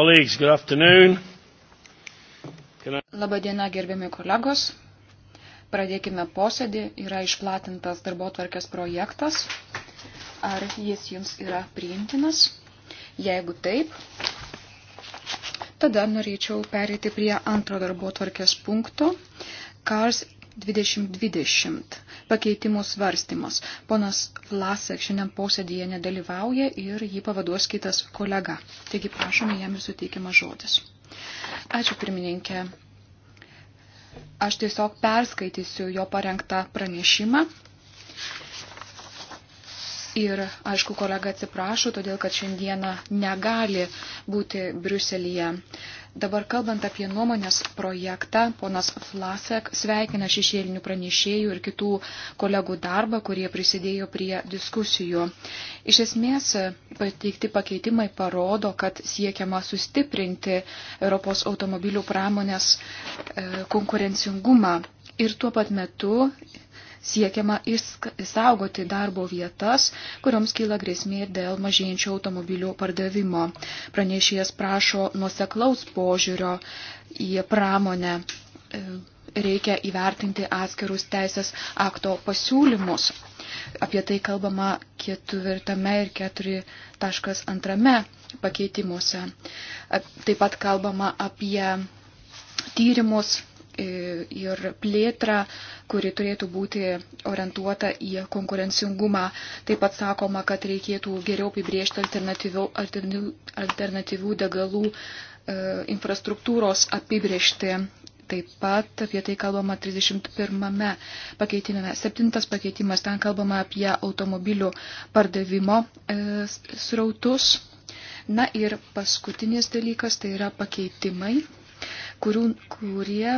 Colleagues, good afternoon. I... Labadiena, gerbiami kolegos. Pradėkime posėdį. Yra išplatintas darbo tvarkės projektas. Ar jis jums yra priimtinas? Jeigu taip, tada norėčiau pereiti prie antro darbo tvarkės punkto. Kars 2020 pakeitimų svarstymus. Ponas Vlasek šiandien posėdėje nedalyvauja ir jį pavaduos kitas kolega. Taigi prašome jam ir suteikiamas žodis. Ačiū pirmininkė. Aš tiesiog perskaitysiu jo parengtą pranešimą. Ir, aišku, kolega atsiprašo, todėl kad šiandieną negali būti Briuselyje. Uh, Dabar kalbant apie nuomonės projektą, ponas Flasek sveikina šešėlinių pranešėjų ir kitų kolegų darbą, kurie prisidėjo prie diskusijų. Iš esmės, pateikti pakeitimai parodo, kad siekiama sustiprinti Europos automobilių pramonės e, konkurencingumą ir tuo pat metu siekiama išsaugoti darbo vietas, kurioms kyla grėsmė dėl mažėjančio automobilių pardavimo. Pranešėjas prašo nuoseklaus požiūrio į pramonę. E, Reikia įvertinti atskirus teisės akto pasiūlymus. Apie tai kalbama ketvirtame ir 4.2 pakeitimuose. E, taip pat kalbama apie tyrimus ir plėtrą, kuri turėtų būti orientuota į konkurencingumą. Taip pat sakoma, kad reikėtų geriau apibriežti alternatyvių, alternatyvių degalų e, infrastruktūros apibriežti. Taip pat apie tai kalbama 31 pakeitimėme. Septintas pakeitimas, ten kalbama apie automobilių pardavimo e, srautus. Na ir paskutinis dalykas tai yra pakeitimai kurių, kurie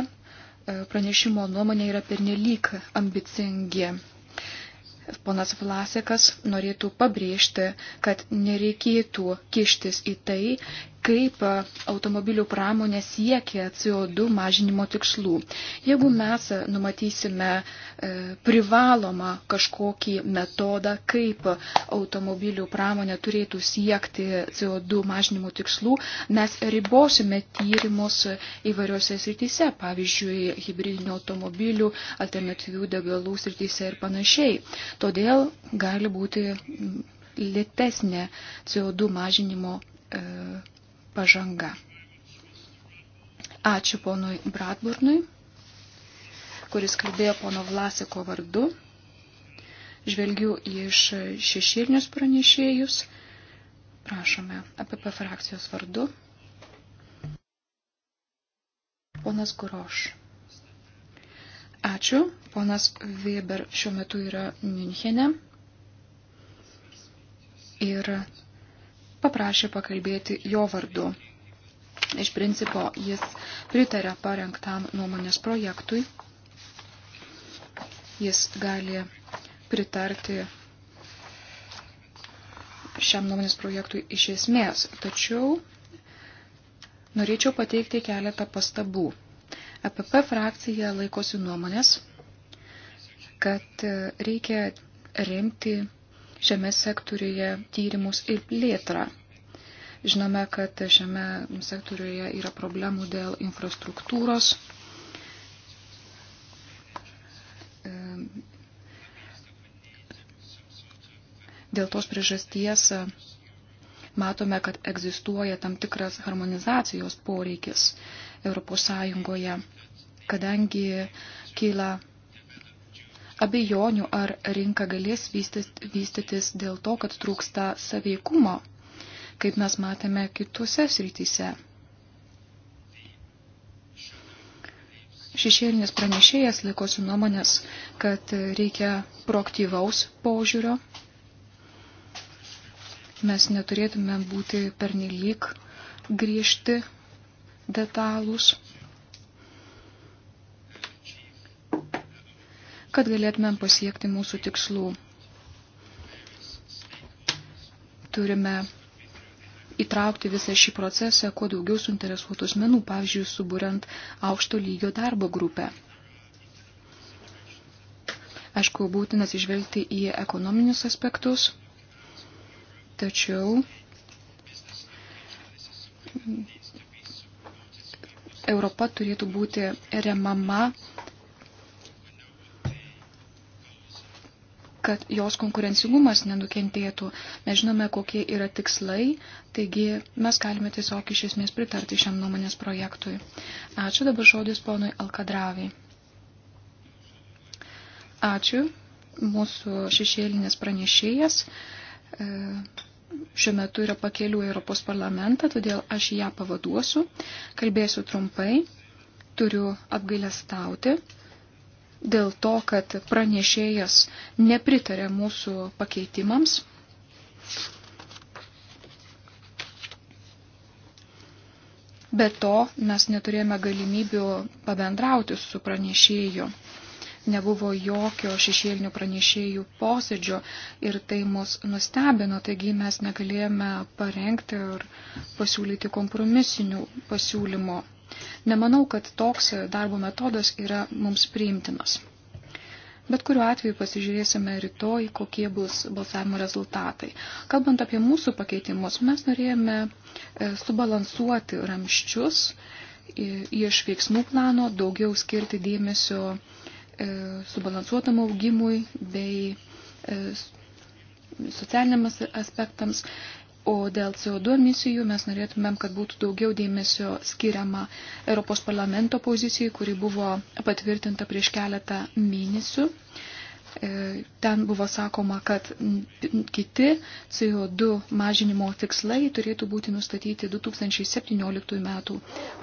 pranešimo nuomonė yra pernelyg ambicingi. Ponas Vlasekas norėtų pabrėžti, kad nereikėtų kištis į tai, kaip e, automobilių pramonė siekia CO2 mažinimo tikslų. Jeigu mes e, numatysime e, privalomą kažkokį metodą, kaip automobilių pramonė turėtų siekti CO2 mažinimo tikslų, mes ribosime tyrimus įvairiose srityse, pavyzdžiui, hybridinio automobilių, alternatyvių degalų srityse ir panašiai. Todėl gali būti lėtesnė CO2 mažinimo e, pažanga. Ačiū ponui Bradburnui, kuris kalbėjo pono Vlasiko vardu. Žvelgiu iš šešėlinius pranešėjus. Prašome apie frakcijos vardu. Ponas Guroš. Ačiū. Ponas Weber šiuo metu yra Münchene. Ir paprašė pakalbėti jo vardu. Iš principo jis pritarė parengtam nuomonės projektui. Jis gali pritarti šiam nuomonės projektui iš esmės, tačiau norėčiau pateikti keletą pastabų. EPP frakcija laikosi nuomonės, kad reikia remti šiame sektoriuje tyrimus ir plėtrą. Žinome, kad šiame sektoriuje yra problemų dėl infrastruktūros. Dėl tos priežasties matome, kad egzistuoja tam tikras harmonizacijos poreikis Europos Sąjungoje, kadangi kyla abejonių, ar rinka galės vystytis dėl to, kad trūksta saveikumo, kaip mes matėme kitose srityse. Šešėlinis pranešėjas laikosi nuomonės, kad reikia proaktyvaus požiūrio. Mes neturėtume būti pernelyg griežti detalus kad galėtumėm pasiekti mūsų tikslų. Turime įtraukti visą šį procesą kuo daugiau suinteresuotų asmenų, pavyzdžiui, suburiant aukšto lygio darbo grupę. Aišku, būtinas išvelgti į ekonominius aspektus, tačiau Europa turėtų būti remama kad jos konkurencingumas nenukentėtų. Mes žinome, kokie yra tikslai, taigi mes galime tiesiog iš esmės pritarti šiam nuomonės projektui. Ačiū dabar žodis ponui Alkadraviai. Ačiū mūsų šešėlinės pranešėjas. E, šiuo metu yra pakelių Europos parlamentą, todėl aš ją pavaduosiu. Kalbėsiu trumpai, turiu apgailestauti, dėl to, kad pranešėjas nepritarė mūsų pakeitimams. Be to, mes neturėjome galimybių pabendrauti su pranešėju. Nebuvo jokio šešėlinių pranešėjų posėdžio ir tai mus nustebino, taigi mes negalėjome parengti ir pasiūlyti kompromisinių pasiūlymo Nemanau, kad toks darbo metodas yra mums priimtinas. Bet kuriuo atveju pasižiūrėsime rytoj, kokie bus balsavimo rezultatai. Kalbant apie mūsų pakeitimus, mes norėjome e, subalansuoti ramščius iš veiksmų plano, daugiau skirti dėmesio e, subalansuotam augimui bei e, socialiniams aspektams O dėl CO2 emisijų mes norėtumėm, kad būtų daugiau dėmesio skiriama Europos parlamento pozicijai, kuri buvo patvirtinta prieš keletą mėnesių. E, ten buvo sakoma, kad kiti CO2 mažinimo tikslai turėtų būti nustatyti 2017 metų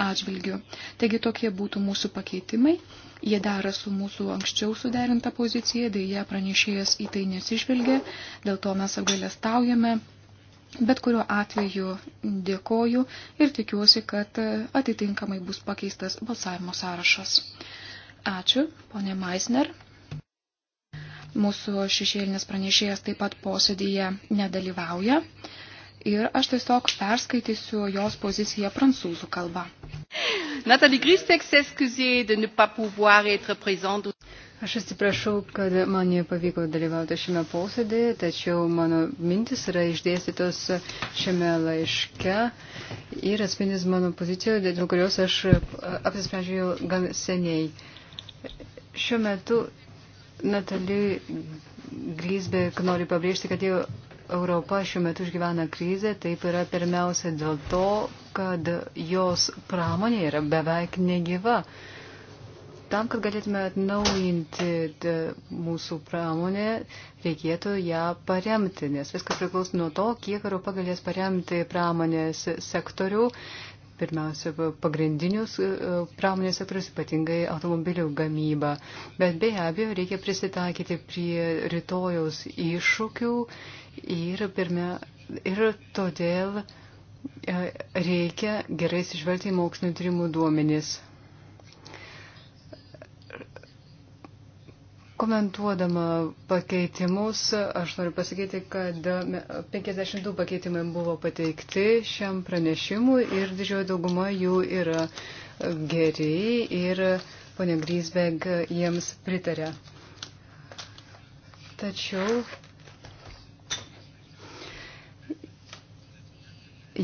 atžvilgiu. Taigi tokie būtų mūsų pakeitimai. Jie dera su mūsų anksčiau suderinta pozicija, dėja pranešėjas į tai nesižvelgia, dėl to mes apgailestaujame. taujame Bet kuriuo atveju dėkoju ir tikiuosi, kad atitinkamai bus pakeistas balsavimo sąrašas. Ačiū, ponė Maisner. Mūsų šešėlinis pranešėjas taip pat posėdėje nedalyvauja. Ir aš tiesiog perskaitysiu jos poziciją prancūzų kalba. Nathalie Gristek s'excusait de ne pas pouvoir être présente Aš atsiprašau, kad man nepavyko dalyvauti šiame posėdėje, tačiau mano mintis yra išdėstytos šiame laiške ir atspindis mano pozicijoje, dėl kurios aš apsisprendžiau gan seniai. Šiuo metu Natali Grisbek nori pabrėžti, kad jau Europa šiuo metu išgyvena krizę, taip yra pirmiausia dėl to, kad jos pramonė yra beveik negyva tam, kad galėtume atnaujinti mūsų pramonę, reikėtų ją paremti, nes viskas priklauso nuo to, kiek Europa galės paremti pramonės sektorių, pirmiausia, pagrindinius e, pramonės sektorius, ypatingai automobilių gamybą. Bet be abejo, reikia prisitaikyti prie rytojaus iššūkių ir, pirmia, ir todėl e, reikia gerai sižvelgti į mokslinio tyrimų duomenis. Komentuodama pakeitimus, aš noriu pasakyti, kad 52 pakeitimai buvo pateikti šiam pranešimui ir didžioji dauguma jų yra geri ir ponia Grisbeg jiems pritarė. Tačiau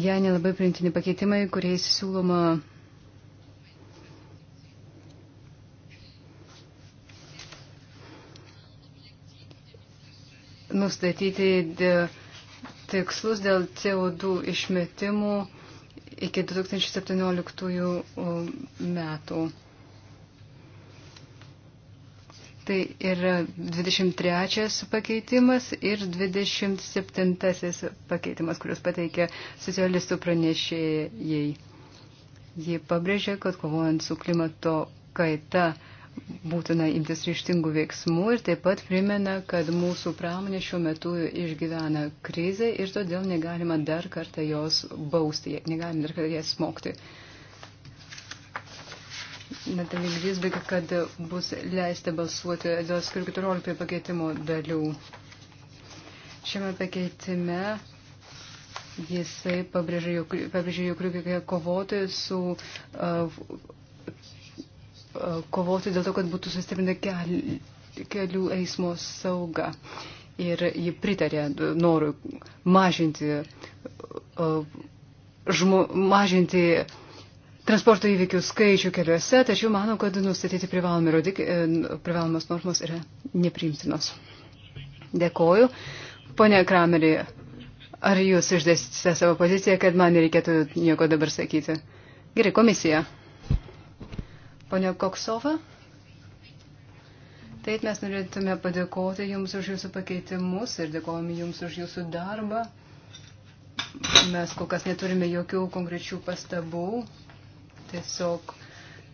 jai nelabai printini pakeitimai, kuriais siūloma nustatyti tikslus dėl CO2 išmetimų iki 2017 metų. Tai yra 23 pakeitimas ir 27 pakeitimas, kuriuos pateikė socialistų pranešėjai. Ji pabrėžė, kad kovojant su klimato kaita būtina imtis ryštingų veiksmų ir taip pat primena, kad mūsų pramonė šiuo metu išgyvena krizę ir todėl negalima dar kartą jos bausti, negalima dar kartą jas smokti. Natalija Grisbek, kad bus leista balsuoti dėl 14 pakeitimo dalių. Šiame pakeitime jisai pabrėžė, jog reikia kovoti su uh, kovoti dėl to, kad būtų sustiprinta kelių eismo sauga. Ir ji pritarė norui mažinti, žmo, mažinti transporto įvykių skaičių keliuose, tačiau manau, kad nustatyti rodik, e, privalomas normos yra nepriimtinos. Dėkoju. Pone Kramerį, ar jūs išdėstysite savo poziciją, kad man nereikėtų nieko dabar sakyti? Gerai, komisija. Pane Koksova, taip mes norėtume padėkoti Jums už Jūsų pakeitimus ir dėkojame Jums už Jūsų darbą. Mes kol kas neturime jokių konkrečių pastabų. Tiesiog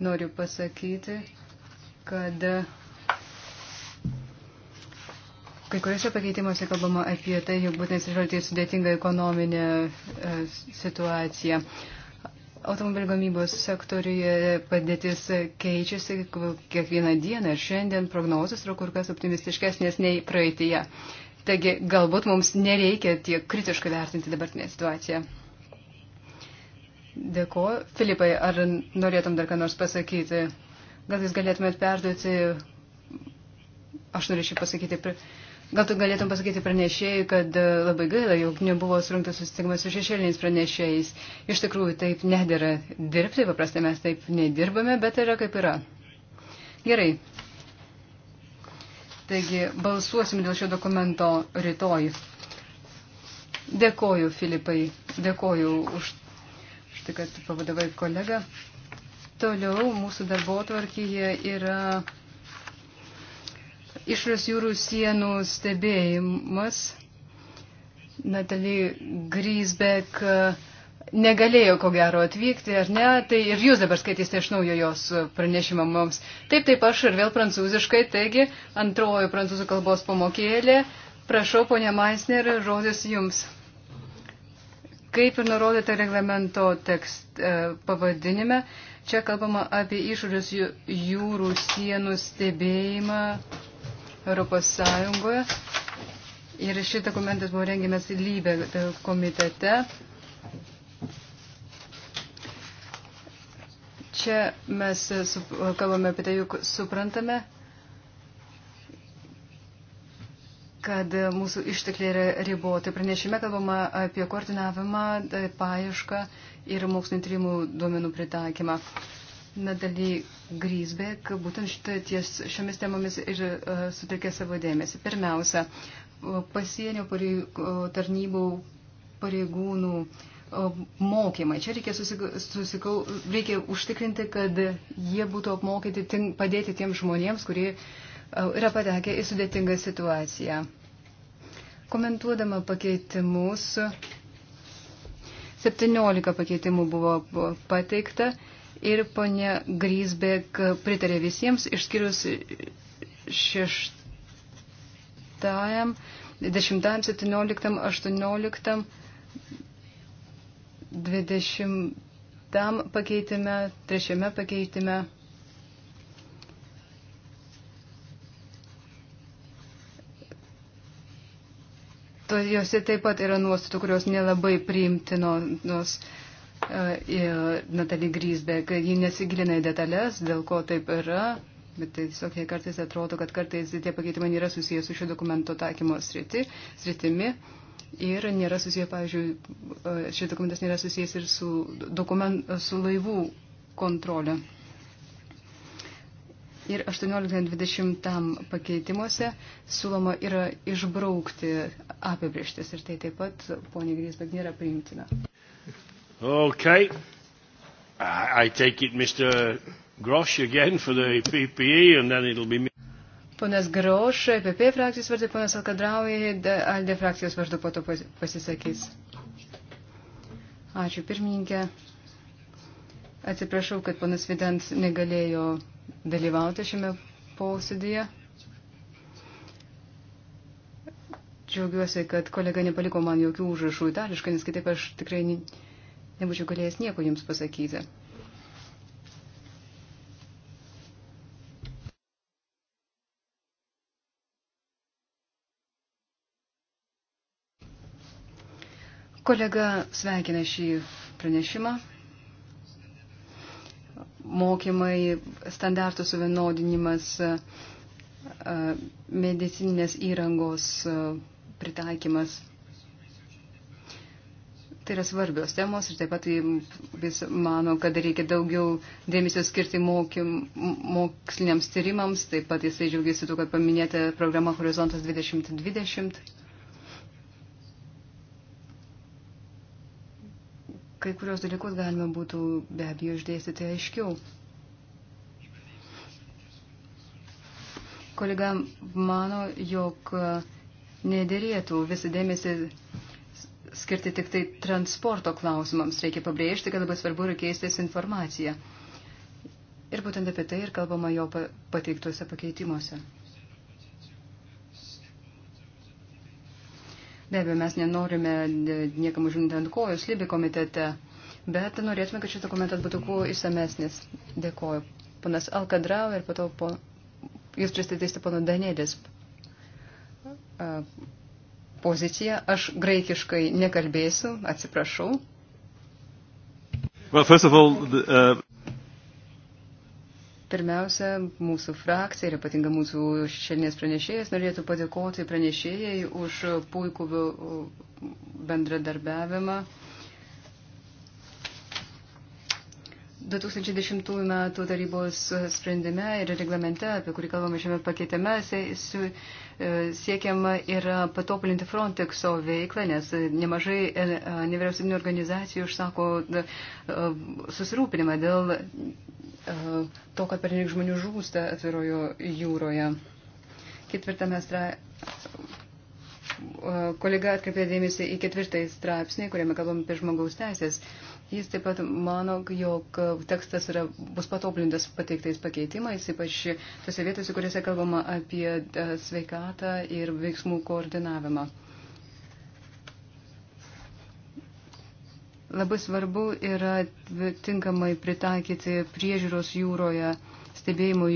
noriu pasakyti, kad Kai kuriuose pakeitimuose kalbama apie tai, jog būtent atsižvelgti į sudėtingą ekonominę e, situaciją. Automobilių gamybos sektoriuje padėtis keičiasi kiekvieną dieną ir šiandien prognozijos yra kur kas optimistiškesnės nei praeitie. Taigi galbūt mums nereikia tiek kritiškai vertinti dabartinę situaciją. Dėkuoju. Filipai, ar norėtum dar ką nors pasakyti? Gal jūs galėtumėt perduoti, aš norėčiau pasakyti, prie Gal tu galėtum pasakyti pranešėjai, kad e, labai gaila, jog nebuvo surinktas susitikimas su šešėliniais pranešėjais. Iš tikrųjų, taip nedėra dirbti, paprastai mes taip nedirbame, bet yra kaip yra. Gerai. Taigi, balsuosim dėl šio dokumento rytoj. Dėkoju, Filipai. Dėkoju už, už tai, kad pavadavai kolegą. Toliau mūsų darbo tvarkyje yra išras jūrų sienų stebėjimas. Natalie Grisbeck e, negalėjo, ko gero, atvykti, ar ne? Tai ir jūs dabar skaitysite iš naujo jos pranešimą mums. Taip, taip, aš ir vėl prancūziškai, taigi antrojo prancūzų kalbos pamokėlė. Prašau, ponia Maisner, žodis jums. Kaip ir nurodyta reglamento tekst e, pavadinime, čia kalbama apie išorės jūrų sienų stebėjimą Europos Sąjungoje. Ir šis dokumentas buvo rengiamas lybė e, komitete. Čia mes e, kalbame apie tai, juk suprantame, kad e, mūsų ištekliai yra riboti. Pranešime kalbama apie koordinavimą, paiešką ir mokslinio tyrimų duomenų pritaikymą. Nadalį Grisbek būtent šitą, ties šiomis temomis ir uh, sutelkė savo dėmesį. Pirmiausia, e, pasienio pareig, tarnybų pareigūnų uh, mokymai. Čia reikia, susik, susikau, reikia užtikrinti, kad jie būtų apmokyti tink, padėti tiems žmonėms, kurie uh, yra patekę į sudėtingą situaciją. Komentuodama pakeitimus, 17 pakeitimų buvo pateikta. Uh, ir ponė Grisbek pritarė visiems, išskyrus šeštajam, dešimtajam, septynioliktam, aštuonioliktam, dvidešimtam pakeitime, trečiame pakeitime. Todėl jose taip pat yra nuostatų, kurios nelabai priimtinos. E, Natalie Grisbeck. Ji nesigilina į detalės, dėl ko taip yra, bet tai tiesiog jai kartais atrodo, kad kartais tie pakeitimai nėra susijęs su šio dokumento taikymo sriti, sritimi. Ir nėra susiję, pavyzdžiui, e, šis dokumentas nėra susijęs ir su, dokument, su laivų kontrolė. Ir 18-20 pakeitimuose siūloma yra išbraukti apibrieštis ir tai taip pat, ponė Grysbek, nėra priimtina. Okay. I, I take it Mr. Grosh again for the PPE and then it'll be me. Ponas Groš, PP e frakcijos vardu, ponas Alkadrauji, Alde frakcijos vardu po to pasisakys. Ačiū pirmininkė. Atsiprašau, kad ponas Vidant negalėjo dalyvauti šiame posėdėje. Džiaugiuosi, kad kolega nepaliko man jokių užrašų itališkai, nes kitaip aš tikrai nebūčiau galėjęs nieko jums pasakyti. Kolega sveikina šį pranešimą. Mokymai, standartų suvienodinimas, medicininės įrangos pritaikymas Tai yra svarbios temos ir taip pat tai vis mano, kad reikia daugiau dėmesio skirti mokym, moksliniams tyrimams. Taip pat jisai džiaugiasi tu, kad paminėta programa Horizontas 2020. Kai kurios dalykus galima būtų be abejo išdėstyti aiškiau. Kolega mano, jog nederėtų visą dėmesį skirti tik tai transporto klausimams. Reikia pabrėžti, kad labai svarbu yra keistis informacija. Ir būtent apie tai ir kalbama jo pateiktuose pakeitimuose. Be abejo, mes nenorime niekam užimti ant kojų, slybi komitete, bet norėtume, kad šis dokumentas būtų kuo įsamesnis. Dėkoju. Ponas Alkadrau ir po to po... jūs pristatysite pono Danėdės poziciją. Aš graikiškai nekalbėsiu, atsiprašau. Well, all, the, uh... Pirmiausia, mūsų frakcija ir ypatinga mūsų šiandienės pranešėjas norėtų padėkoti pranešėjai už puikų uh, bendradarbiavimą. 2010 m. tarybos sprendime ir reglamente, apie kurį kalbame šiame pakeitime, E, siekiama yra patobulinti Frontexo veiklą, nes nemažai e, nevyriausybinio organizacijų užsako e, susirūpinimą dėl to, kad per žmonių žūsta atvirojo jūroje. Ketvirtame straipsnėje kolega atkreipė dėmesį į ketvirtąjį straipsnį, kuriame kalbame apie žmogaus teisės. Jis taip pat mano, jog tekstas yra, bus patoblintas pateiktais pakeitimais, ypač tose vietose, kuriuose kalbama apie e, sveikatą ir veiksmų koordinavimą. Labai svarbu yra tinkamai pritaikyti priežiūros jūroje, stebėjimo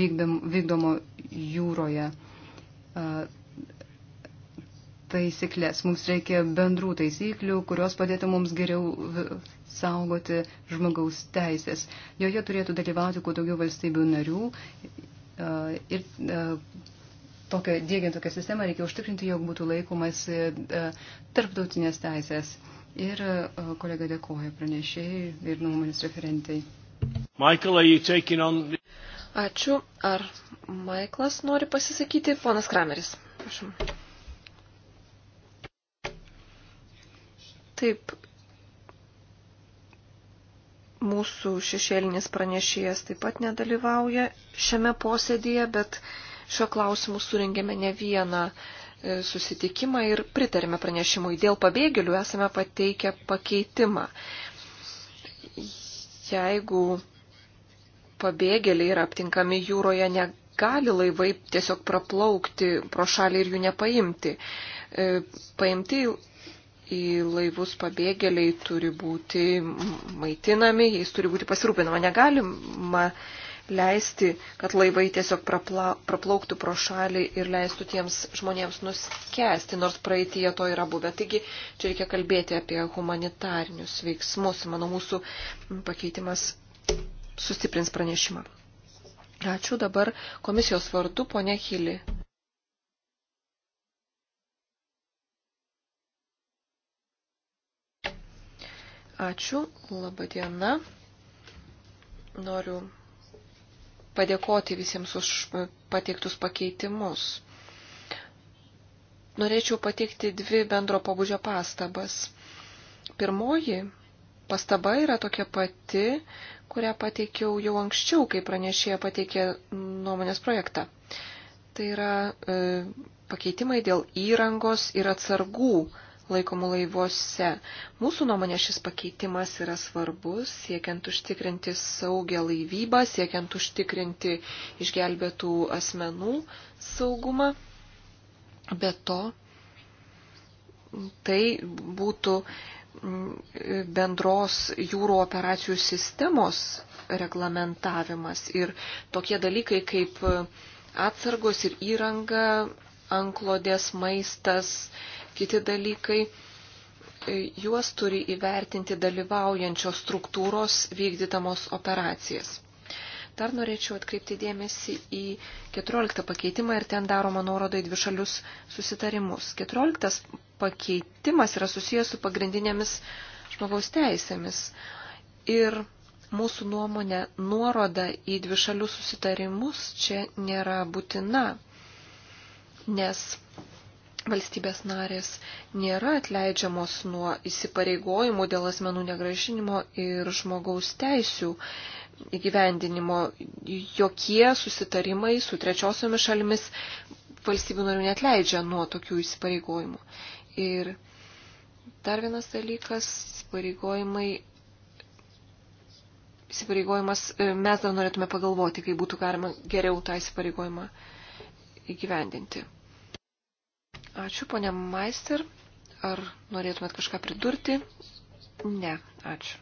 vykdomo jūroje e, taisyklės. Mums reikia bendrų taisyklių, kurios padėtų mums geriau e, saugoti žmogaus teisės. Joje turėtų dalyvauti kuo daugiau valstybių narių. E, ir e, tokio, dėgiant tokią sistemą reikia užtikrinti, jog būtų laikomas tarptautinės teisės. Ir kolega dėkoja pranešėjai ir nuomonės referentai. Michael, are you taking on... Ačiū. Ar Maiklas nori pasisakyti? Ponas Krameris. Prašom. Taip, mūsų šešėlinis pranešėjas taip pat nedalyvauja šiame posėdėje, bet šio klausimu surengėme ne vieną e, susitikimą ir pritarėme pranešimui. Dėl pabėgėlių esame pateikę pakeitimą. Jeigu pabėgėliai yra aptinkami jūroje, negali laivai tiesiog praplaukti pro šalį ir jų nepaimti. E, paimti į laivus pabėgėliai turi būti maitinami, jais turi būti pasirūpinama. Negalima leisti, kad laivai tiesiog prapla, praplauktų pro šalį ir leistų tiems žmonėms nuskesti, nors praeitie to yra buvę. Taigi čia reikia kalbėti apie humanitarinius veiksmus. Manau, mūsų pakeitimas sustiprins pranešimą. Ačiū dabar komisijos vardu, ponė Hili. Ačiū, laba diena. Noriu padėkoti visiems už pateiktus pakeitimus. Norėčiau pateikti dvi bendro pabudžio pastabas. Pirmoji pastaba yra tokia pati, kurią pateikiau jau anksčiau, kai pranešėja pateikė nuomonės projektą. Tai yra e, pakeitimai dėl įrangos ir atsargų laikomų laivuose. Mūsų nuomonė šis pakeitimas yra svarbus, siekiant užtikrinti saugę laivybą, siekiant užtikrinti išgelbėtų asmenų saugumą. Be to, tai būtų mm, bendros jūrų operacijų sistemos reglamentavimas ir tokie dalykai kaip atsargos ir įranga, anklodės, maistas, kiti dalykai, e, juos turi įvertinti dalyvaujančios struktūros vykdytamos operacijas. Dar norėčiau atkreipti dėmesį į 14 pakeitimą ir ten daroma nuoroda į dvišalius susitarimus. 14 pakeitimas yra susijęs su pagrindinėmis žmogaus teisėmis. Ir mūsų nuomonė nuoroda į dvišalius susitarimus čia nėra būtina, nes valstybės narės nėra atleidžiamos nuo įsipareigojimų dėl asmenų negražinimo ir žmogaus teisių įgyvendinimo. Jokie susitarimai su trečiosiomis šalimis valstybių narių netleidžia nuo tokių įsipareigojimų. Ir dar vienas dalykas - įsipareigojimai. Įsipareigojimas, e, mes dar norėtume pagalvoti, kaip būtų galima geriau tą įsipareigojimą įgyvendinti. Ačiū, ponė Maister. Ar norėtumėt kažką pridurti? Ne, ačiū.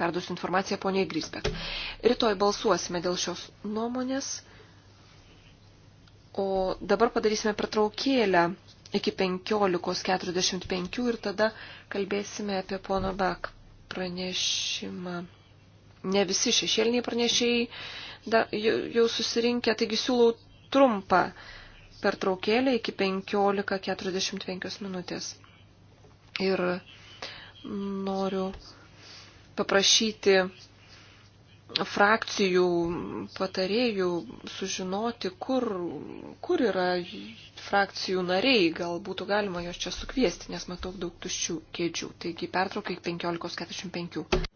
Perduosiu informaciją poniai Grisbek. Rytoj balsuosime dėl šios nuomonės. O dabar padarysime pertraukėlę iki 15.45 ir tada kalbėsime apie pono Bak pranešimą. Ne visi šešėliniai pranešėjai da, jau, jau susirinkę, taigi siūlau trumpą pertraukėlę iki 15.45 minutės. Ir noriu paprašyti frakcijų patarėjų sužinoti, kur, kur yra frakcijų nariai, gal būtų galima juos čia sukviesti, nes matau daug tuščių kėdžių. Taigi pertraukai 15.45.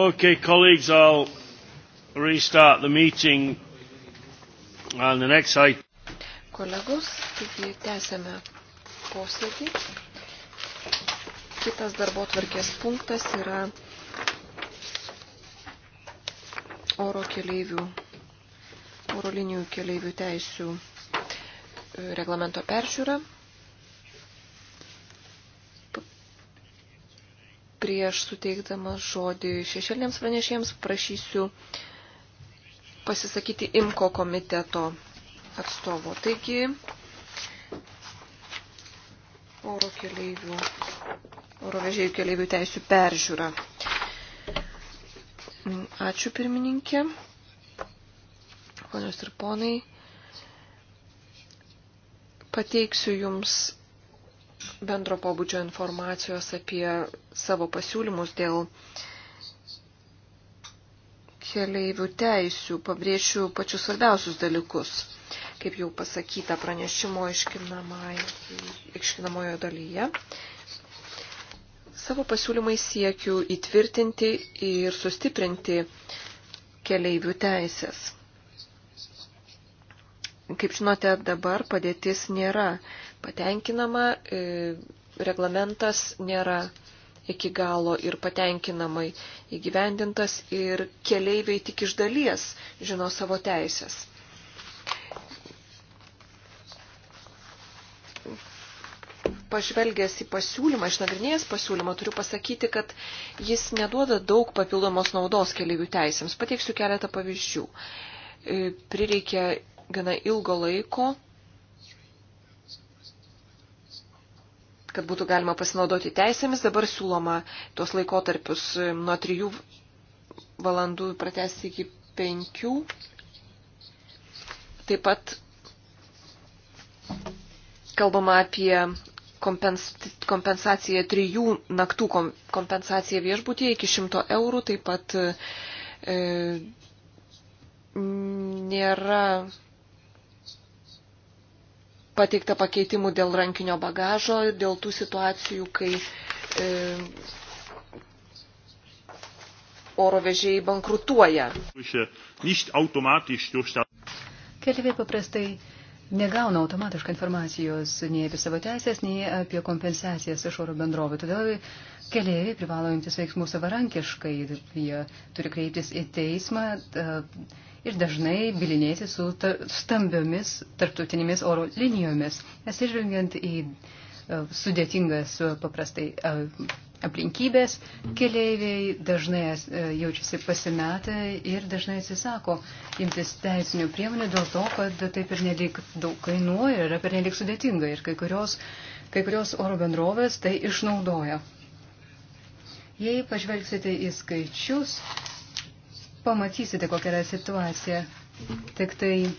Okay, colleagues, I'll restart the meeting. And the next item. Kolegos, taigi tęsėme posėdį. Kitas darbo tvarkės punktas yra oro keleivių, oro linijų keleivių teisių e, reglamento peržiūra. prieš suteikdamas žodį šešėlėms pranešėjams prašysiu pasisakyti IMKO komiteto atstovo. Taigi, oro keleivių, oro vežėjų keleivių teisų peržiūra. Ačiū pirmininkė, ponios ir ponai. Pateiksiu Jums bendro pobūdžio informacijos apie savo pasiūlymus dėl keleivių teisių. Pabrėšiu pačius svarbiausius dalykus, kaip jau pasakyta pranešimo iškinamojo dalyje. Savo pasiūlymai siekiu įtvirtinti ir sustiprinti keleivių teisės. Kaip žinote, dabar padėtis nėra patenkinama, e, reglamentas nėra iki galo ir patenkinamai įgyvendintas ir keleiviai tik iš dalies žino savo teisės. Pažvelgęs į pasiūlymą, išnagrinėjęs pasiūlymą, turiu pasakyti, kad jis neduoda daug papildomos naudos keleivių teisėms. Pateiksiu keletą pavyzdžių. E, Prireikia gana ilgo laiko kad būtų galima pasinaudoti teisėmis. Dabar siūloma tuos laikotarpius e, nuo 3 valandų pratesti iki 5. Taip pat kalbama apie kompensaciją trijų naktų kompensaciją viešbutėje iki 100 eurų. Taip pat e, nėra pateikta pakeitimų dėl rankinio bagažo ir dėl tų situacijų, kai e, oro vežėjai bankrutuoja. Keliaiviai paprastai negauna automatiškai informacijos nei apie savo teisės, nei apie kompensacijas iš oro bendrovų. Todėl keliaiviai privalo imtis veiksmų savarankiškai. Jie turi kreiptis į teismą. Ta, ir dažnai bilinėsi su stambiomis tarptautinėmis oro linijomis, nes išvelgiant į e, sudėtingas e, paprastai e, aplinkybės, keleiviai dažnai jaučiasi pasimetę ir dažnai atsisako imtis teisinių priemonių dėl to, kad tai per nelik daug kainuoja ir yra per nelik sudėtinga ir kai kurios, kai kurios oro bendrovės tai išnaudoja. Jei pažvelgsite į skaičius, pamatysite, kokia yra situacija. Tik tai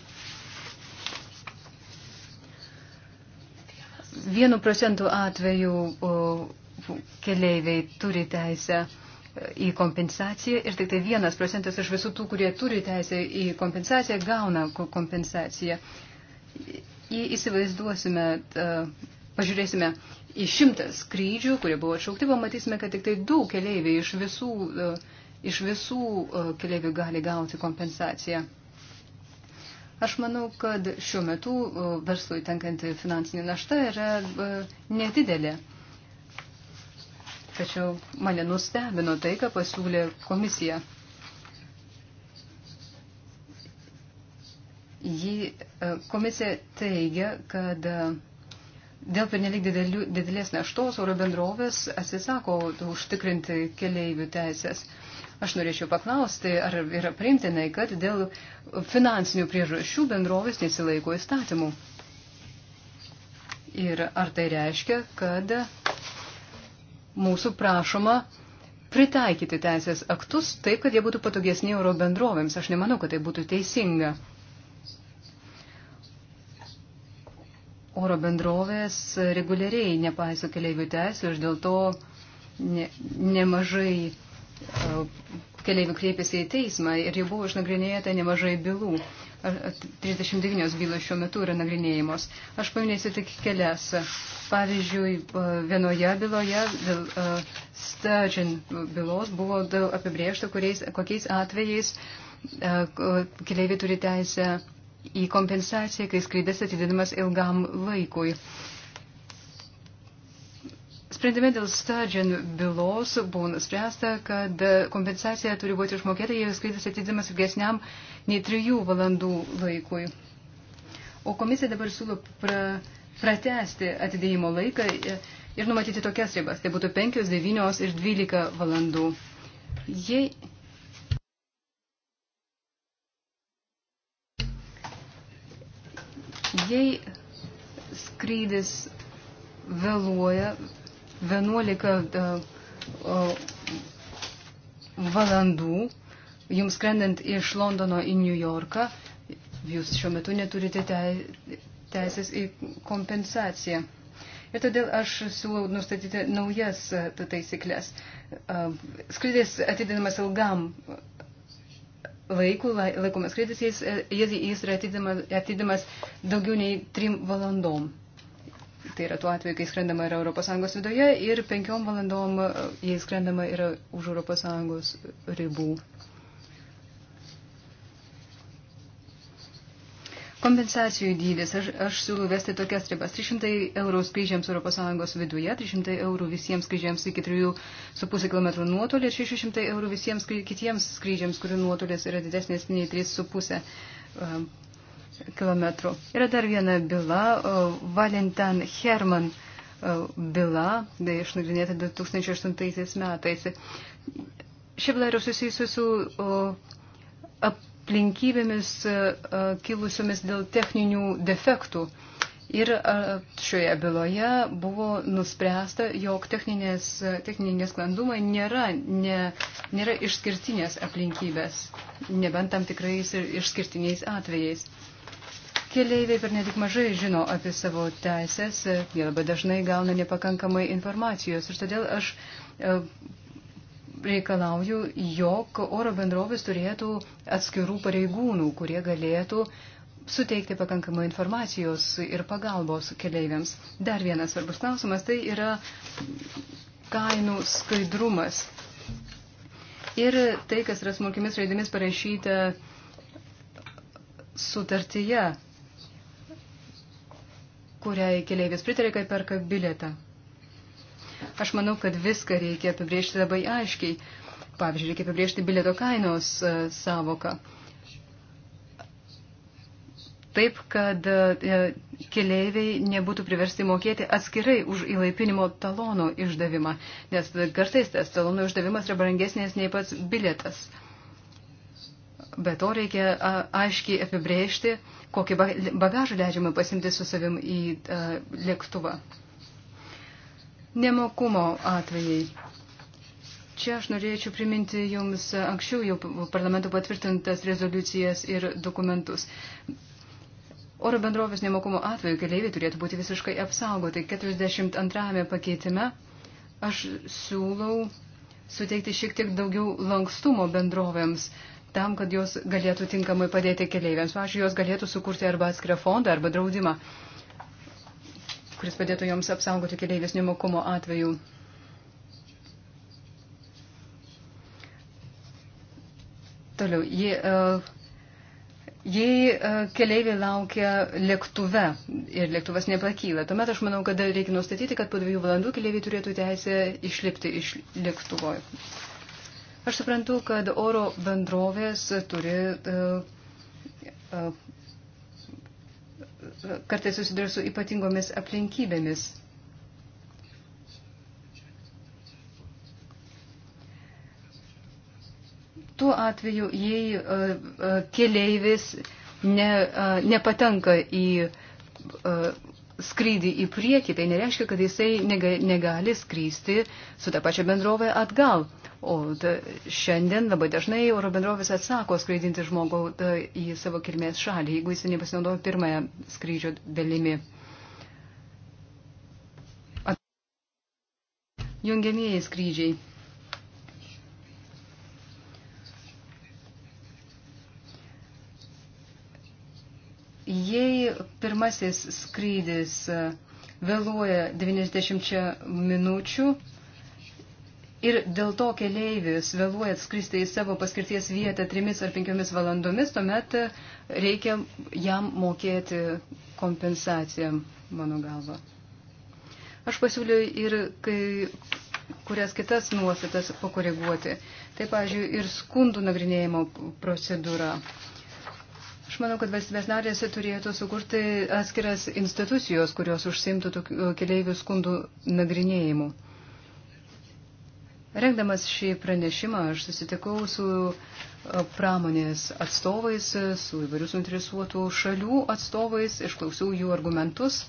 vienu procentu atveju keleiviai turi teisę į kompensaciją ir tik tai vienas procentas iš visų tų, kurie turi teisę į kompensaciją, gauna kompensaciją. Jei įsivaizduosime, pažiūrėsime į šimtą skrydžių, kurie buvo atšaukti, pamatysime, kad tik tai du keleiviai iš visų uh, iš visų e, keliaivių gali gauti kompensaciją. Aš manau, kad šiuo metu e, verslui tenkanti finansinė našta yra e, nedidelė. Tačiau mane nustebino tai, ką pasiūlė komisija. Ji, komisija teigia, kad dėl pernelik didelės naštos oro bendrovės atsisako užtikrinti keleivių teisės. Aš norėčiau paklausti, ar yra priimtinai, kad dėl finansinių priežasčių bendrovės nesilaiko įstatymų. Ir ar tai reiškia, kad mūsų prašoma pritaikyti teisės aktus taip, kad jie būtų patogesni euro bendrovėms. Aš nemanau, kad tai būtų teisinga. Oro bendrovės reguliariai nepaiso keliaivių teisų ir dėl to ne, nemažai keliaivių kreipėsi į teismą ir jau buvo išnagrinėta nemažai bylų. 39 bylos šiuo metu yra nagrinėjimos. Aš paminėsiu tik kelias. Pavyzdžiui, vienoje byloje dėl uh, Sturgeon bylos buvo apibriešta, kuriais, kokiais atvejais uh, keliaiviai turi teisę į kompensaciją, kai skrydis atidedamas ilgam laikui. Uh, Sprendime dėl Stadžian bylos buvo nuspręsta, kad kompensacija turi būti išmokėta, jei skrydis atidimas ilgesniam nei trijų valandų laikui. O komisija dabar siūlo pra, pratesti atidėjimo laiką ir numatyti tokias ribas. Tai būtų 5, 9 ir 12 valandų. Jei jei skrydis vėluoja 11 e, valandų jums skrendant iš Londono į New Yorką, jūs šiuo metu neturite teisės į kompensaciją. Ir todėl aš siūlau nustatyti naujas e, taisyklės. E, skrydis atidinamas ilgam laikų, laikomas skrydis, jis, jis yra atidimas, atidimas daugiau nei trim valandom tai yra tuo atveju, kai skrendama yra ES viduje ir penkiom valandom, e, jei skrendama yra už ES ribų. Kompensacijų dydis. Aš, aš siūlau vesti tokias ribas. 300 eurų skrydžiams ES viduje, 300 eurų visiems skrydžiams iki 3,5 km nuotolį ir 600 eurų visiems kitiems skrydžiams, kurių nuotolis yra didesnis nei 3,5 km kilometrų. Yra dar viena byla, Valentin Herman byla, tai išnagrinėta 2008 metais. Ši byla yra susijusi su aplinkybėmis kilusiomis dėl techninių defektų. Ir šioje byloje buvo nuspręsta, jog techninės, techninės sklandumai nėra, ne, nėra išskirtinės aplinkybės, nebent tam tikrais išskirtiniais atvejais. Keleiviai per nedik mažai žino apie savo teisės, jie labai dažnai gauna nepakankamai informacijos ir todėl aš e, reikalauju, jog oro bendrovės turėtų atskirų pareigūnų, kurie galėtų suteikti pakankamai informacijos ir pagalbos keleiviams. Dar vienas svarbus klausimas tai yra kainų skaidrumas. Ir tai, kas yra smulkimis raidėmis parašyta sutartyje kuriai keliaivis pritarė, kai perka biletą. Aš manau, kad viską reikia apibriežti labai aiškiai. Pavyzdžiui, reikia apibriežti bileto kainos e, savoką. Taip, kad e, keleiviai nebūtų priversti mokėti atskirai už įlaipinimo talono išdavimą, nes kartais tas talono išdavimas yra brangesnės nei pats biletas. Be to reikia aiškiai apibrėžti, kokį bagažą leidžiama pasimti su savim į lėktuvą. Nemokumo atvejai. Čia aš norėčiau priminti Jums anksčiau jau parlamento patvirtintas rezoliucijas ir dokumentus. Oro bendrovės nemokumo atveju keleiviai turėtų būti visiškai apsaugoti. 42 pakeitime aš siūlau suteikti šiek tiek daugiau lankstumo bendrovėms, tam, kad jos galėtų tinkamai padėti keleiviams. Pavyzdžiui, jos galėtų sukurti arba atskirą fondą, arba draudimą, kuris padėtų joms apsaugoti keleivius nemokumo atveju. Toliau, jei, e, jei e, keleiviai laukia lėktuve ir lėktuvas nepakyla, tuomet aš manau, kad reikia nustatyti, kad po dviejų valandų keleiviai turėtų teisę išlipti iš lėktuvo. Aš suprantu, kad oro bendrovės turi e, e, kartais susiduria su ypatingomis aplinkybėmis. Tuo atveju, jei e, keleivis ne, nepatenka į skrydį į priekį, tai nereiškia, kad jisai negali skrysti su tą pačią bendrovę atgal. O da, šiandien labai dažnai oro bendrovės atsako skraidinti žmogų da, į savo kilmės šalį, jeigu jis nepasinaudojo pirmąją skrydžio dalimi. At... Jungiamieji skrydžiai. Jei pirmasis skrydis vėluoja 90 minučių, ir dėl to keleivis vėluoja atskristi į savo paskirties vietą trimis ar penkiomis valandomis, tuomet reikia jam mokėti kompensaciją, mano galva. Aš pasiūliau ir kai, kurias kitas nuostatas pakoreguoti. Tai, pavyzdžiui, ir skundų nagrinėjimo procedūra. Aš manau, kad valstybės narėse turėtų sukurti atskiras institucijos, kurios užsimtų keliaivių skundų nagrinėjimu. Rengdamas šį pranešimą aš susitikau su e, pramonės atstovais, su įvairių suinteresuotų šalių atstovais, išklausiau jų argumentus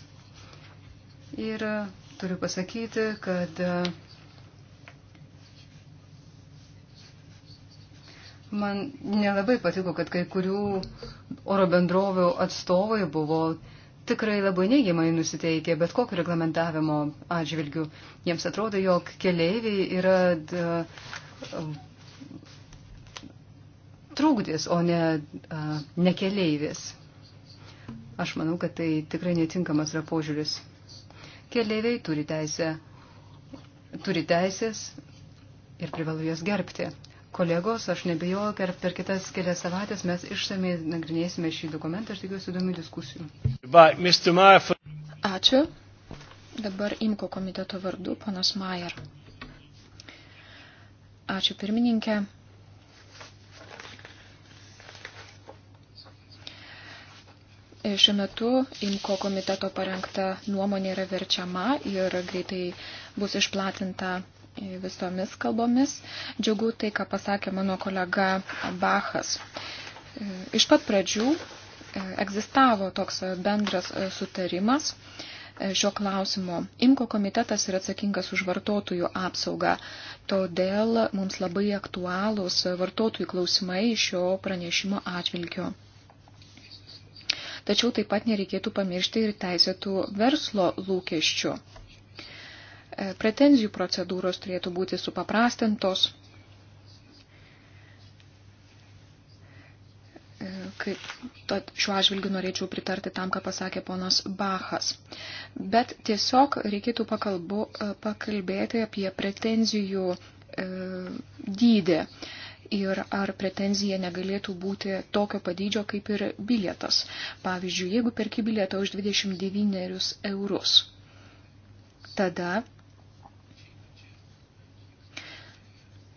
ir e, turiu pasakyti, kad e, man nelabai patiko, kad kai kurių oro bendrovių atstovai buvo tikrai labai neigiamai nusiteikę bet kokio reglamentavimo atžvilgių. Jiems atrodo, jog keleiviai yra d, e, trūkdis, o ne, a, e, ne keleivis. Aš manau, kad tai tikrai netinkamas yra požiūris. Keleiviai turi teisę, turi teisės ir privalo jas gerbti kolegos, aš nebejoju, kad per kitas kelias savaitės mes išsamei nagrinėsime šį dokumentą, aš tikiuosi įdomių diskusijų. Ačiū. Dabar Imko komiteto vardu, panas Majer. Ačiū pirmininkė. Šiuo metu IMKO komiteto parengta nuomonė yra verčiama ir greitai bus išplatinta visomis kalbomis. Džiugu tai, ką pasakė mano kolega Bachas. Iš pat pradžių e, egzistavo toks bendras e, sutarimas e, šio klausimo. Imko komitetas yra atsakingas už vartotojų apsaugą, todėl mums labai aktualūs vartotojų klausimai šio pranešimo atvilgio. Tačiau taip pat nereikėtų pamiršti ir teisėtų verslo lūkesčių. E, pretenzijų procedūros turėtų būti supaprastintos, e, kaip tad šiuo atžvilgiu norėčiau pritarti tam, ką pasakė ponas Bachas. Bet tiesiog reikėtų pakalbu, e, pakalbėti apie pretenzijų e, dydį ir ar pretenzija negalėtų būti tokio padydžio kaip ir bilietas. Pavyzdžiui, jeigu perki bilietą už 29 eurus, tada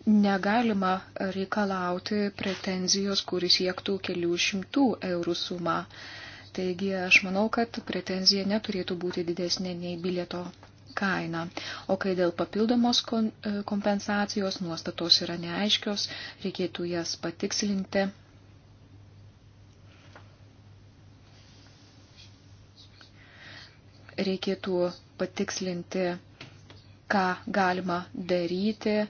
negalima reikalauti pretenzijos, kuris siektų kelių šimtų eurų sumą. Taigi aš manau, kad pretenzija neturėtų būti didesnė nei bilieto kaina. O kai dėl papildomos e, kompensacijos nuostatos yra neaiškios, reikėtų jas patikslinti. Reikėtų patikslinti, ką galima daryti,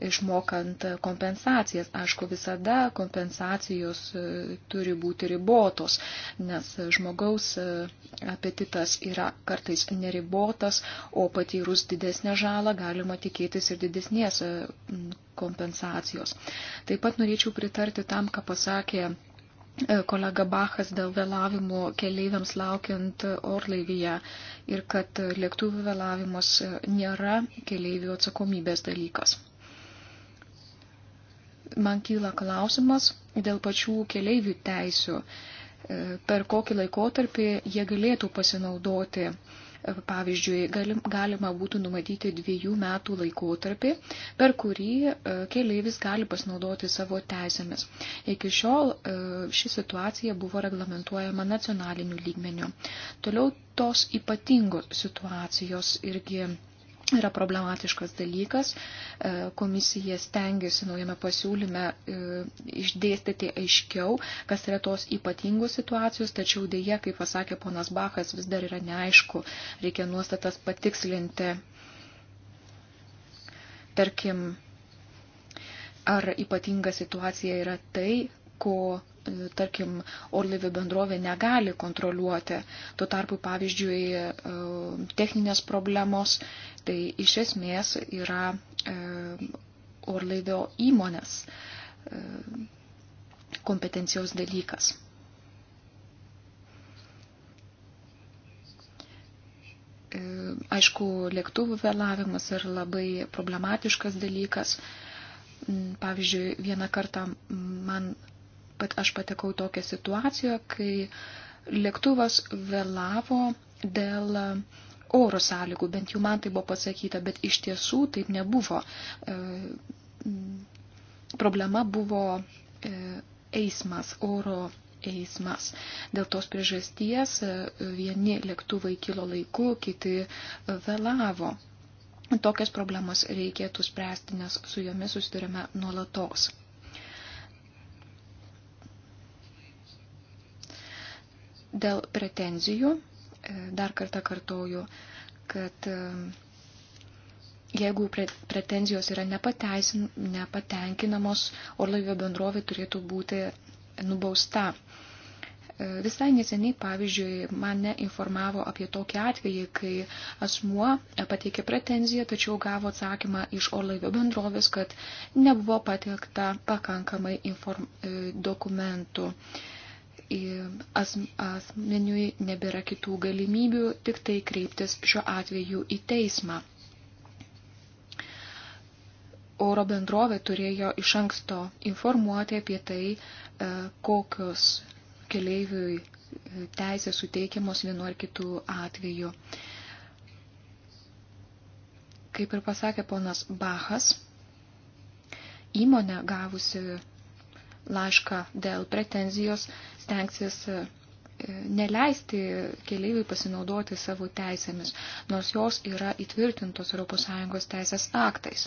išmokant kompensacijas. Aišku, visada kompensacijos e, turi būti ribotos, nes žmogaus e, apetitas yra kartais neribotas, o patyrus didesnę žalą galima tikėtis ir didesnės e, kompensacijos. Taip pat norėčiau pritarti tam, ką pasakė kolega Bachas dėl vėlavimų keleiviams laukiant orlaivyje ir kad lėktuvų vėlavimas nėra keleivių atsakomybės dalykas man kyla klausimas dėl pačių keleivių teisių, e, per kokį laikotarpį jie galėtų pasinaudoti. E, pavyzdžiui, galima būtų numatyti dviejų metų laikotarpį, per kurį e, keleivis gali pasinaudoti savo teisėmis. Iki šiol ši situacija buvo reglamentuojama nacionaliniu lygmeniu. Toliau tos ypatingos situacijos irgi yra problematiškas dalykas. E, komisija stengiasi naujame pasiūlyme e, išdėstyti aiškiau, kas yra tos ypatingos situacijos, tačiau dėje, kaip pasakė ponas Bachas, vis dar yra neaišku, reikia nuostatas patikslinti. Tarkim, ar ypatinga situacija yra tai, ko e, tarkim, orlaivio bendrovė negali kontroliuoti. Tuo tarpu, pavyzdžiui, techninės problemos Tai iš esmės yra e, orlaivio įmonės e, kompetencijos dalykas. E, aišku, lėktuvų vėlavimas yra labai problematiškas dalykas. Mm, pavyzdžiui, vieną kartą man, pat aš patekau tokią situaciją, kai lėktuvas vėlavo dėl uh, oro sąlygų, bent jau man tai buvo pasakyta, bet iš tiesų taip nebuvo. E, problema buvo e, eismas, oro eismas. Dėl tos priežasties e, vieni lėktuvai kilo laiku, kiti vėlavo. Tokias problemas reikėtų spręsti, nes su jomis susidurime nuolatos. Dėl pretenzijų E, dar kartą kartoju, kad e, jeigu pretenzijos yra nepateisin, nepatenkinamos, orlaivio bendrovė turėtų būti nubausta. E, visai neseniai, pavyzdžiui, mane informavo apie tokį atvejį, kai asmuo pateikė pretenziją, tačiau gavo atsakymą iš orlaivio bendrovės, kad nebuvo patekta pakankamai inform... dokumentų. E, asmeniui nebėra kitų galimybių, tik tai kreiptis šiuo atveju į teismą. Oro bendrovė turėjo iš anksto informuoti apie tai, e, kokios keleiviui e, teisės suteikiamos vienu ar kitu atveju. Kaip ir pasakė ponas Bachas, įmonė gavusi laišką dėl pretenzijos stengsis e, neleisti keleiviui pasinaudoti savo teisėmis, nors jos yra įtvirtintos ES teisės aktais.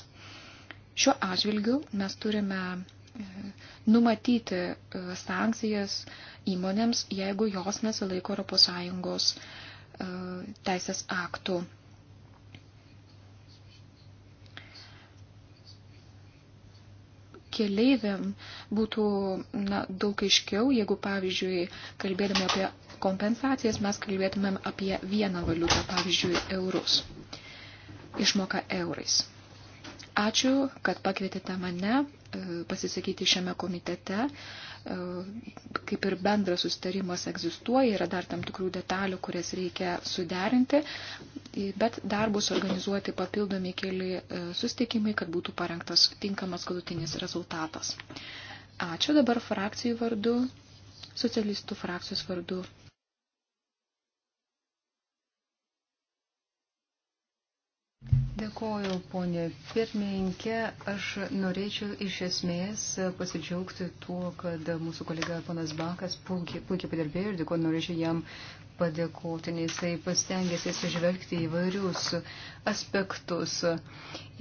Šiuo atžvilgiu mes turime e, numatyti e, sankcijas įmonėms, jeigu jos nesilaiko ES teisės aktų keleiviam būtų na, daug aiškiau, jeigu, pavyzdžiui, kalbėdami apie kompensacijas, mes kalbėtumėm apie vieną valiutą, pavyzdžiui, eurus. Išmoka eurais. Ačiū, kad pakvietėte mane e, pasisakyti šiame komitete kaip ir bendras sustarimas egzistuoja, yra dar tam tikrų detalių, kurias reikia suderinti, bet dar bus organizuoti papildomi keli e, sustikimai, kad būtų parengtas tinkamas galutinis rezultatas. Ačiū dabar frakcijų vardu, socialistų frakcijos vardu Dėkoju, ponė pirmininkė. Aš norėčiau iš esmės pasidžiaugti tuo, kad mūsų kolega panas Bakas puikiai, puikiai padirbėjo ir dėkoju, norėčiau jam padėkoti, nes jisai pastengėsi sužvelgti įvairius aspektus.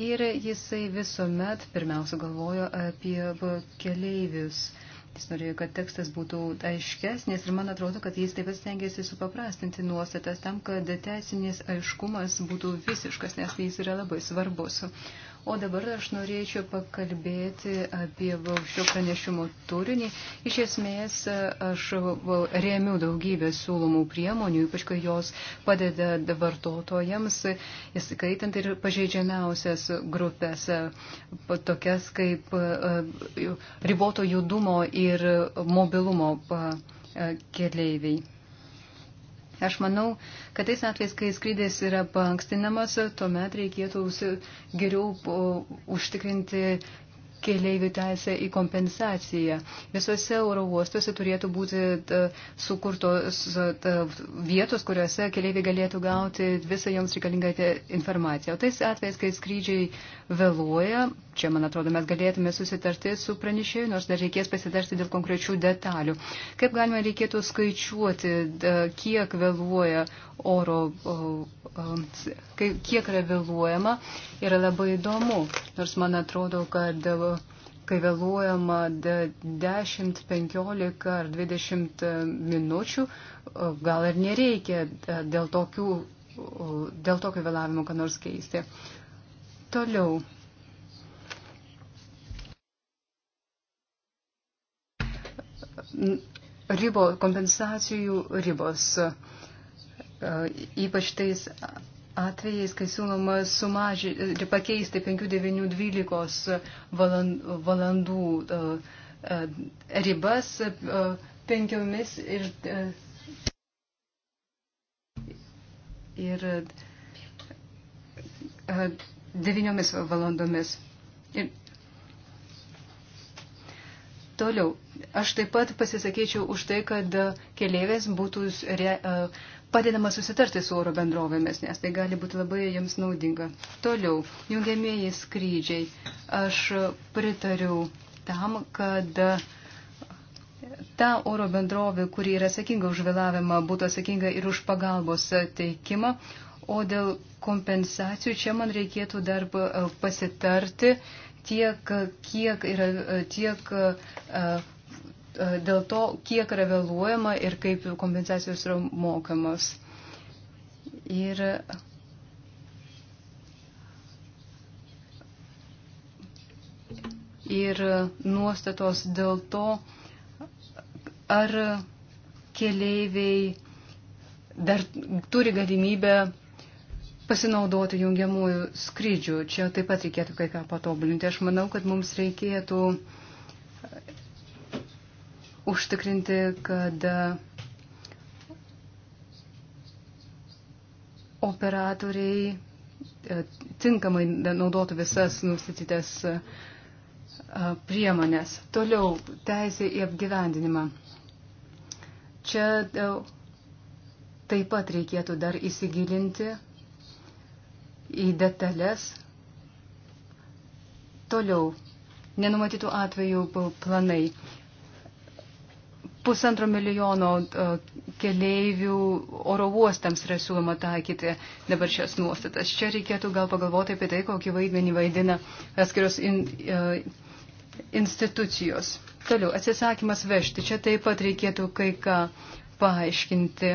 Ir jisai visuomet pirmiausia galvojo apie keleivius. Jis norėjo, kad tekstas būtų aiškesnis ir man atrodo, kad jis taip pat stengiasi supaprastinti nuostatas tam, kad teisinės aiškumas būtų visiškas, nes jis yra labai svarbus. O dabar aš norėčiau pakalbėti apie šio pranešimo turinį. Iš esmės, aš remiu daugybę siūlomų priemonių, ypač kai jos padeda vartotojams, įskaitant ir pažeidžiamiausias grupės, tokias kaip e, riboto judumo ir mobilumo e, keleiviai. Aš manau, kad tais atvejais, kai skrydis yra paankstinamas, tuomet reikėtų geriau užtikrinti keleivių teisę į kompensaciją. Visose oro uostuose turėtų būti sukurtos vietos, kuriuose keleiviai galėtų gauti visą joms reikalingą informaciją. O tais atvejais, kai skrydžiai vėluoja, čia, man atrodo, mes galėtume susitarti su pranešėju, nors dar reikės pasitarti dėl konkrečių detalių. Kaip galima reikėtų skaičiuoti, kiek vėluoja oro, kiek yra vėluojama, yra labai įdomu. Nors man atrodo, kad kai vėluojama 10, 15 ar 20 e, minučių, gal ir nereikia e, dėl, tokių, dėl tokio vėlavimo ką nors keisti. Toliau. ribo, kompensacijų ribos, e, ypač tais atvejais, kai siūloma sumaži, e, pakeisti 5-9-12 valandų e, ribas penkiomis ir, ir devyniomis valandomis. Ir toliau, Aš taip pat pasisakyčiau už tai, kad keliaivės būtų re, e, padedama susitarti su oro bendrovėmis, nes tai gali būti labai jiems naudinga. Toliau, jungiamieji skrydžiai. Aš pritariu tam, kad ta oro bendrovė, kuri yra atsakinga už vėlavimą, būtų atsakinga ir už pagalbos teikimą. O dėl kompensacijų čia man reikėtų dar e, pasitarti tiek, kiek yra e, tiek. Uh, E, dėl to, kiek yra vėluojama ir kaip kompensacijos yra mokamos. Ir ir nuostatos dėl to, ar keleiviai dar turi galimybę pasinaudoti jungiamųjų skrydžių. Čia taip pat reikėtų kai ką patobulinti. Aš manau, kad mums reikėtų uh, užtikrinti, kad operatoriai e, tinkamai naudotų visas nustatytas e, priemonės. Toliau teisė į apgyvendinimą. Čia e, taip pat reikėtų dar įsigilinti į detalės. Toliau, nenumatytų atvejų planai pusantro milijono e, keleivių oro uostams yra siūloma taikyti dabar šias nuostatas. Čia reikėtų gal pagalvoti apie tai, kokį vaidmenį vaidina atskiros in, e, institucijos. Toliau, atsisakymas vežti. Čia taip pat reikėtų kai ką paaiškinti.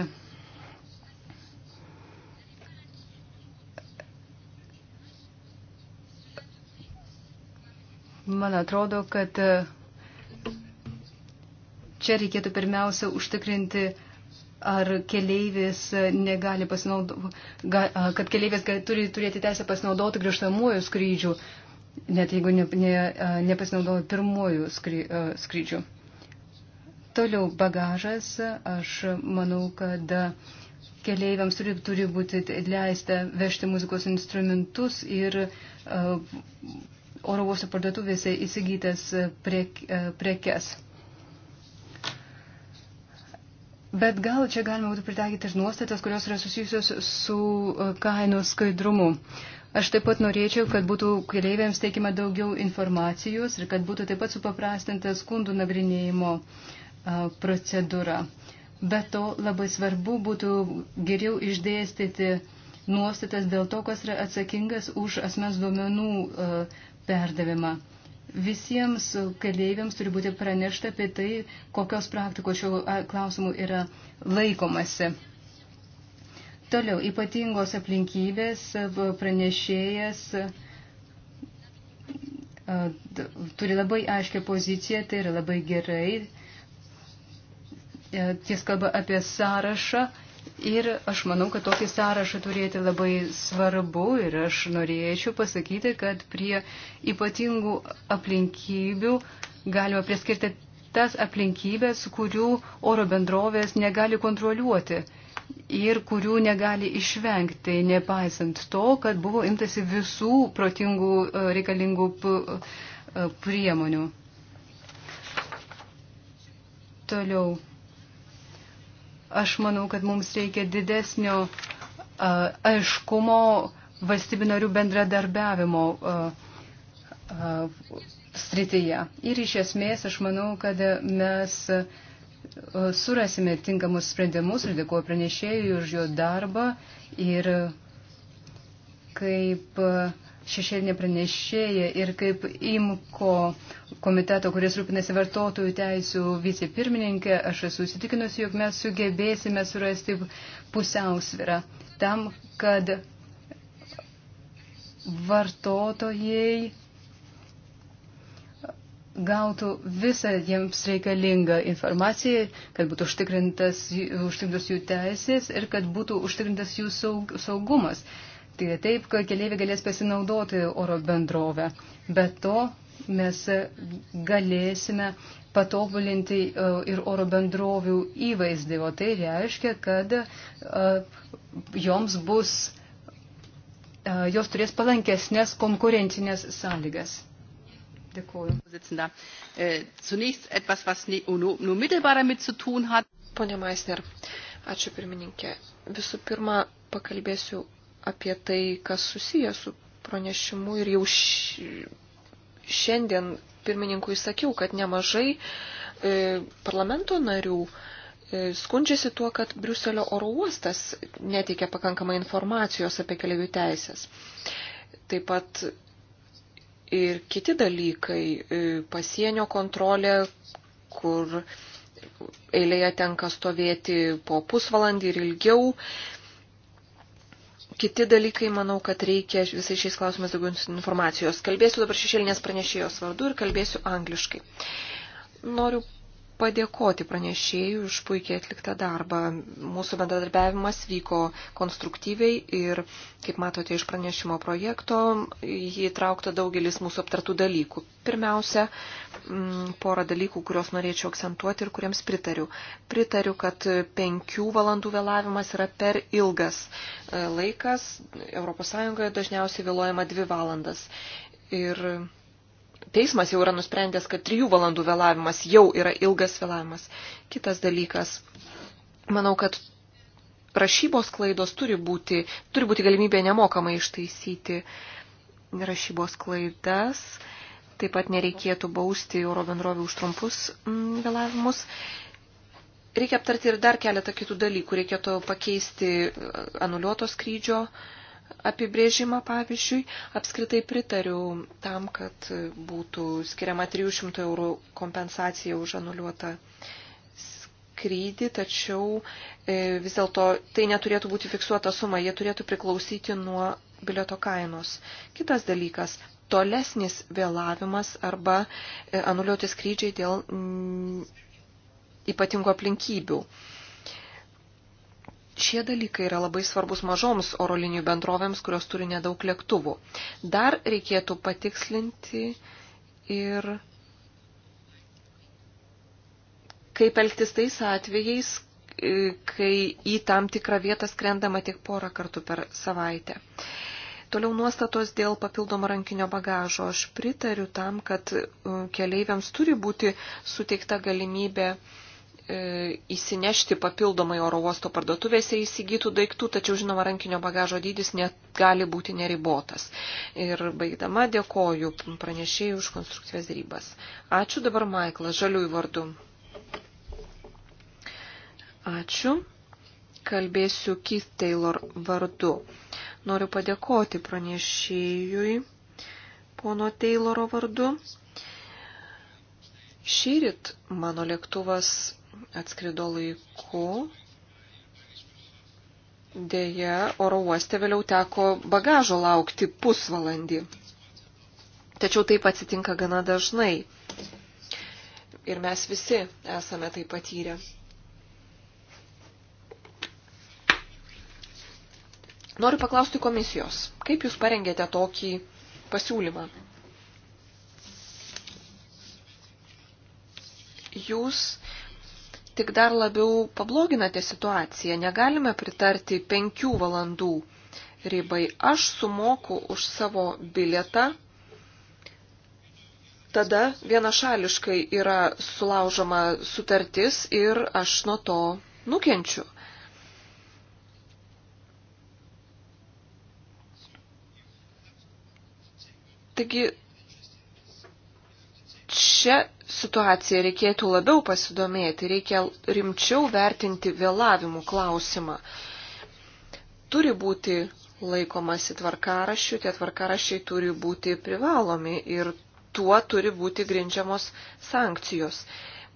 Man atrodo, kad e, Čia reikėtų pirmiausia užtikrinti, ar keleivis negali pasinaudoti, kad keleivis turi turėti teisę pasinaudoti grįžtamuoju skrydžiu, net jeigu ne, ne, nepasinaudojo pirmuoju skry, skrydžiu. Toliau bagažas, aš manau, kad keleiviams turi, turi būti leista vežti muzikos instrumentus ir uh, oro uosto parduotuvėse įsigytas prek, uh, prekes. Uh, Bet gal čia galima būtų pritaikyti ir nuostatas, kurios yra susijusios su e, kainų skaidrumu. Aš taip pat norėčiau, kad būtų keleiviams teikima daugiau informacijos ir kad būtų taip pat supaprastinta skundų nagrinėjimo e, procedūra. Be to labai svarbu būtų geriau išdėstyti nuostatas dėl to, kas yra atsakingas už asmens duomenų e, perdavimą. Uh, visiems keleiviams turi būti pranešta apie tai, kokios praktikos šio klausimų yra laikomasi. Toliau, ypatingos aplinkybės pranešėjas turi labai aiškę poziciją, tai yra labai gerai. E, ties kalba apie sąrašą Ir aš manau, kad tokį sąrašą turėti labai svarbu ir aš norėčiau pasakyti, kad prie ypatingų aplinkybių galima priskirti tas aplinkybės, kurių oro bendrovės negali kontroliuoti ir kurių negali išvengti, nepaisant to, kad buvo imtasi visų protingų e, reikalingų e, priemonių. Toliau. Aš manau, kad mums reikia didesnio aiškumo valstybių narių bendradarbiavimo srityje. Ir iš esmės aš manau, kad mes surasime tinkamus sprendimus ir dėkuoju pranešėjui už jo darbą ir kaip uh, šešėlinė pranešėja ir kaip IMKO komiteto, kuris rūpinasi vartotojų teisų vicepirmininkė, aš esu įsitikinusi, jog mes sugebėsime surasti pusiausvirą tam, kad vartotojai gautų visą jiems reikalingą informaciją, kad būtų užtikrintas, užtikrintas jų teisės ir kad būtų užtikrintas jų saug, saugumas. Uh, Tai taip, kad keliaiviai galės pasinaudoti oro bendrovę. Be to mes galėsime patobulinti e, ir oro bendrovių įvaizdį, o tai reiškia, kad e, joms bus, e, jos turės palankesnės konkurencinės sąlygas. Dėkuoju. Äh, nu, nu Pone Maisner, ačiū pirmininkė. Visų pirma, pakalbėsiu apie tai, kas susijęs su pranešimu ir jau šiandien pirmininkui sakiau, kad nemažai e, parlamento narių e, skundžiasi tuo, kad Briuselio oro uostas neteikia pakankamai informacijos apie keliaivių teisės. Taip pat ir kiti dalykai, e, pasienio kontrolė, kur eilėje tenka stovėti po pusvalandį ir ilgiau. E, kiti dalykai, manau, kad reikia visais šiais klausimais daugiau informacijos. Kalbėsiu dabar šešėlinės pranešėjos vardu ir kalbėsiu angliškai. Noriu padėkoti pranešėjų už puikiai atliktą darbą. Mūsų bendradarbiavimas vyko konstruktyviai ir, kaip matote iš pranešimo projekto, jį traukta daugelis mūsų aptartų dalykų. Pirmiausia, mm, pora dalykų, kuriuos norėčiau akcentuoti ir kuriems pritariu. Pritariu, kad penkių valandų vėlavimas yra per ilgas e, laikas. ES dažniausiai vėluojama dvi valandas. Ir teismas jau yra nusprendęs, kad trijų valandų vėlavimas jau yra ilgas vėlavimas. Kitas dalykas. Manau, kad rašybos klaidos turi būti, turi būti galimybė nemokamai ištaisyti rašybos klaidas. Taip pat nereikėtų bausti oro bendrovių už trumpus mm, vėlavimus. Reikia aptarti ir dar keletą kitų dalykų. Reikėtų pakeisti e, anuliuoto skrydžio uh, apibrėžimą, pavyzdžiui, apskritai pritariu tam, kad būtų skiriama 300 eurų kompensacija už anuliuotą skrydį, tačiau e, vis dėlto tai neturėtų būti fiksuota suma, jie turėtų priklausyti nuo bilieto kainos. Kitas dalykas - tolesnis vėlavimas arba e, anuliuoti skrydžiai dėl ypatingų aplinkybių. Šie dalykai yra labai svarbus mažoms oro linijų bendrovėms, kurios turi nedaug lėktuvų. Dar reikėtų patikslinti ir kaip elgtis tais atvejais, e, kai į tam tikrą vietą skrendama tik porą kartų per savaitę. Toliau nuostatos dėl papildomo rankinio bagažo. Aš pritariu tam, kad e, keleiviams turi būti suteikta galimybė uh, E, įsinešti papildomai oro uosto parduotuvėse įsigytų daiktų, tačiau žinoma rankinio bagažo dydis net gali būti neribotas. Ir baigdama dėkoju pranešėjai už konstruktyvės darybas. Ačiū dabar Maiklas, žaliųjų vardu. Ačiū. Kalbėsiu Keith Taylor vardu. Noriu padėkoti pranešėjui pono Tayloro vardu. Šyrit mano lėktuvas atskrido laiku. Deja, oro uoste vėliau teko bagažo laukti pusvalandį. Tačiau taip atsitinka gana dažnai. Ir mes visi esame tai patyrę. Noriu paklausti komisijos, kaip jūs parengėte tokį pasiūlymą? Jūs tik dar labiau pabloginate situaciją. Negalime pritarti penkių valandų ribai. Aš sumoku už savo bilietą. Tada vienašališkai yra sulaužoma sutartis ir aš nuo to nukenčiu. Taigi šią situaciją reikėtų labiau pasidomėti, reikia rimčiau vertinti vėlavimų klausimą. Turi būti laikomasi tvarkarašių, tie tvarkarašiai turi būti privalomi ir tuo turi būti grindžiamos sankcijos.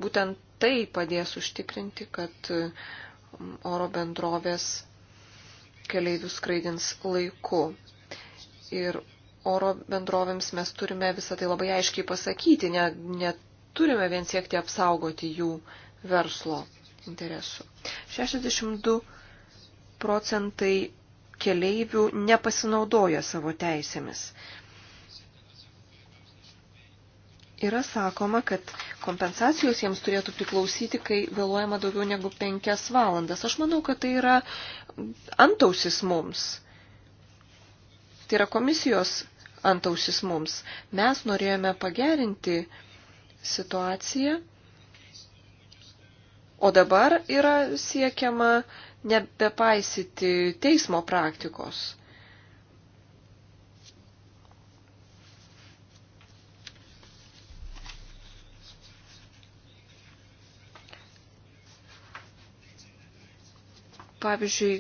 Būtent tai padės užtikrinti, kad um, oro bendrovės keleivius skraidins laiku. Ir oro bendrovėms mes turime visą tai labai aiškiai pasakyti, neturime ne, ne vien siekti apsaugoti jų verslo interesų. 62 procentai keleivių nepasinaudoja savo teisėmis. Yra sakoma, kad kompensacijos jiems turėtų priklausyti, kai vėluojama daugiau negu penkias valandas. Aš manau, kad tai yra antausis mums. Tai yra komisijos ant ausis mums. Mes norėjome pagerinti situaciją, o dabar yra siekiama nebepaisyti teismo praktikos. Pavyzdžiui,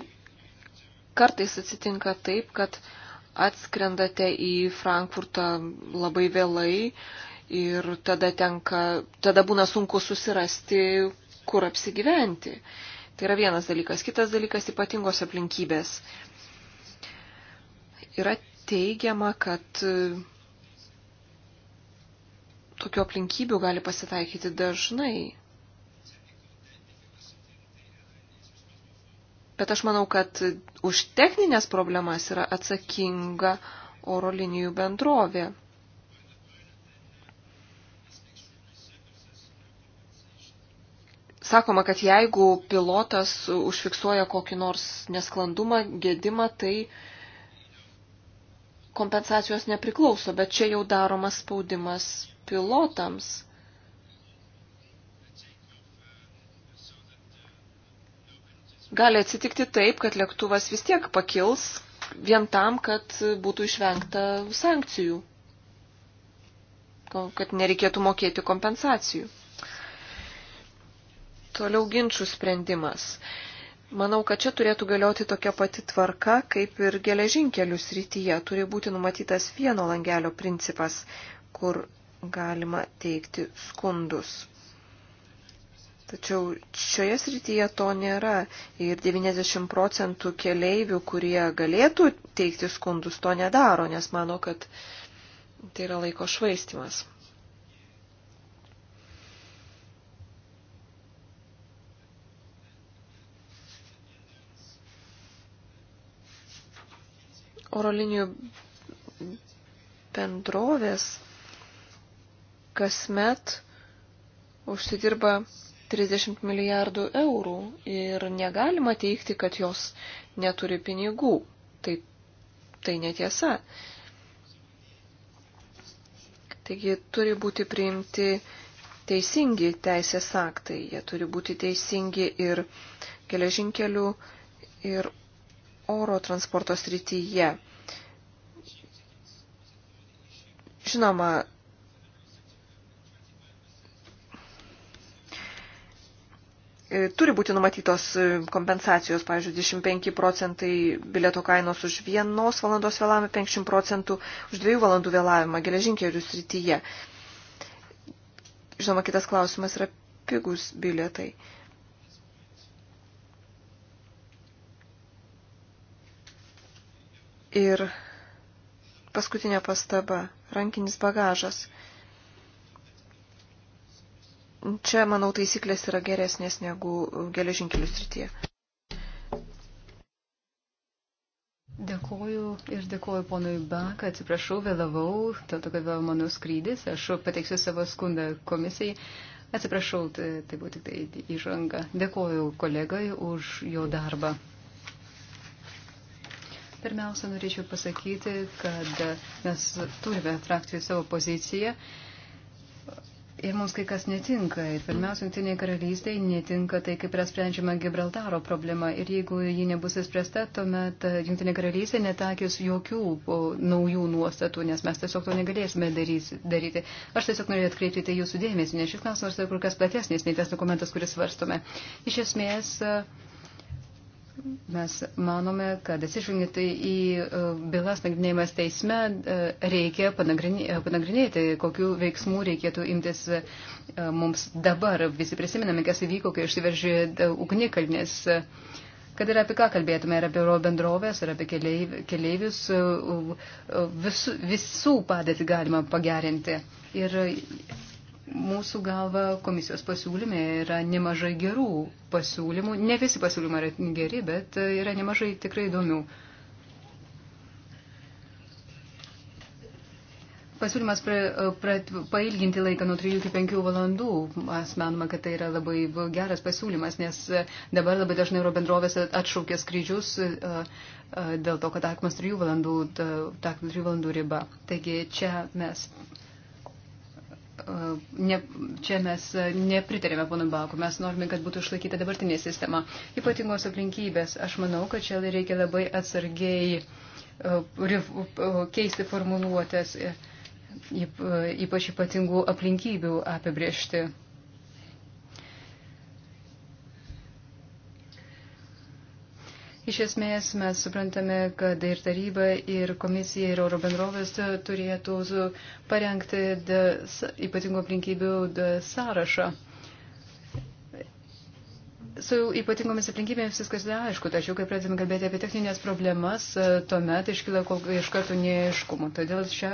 kartais atsitinka taip, kad atskrendate į Frankfurtą labai vėlai ir tada, tenka, tada būna sunku susirasti, kur apsigyventi. Tai yra vienas dalykas. Kitas dalykas - ypatingos aplinkybės. Yra teigiama, kad e, tokių aplinkybių gali pasitaikyti dažnai. Bet aš manau, kad už techninės problemas yra atsakinga oro linijų bendrovė. Sakoma, kad jeigu pilotas užfiksuoja kokį nors nesklandumą, gedimą, tai kompensacijos nepriklauso, bet čia jau daromas spaudimas pilotams. gali atsitikti taip, kad lėktuvas vis tiek pakils vien tam, kad būtų išvengta sankcijų, kad nereikėtų mokėti kompensacijų. Toliau ginčių sprendimas. Manau, kad čia turėtų galioti tokia pati tvarka, kaip ir geležinkelių srityje. Turi būti numatytas vieno langelio principas, kur galima teikti skundus. Tačiau šioje srityje to nėra ir 90 procentų keleivių, kurie galėtų teikti skundus, to nedaro, nes mano, kad tai yra laiko švaistimas. Oro linijų bendrovės kasmet užsidirba 30 milijardų eurų ir negalima teikti, kad jos neturi pinigų. Tai, tai netiesa. Taigi turi būti priimti teisingi teisės aktai, jie turi būti teisingi ir geležinkelių, ir oro transporto srityje. Žinoma, E, turi būti numatytos e, kompensacijos, pavyzdžiui, 25 procentai bilieto kainos už vienos valandos vėlavimą, 50 procentų už dviejų valandų vėlavimą geležinkelių srityje. Žinoma, kitas klausimas yra pigus bilietai. Ir paskutinė pastaba - rankinis bagažas. Čia, manau, taisyklės yra geresnės negu geležinkelių srityje. Dėkoju ir dėkoju ponui Bak, atsiprašau, vėlavau, dėl to, kad vėlavo mano skrydis, aš pateiksiu savo skundą komisijai. Atsiprašau, tai, tai buvo tik tai įžanga. Dėkoju kolegai už jo darbą. Pirmiausia, norėčiau pasakyti, kad mes turime atrakti savo poziciją. Uh, Ir mums kai kas netinka. Ir pirmiausia, Junktiniai karalystiai netinka tai, kaip yra sprendžiama Gibraltaro problema. Ir jeigu ji nebus įspręsta, tuomet e, Junktinė karalystė netakys jokių naujų nuostatų, nes mes tiesiog to negalėsime daryti. Aš tiesiog norėjau atkreipti tai jūsų dėmesį, nes šis klausimas yra kur kas platesnis nei tas dokumentas, kuris svarstome. Iš esmės. Uh, Mes manome, kad atsižvelgiant į tai, e, bylas nagrinėjimas teisme, e, reikia e, panagrinėti, kokiu veiksmu reikėtų imtis mums dabar. Visi prisiminame, kas įvyko, kai išsiveržė ugnikalnis. Kad ir apie ką kalbėtume, ir apie oro bendrovės, ir apie keleivius, vis, visų padėtį galima pagerinti. Ir Mūsų galva komisijos pasiūlyme yra nemažai gerų pasiūlymų. Ne visi pasiūlymai yra geri, bet yra nemažai tikrai įdomių. Pasiūlymas pra, pra, pailginti laiką nuo 3 iki 5 valandų, mes manome, kad tai yra labai geras pasiūlymas, nes dabar labai dažnai oro bendrovės atšaukia skrydžius e, e, dėl to, kad taikomas 3 valandų, 3 valandų riba. Taigi čia mes ne, čia mes e, nepritarėme ponui Baku, mes norime, kad būtų išlaikyta dabartinė sistema. Ypatingos aplinkybės, aš manau, kad čia reikia labai atsargiai e, e, keisti formuluotės, ypač ypatingų aplinkybių apibriežti. Iš esmės mes suprantame, kad ir taryba, ir komisija, ir oro bendrovės turėtų parengti ypatingų aplinkybių sąrašą. Su ypatingomis aplinkybėmis viskas yra aišku, tačiau kai pradedame kalbėti apie techninės problemas, tuomet iškyla iš karto neaiškumų. Todėl šią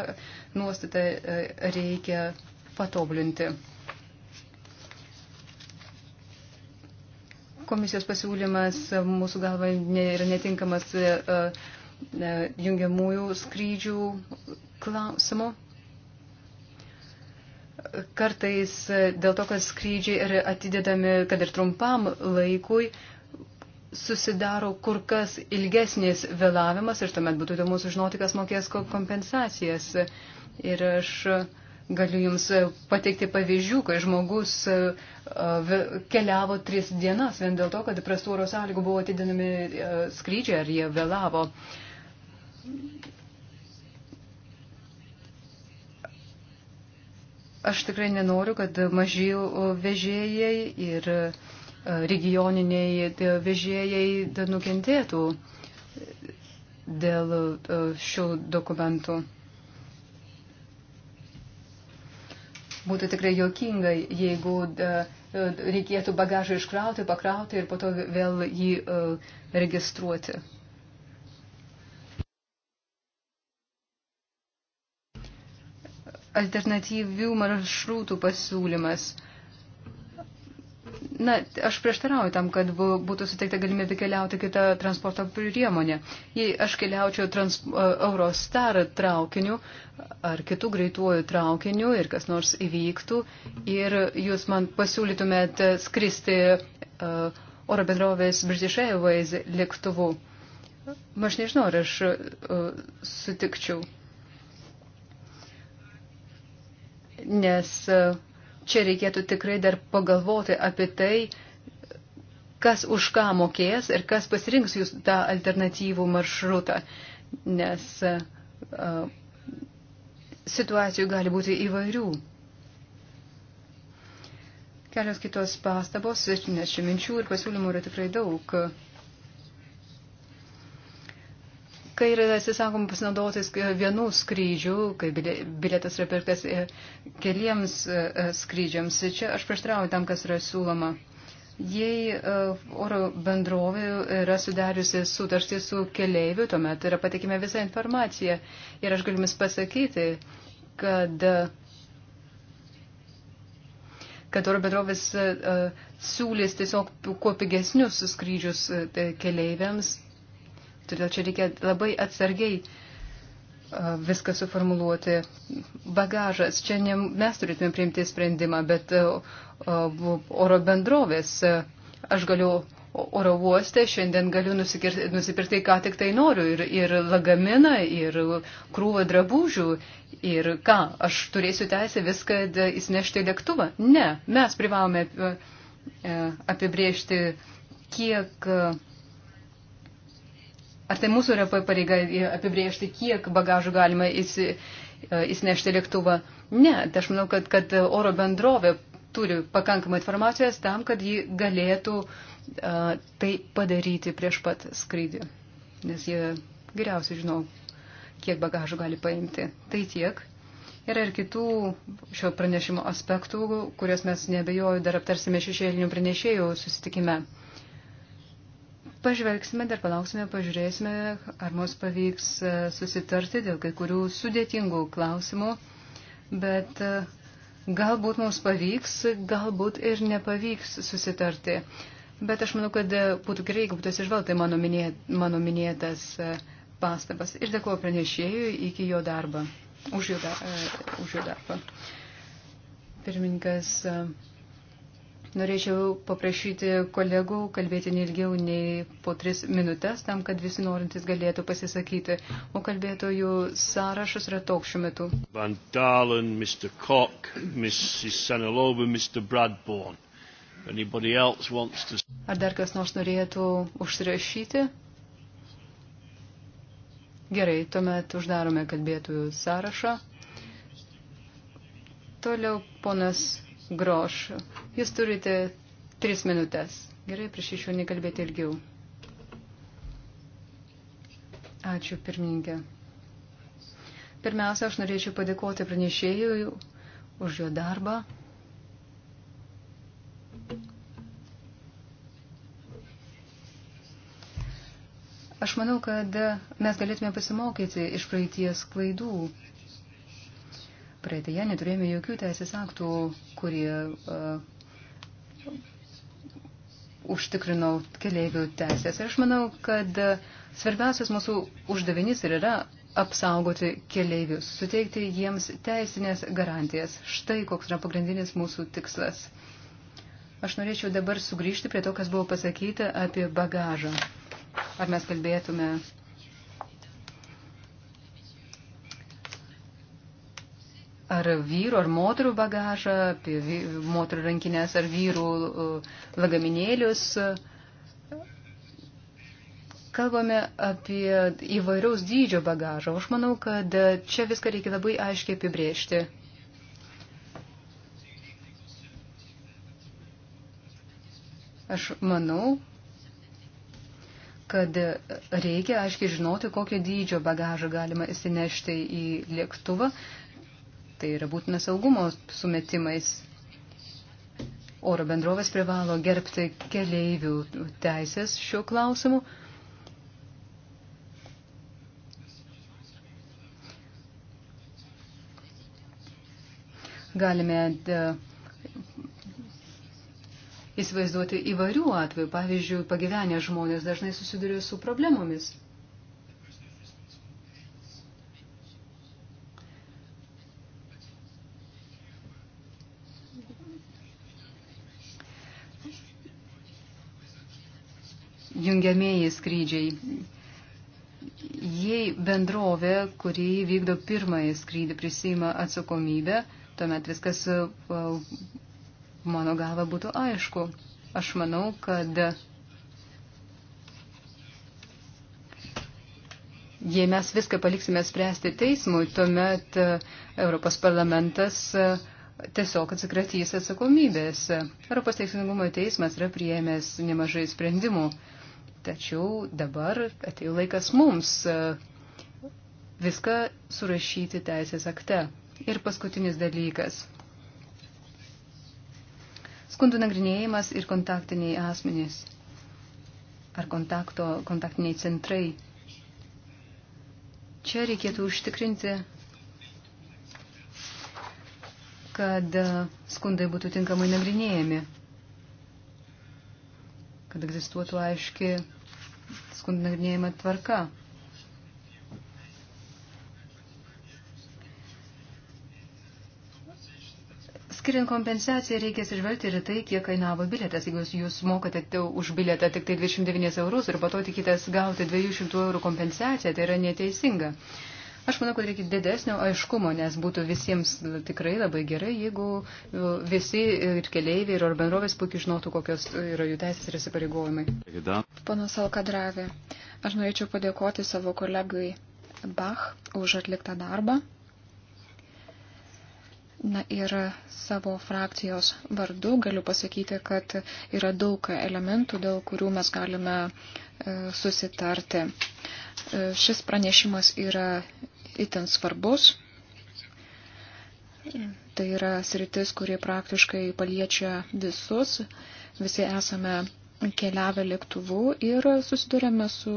nuostatą e, reikia patobulinti. komisijos pasiūlymas mūsų galva yra netinkamas e, e, jungiamųjų skrydžių klausimu. Kartais e, dėl to, kad skrydžiai yra atidedami, kad ir trumpam laikui, susidaro kur kas ilgesnis vėlavimas ir tuomet būtų įdomu sužinoti, kas mokės kompensacijas. Ir aš uh, Galiu Jums e, pateikti pavyzdžių, kai žmogus e, e, keliavo tris dienas vien dėl to, kad prastų oro sąlygų buvo atidinami skrydžiai ar jie vėlavo. Aš tikrai nenoriu, kad maži vežėjai ir regioniniai vežėjai nukentėtų dėl šių dokumentų. Būtų tikrai jokinga, jeigu e, e, reikėtų bagažą iškrauti, pakrauti ir po to vėl jį e, registruoti. Alternatyvių maršrutų pasiūlymas. Na, aš prieštarauju tam, kad būtų suteikta galimybė keliauti kitą transporto priemonę. Jei aš keliaučiau trans, e, Eurostar traukiniu ar kitų greituoju traukiniu ir kas nors įvyktų ir jūs man pasiūlytumėt skristi uh, oro bendrovės British Airways lėktuvu, aš nežinau, ar aš uh, sutikčiau. Nes. Uh, čia reikėtų tikrai dar pagalvoti apie tai, kas už ką mokės ir kas pasirinks jūs tą alternatyvų maršrutą, nes uh, situacijų gali būti įvairių. Kelios kitos pastabos, nes čia minčių ir pasiūlymų yra tikrai daug. Uh, kai yra atsisakoma pasinaudotis vienų skrydžių, kai bilietas yra pirktas e, keliems e, e, skrydžiams. Čia aš prieštrauju tam, kas yra siūloma. Jei oro bendrovė yra sudariusi sutartį su keleiviu, tuomet yra patikime visą informaciją. Ir aš galiu jums pasakyti, kad, kad oro bendrovės siūlys tiesiog kuo pigesnius skrydžius keleiviams Todėl čia reikia labai atsargiai viską suformuluoti. Bagažas, čia ne mes turėtume priimti sprendimą, bet oro bendrovės. Aš galiu oro uoste, šiandien galiu nusipirkti, ką tik tai noriu, ir, ir lagaminą, ir krūvą drabužių, ir ką, aš turėsiu teisę viską įsinešti į lėktuvą. Ne, mes privalome apibriežti, kiek Ar tai mūsų yra pareiga e, apibriežti, kiek bagažų galima įsi, e, įsinešti lėktuvą? Ne, tai aš manau, kad, kad oro bendrovė turi pakankamai informacijos tam, kad ji galėtų a, e, tai padaryti prieš pat skrydį. Nes jie geriausiai žinau, kiek bagažų gali paimti. Tai tiek. Yra ir kitų šio pranešimo aspektų, kurias mes nebejoju dar aptarsime šešėlinių pranešėjų susitikime. Pažvelgsime, dar palauksime, pažiūrėsime, ar mums pavyks e, susitarti dėl kai kurių sudėtingų klausimų, bet e, galbūt mums pavyks, galbūt ir nepavyks susitarti. Bet aš manau, kad e, būtų gerai, jeigu būtų atsižvelgta į mano, minė, mano minėtas pastabas. Ir dėkuoju pranešėjui iki jo darbą, už jo, da, už jo darbą. Pirmininkas. Uh, Norėčiau paprašyti kolegų kalbėti neilgiau nei po tris minutės, tam, kad visi norintys galėtų pasisakyti. O kalbėtojų sąrašas yra toks šiuo metu. Van Dalen, Mr. Koch, Mrs. Sanalova, Mr. Bradbourne. Anybody else wants to... Ar dar kas nors norėtų užsirašyti? Gerai, tuomet uždarome kalbėtojų sąrašą. Toliau ponas Grošas. Jūs turite tris minutės. Gerai, prieš iš jų nekalbėti ilgiau. Ačiū, pirmininkė. Pirmiausia, aš norėčiau padėkoti pranešėjui už jo darbą. Aš manau, kad mes galėtume pasimokyti iš praeities klaidų. Praeitėje neturėjome jokių teisės aktų, kurie uh, užtikrinau keleivių teisės. Ir aš manau, kad svarbiausias mūsų uždavinys ir yra apsaugoti keleivius, suteikti jiems teisinės garantijas. Štai koks yra pagrindinis mūsų tikslas. Aš norėčiau dabar sugrįžti prie to, kas buvo pasakyta apie bagažą. Ar mes kalbėtume ar vyrų, ar moterų bagažą, apie moterų rankinės, ar vyrų uh, lagaminėlius. Kalbame apie įvairiaus dydžio bagažą. Aš manau, kad čia viską reikia labai aiškiai apibrėžti. Aš manau, kad reikia aiškiai žinoti, kokio dydžio bagažą galima įsinešti į lėktuvą Tai yra būtina saugumo sumetimais. Oro bendrovės privalo gerbti keleivių teisės šiuo klausimu. Galime e, įsivaizduoti įvairių atvejų. Pavyzdžiui, pagyvenę žmonės dažnai susiduria su problemomis. jungiamieji skrydžiai. Jei bendrovė, kuri vykdo pirmąjį skrydį, prisima atsakomybę, tuomet viskas e, mano galva būtų aišku. Aš manau, kad jei mes viską paliksime spręsti teismui, tuomet e, Europos parlamentas e, tiesiog atsikratys atsakomybės. Europos teisingumo teismas yra priėmęs nemažai sprendimų Tačiau dabar atėjo laikas mums e, viską surašyti teisės akte. Ir paskutinis dalykas. Skundų nagrinėjimas ir kontaktiniai asmenys ar kontakto, kontaktiniai centrai. Čia reikėtų užtikrinti, kad e, skundai būtų tinkamai nagrinėjami, kad egzistuotų aiški skundų nagrinėjimo tvarka. Skiriant kompensaciją reikia sižvelgti ir tai, kiek kainavo bilietas. Jeigu jūs mokate už bilietą tik tai 29 eurus ir po to tikitės gauti 200 eurų kompensaciją, tai yra neteisinga. Uh, Aš manau, kad reikia didesnio aiškumo, nes būtų visiems tikrai labai gerai, jeigu e, visi ir keleiviai, ir bendrovės puikiai žinotų, kokios yra jų teisės ir įsipareigojimai. Panas Alkadravė, aš norėčiau padėkoti savo kolegai Bach už atliktą darbą. Na ir savo frakcijos vardu galiu pasakyti, kad yra daug elementų, dėl kurių mes galime e, susitarti. E, šis pranešimas yra itin svarbus. Tai yra sritis, kuri praktiškai paliečia visus. Visi esame keliavę lėktuvų ir susidurėme su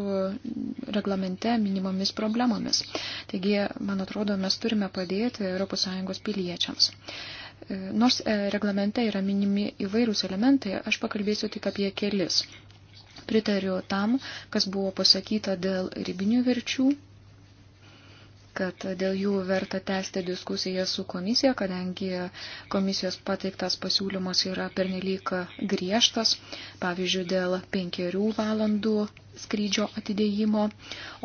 reglamente minimomis problemomis. Taigi, man atrodo, mes turime padėti ES piliečiams. Nors e, reglamente yra minimi įvairūs elementai, aš pakalbėsiu tik apie kelis. Pritariu tam, kas buvo pasakyta dėl ribinių verčių kad dėl jų verta tęsti diskusiją su komisija, kadangi komisijos pateiktas pasiūlymas yra pernelyg griežtas, pavyzdžiui, dėl penkerių valandų skrydžio atidėjimo,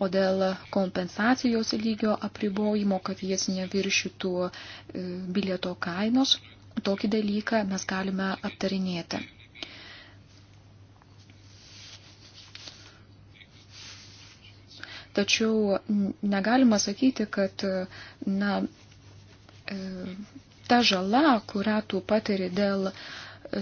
o dėl kompensacijos lygio apribojimo, kad jis neviršytų e, bilieto kainos. Tokį dalyką mes galime aptarinėti. Tačiau negalima sakyti, kad na, e, ta žala, kurią tu patiri dėl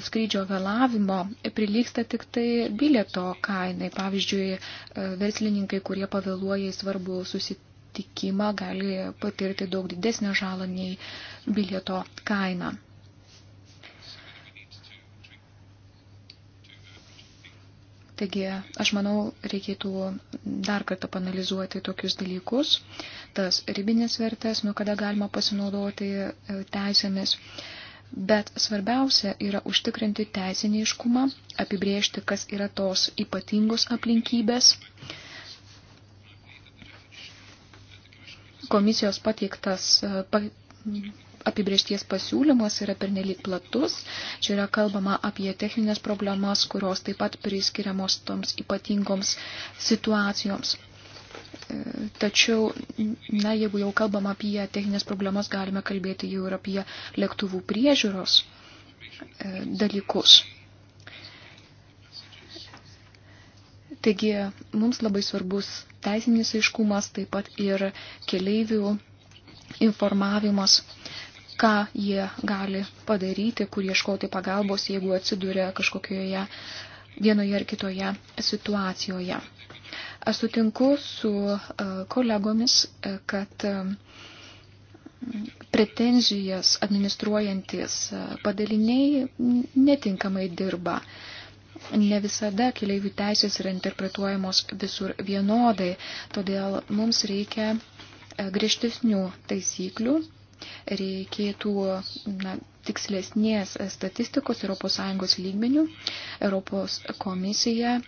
skrydžio vėlavimo, prilyksta tik tai bilieto kainai. Pavyzdžiui, e, verslininkai, kurie pavėluoja į svarbų susitikimą, gali patirti daug didesnę žalą nei bilieto kainą. Taigi, aš manau, reikėtų dar kartą panalizuoti tokius dalykus, tas ribinės vertės, nuo kada galima pasinaudoti e, teisėmis. Bet svarbiausia yra užtikrinti teisinį iškumą, apibriežti, kas yra tos ypatingos aplinkybės. Komisijos pateiktas e, apibriešties pasiūlymas yra pernelyg platus. Čia yra kalbama apie techninės problemas, kurios taip pat priskiriamos toms ypatingoms situacijoms. E, tačiau, na, jeigu jau kalbam apie techninės problemas, galime kalbėti jau ir apie lėktuvų priežiūros e, dalykus. Taigi, mums labai svarbus teisinis aiškumas, taip pat ir keleivių informavimas ką jie gali padaryti, kur ieškoti pagalbos, jeigu atsiduria kažkokioje vienoje ar kitoje situacijoje. Aš sutinku su e, kolegomis, e, kad e, pretenzijas administruojantis padaliniai netinkamai dirba. Ne visada keliaivių teisės yra interpretuojamos visur vienodai, todėl mums reikia griežtesnių taisyklių reikėtų na, tikslesnės statistikos ES lygmenių. Europos komisija e,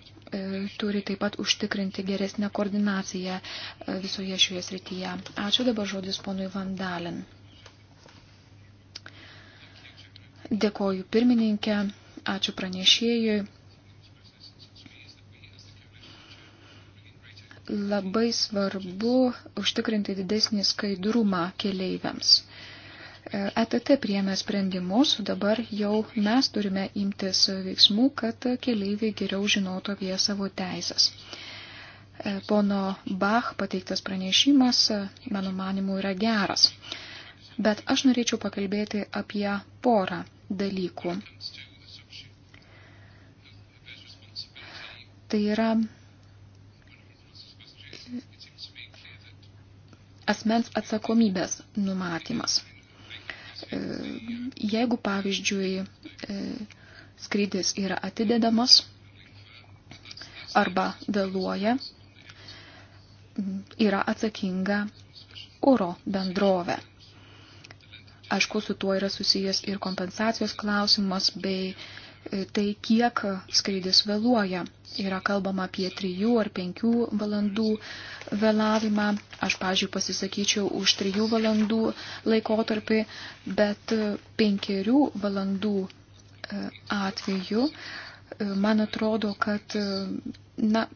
turi taip pat užtikrinti geresnę koordinaciją e, visoje šioje srityje. Ačiū dabar žodis ponui Vandalin. Dėkoju pirmininkė, ačiū pranešėjui labai svarbu užtikrinti didesnį skaidrumą keleiviams. ETT e priemė sprendimus, dabar jau mes turime imtis veiksmų, kad keleiviai geriau žinotų apie savo teisės. E, Pono Bach pateiktas pranešimas, e, mano manimu, yra geras. Bet aš norėčiau pakalbėti apie porą dalykų. Tai yra asmens atsakomybės numatymas. E, jeigu, pavyzdžiui, e, skrydis yra atidedamas arba vėluoja, yra atsakinga oro bendrovė. Aišku, su tuo yra susijęs ir kompensacijos klausimas bei e, E, tai, kiek skrydis vėluoja. Yra kalbama apie 3 ar 5 valandų vėlavimą. Aš, pažiūrėjau, pasisakyčiau už 3 valandų laikotarpį, bet 5 valandų e, atveju, e, man atrodo, kad na,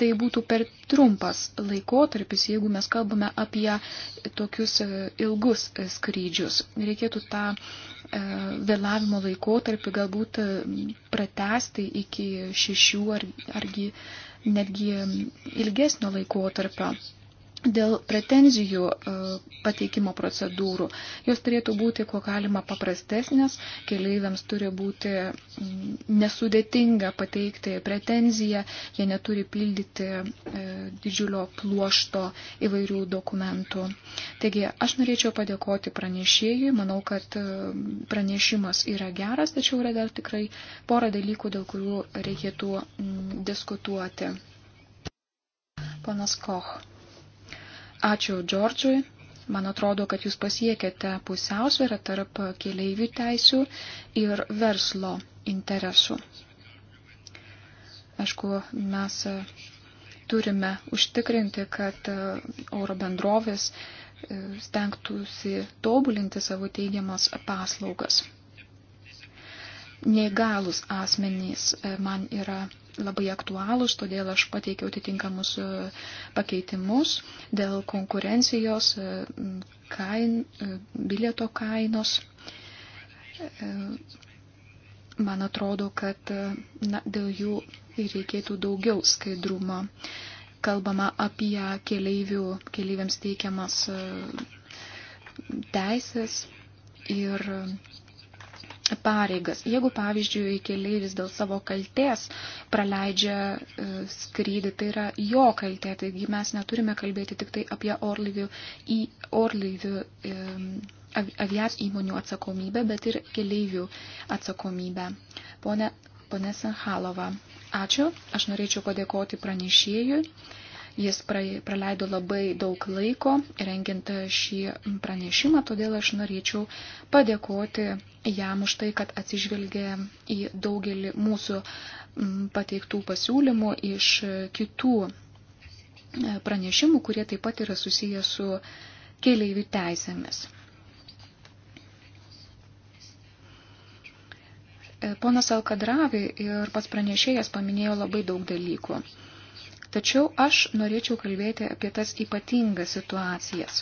tai būtų per trumpas laikotarpis, jeigu mes kalbame apie tokius ilgus skrydžius. Reikėtų tą E, vėlavimo laikotarpį galbūt e, pratesti iki šešių ar, argi netgi ilgesnio laikotarpio. Dėl pretenzijų e, pateikimo procedūrų jos turėtų būti kuo galima paprastesnės, keleiviams turi būti mm, nesudėtinga pateikti pretenziją, jie neturi pildyti e, didžiulio pluošto įvairių dokumentų. Taigi aš norėčiau padėkoti pranešėjui, manau, kad e, pranešimas yra geras, tačiau yra dar tikrai pora dalykų, dėl kurių reikėtų mm, diskutuoti. Ponas Koch. Ačiū Džordžui. Man atrodo, kad jūs pasiekėte pusiausvėrą tarp keleivių teisių ir verslo interesų. Aišku, mes turime užtikrinti, kad oro bendrovės stengtųsi tobulinti savo teigiamas paslaugas. Neįgalus asmenys man yra labai aktualūs, todėl aš pateikiau atitinkamus e, pakeitimus dėl konkurencijos e, kain, e, bilieto kainos. Man atrodo, kad na, dėl jų reikėtų daugiau skaidrumo. Kalbama apie keleivių, keleiviams teikiamas teisės ir pareigas. Jeigu, pavyzdžiui, keleivis dėl savo kaltės praleidžia e, skrydį, tai yra jo kaltė, taigi mes neturime kalbėti tik tai apie orlyvių, į orlyvių e, aviacijos įmonių atsakomybę, bet ir keleivių atsakomybę. Pone, pone Senhalova, ačiū. Aš norėčiau padėkoti pranešėjui Jis praleido labai daug laiko rengiant šį pranešimą, todėl aš norėčiau padėkoti jam už tai, kad atsižvelgė į daugelį mūsų pateiktų pasiūlymų iš kitų e, pranešimų, kurie taip pat yra susiję su keleivių teisėmis. E, ponas Alkadravi ir pats pranešėjas paminėjo labai daug dalykų. Tačiau aš norėčiau kalbėti apie tas ypatingas situacijas.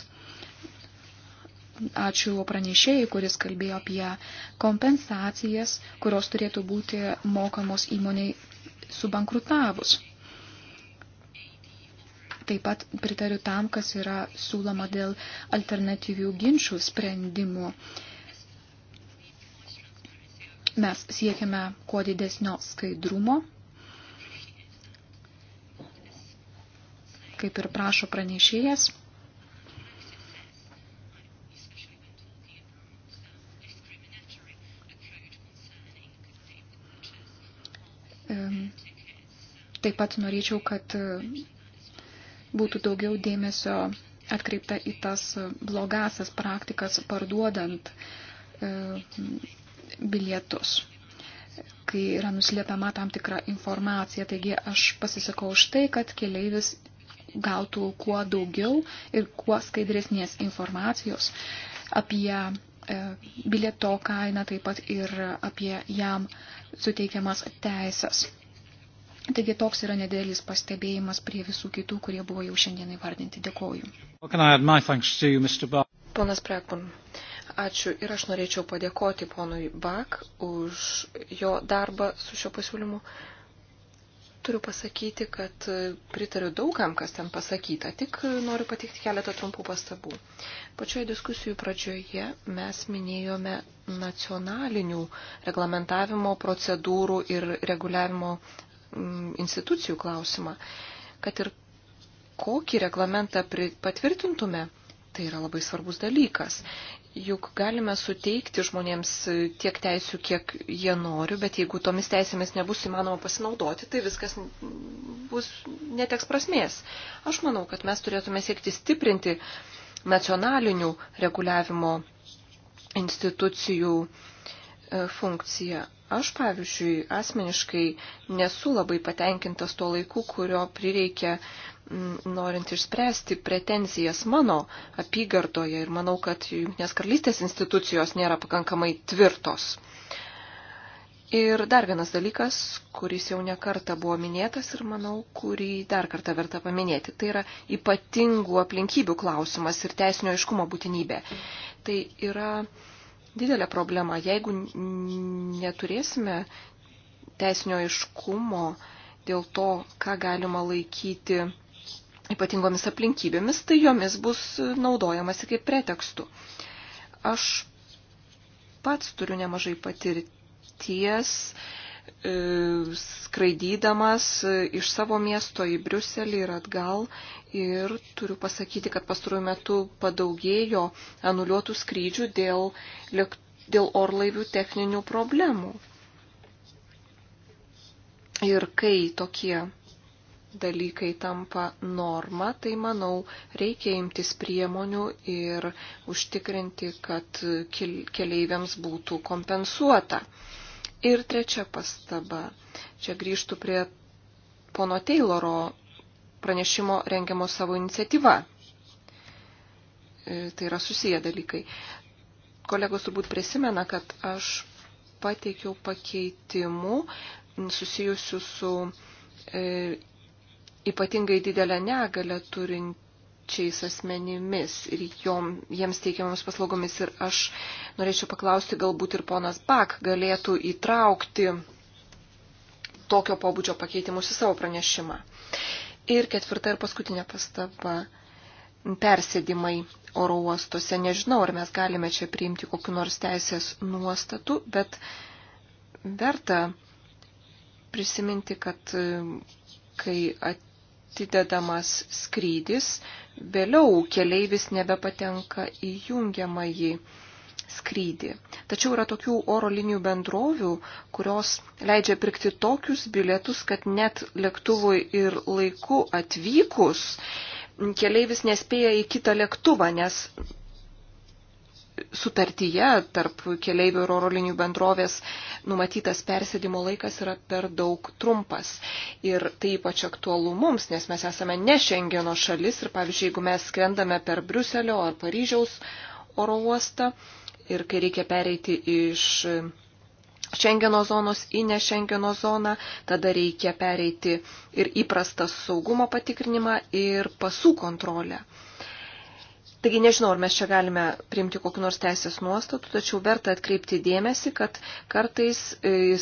Ačiū pranešėjai, kuris kalbėjo apie kompensacijas, kurios turėtų būti mokamos įmoniai subankrutavus. Taip pat pritariu tam, kas yra siūloma dėl alternatyvių ginčių sprendimų. Mes siekiame kuo didesnio skaidrumo kaip ir prašo pranešėjas. Taip pat norėčiau, kad e, būtų daugiau dėmesio atkreipta į tas blogasias praktikas parduodant e, bilietus, kai yra nuslėpiama tam tikra informacija. Taigi aš pasisakau už tai, kad keleivis gautų kuo daugiau ir kuo skaidresnės informacijos apie e, bilieto kainą, taip pat ir apie jam suteikiamas teisės. Taigi toks yra nedėlis pastebėjimas prie visų kitų, kurie buvo jau šiandien įvardinti. Dėkoju. Ponas Prekman, ačiū ir aš norėčiau padėkoti ponui Bak už jo darbą su šio pasiūlymu. Turiu pasakyti, kad e, pritariu daugam, kas ten pasakyta, tik e, noriu patikti keletą trumpų pastabų. Pačioje diskusijų pradžioje mes minėjome nacionalinių reglamentavimo procedūrų ir reguliavimo institucijų klausimą, kad ir kokį reglamentą patvirtintume, tai yra labai svarbus dalykas. Juk galime suteikti žmonėms tiek teisių, kiek jie nori, bet jeigu tomis teisėmis nebus įmanoma pasinaudoti, tai viskas bus neteks prasmės. Aš manau, kad mes turėtume siekti stiprinti nacionalinių reguliavimo institucijų e, funkciją. Aš, pavyzdžiui, asmeniškai nesu labai patenkintas tuo laiku, kurio prireikia norint išspręsti pretenzijas mano apygardoje ir manau, kad Junktinės karalystės institucijos nėra pakankamai tvirtos. Ir dar vienas dalykas, kuris jau nekarta buvo minėtas ir manau, kurį dar kartą verta paminėti, tai yra ypatingų aplinkybių klausimas ir teisinio iškumo būtinybė. Tai yra didelė problema, jeigu neturėsime teisinio iškumo dėl to, ką galima laikyti ypatingomis aplinkybėmis, tai jomis bus naudojamasi kaip pretekstu. Aš pats turiu nemažai patirties e, skraidydamas iš savo miesto į Briuselį ir atgal. Ir turiu pasakyti, kad pastaruoju metu padaugėjo anuliuotų skrydžių dėl, dėl orlaivių techninių problemų. Ir kai tokie dalykai tampa norma, tai manau, reikia imtis priemonių ir užtikrinti, kad keleiviams būtų kompensuota. Ir trečia pastaba. Čia grįžtų prie pono Tayloro pranešimo rengiamo savo iniciatyva. E, tai yra susiję dalykai. Kolegos turbūt prisimena, kad aš pateikiau pakeitimų susijusių su e, ypatingai didelę negalę turinčiais asmenimis ir jom, jiems teikiamomis paslaugomis. Ir aš norėčiau paklausti, galbūt ir ponas Bak galėtų įtraukti tokio pobūdžio pakeitimus į savo pranešimą. Ir ketvirta ir paskutinė pastaba - persėdimai oro uostuose. Nežinau, ar mes galime čia priimti kokiu nors teisės nuostatų, bet verta prisiminti, kad e, kai at, atidedamas skrydis, vėliau keleivis nebepatenka į jungiamąjį skrydį. Tačiau yra tokių oro linijų bendrovių, kurios leidžia pirkti tokius bilietus, kad net lėktuvui ir laiku atvykus keleivis nespėja į kitą lėktuvą, nes sutartyje tarp keleivių ir oro linijų bendrovės numatytas persėdimo laikas yra per daug trumpas. Ir tai ypač aktualu mums, nes mes esame ne Šengeno šalis ir, pavyzdžiui, jeigu mes skrendame per Briuselio ar Paryžiaus oro uostą ir kai reikia pereiti iš Šengeno zonos į ne Šengeno zoną, tada reikia pereiti ir įprastą saugumo patikrinimą ir pasų kontrolę. Taigi nežinau, ar mes čia galime priimti kokiu nors teisės nuostatų, tačiau verta atkreipti dėmesį, kad kartais e,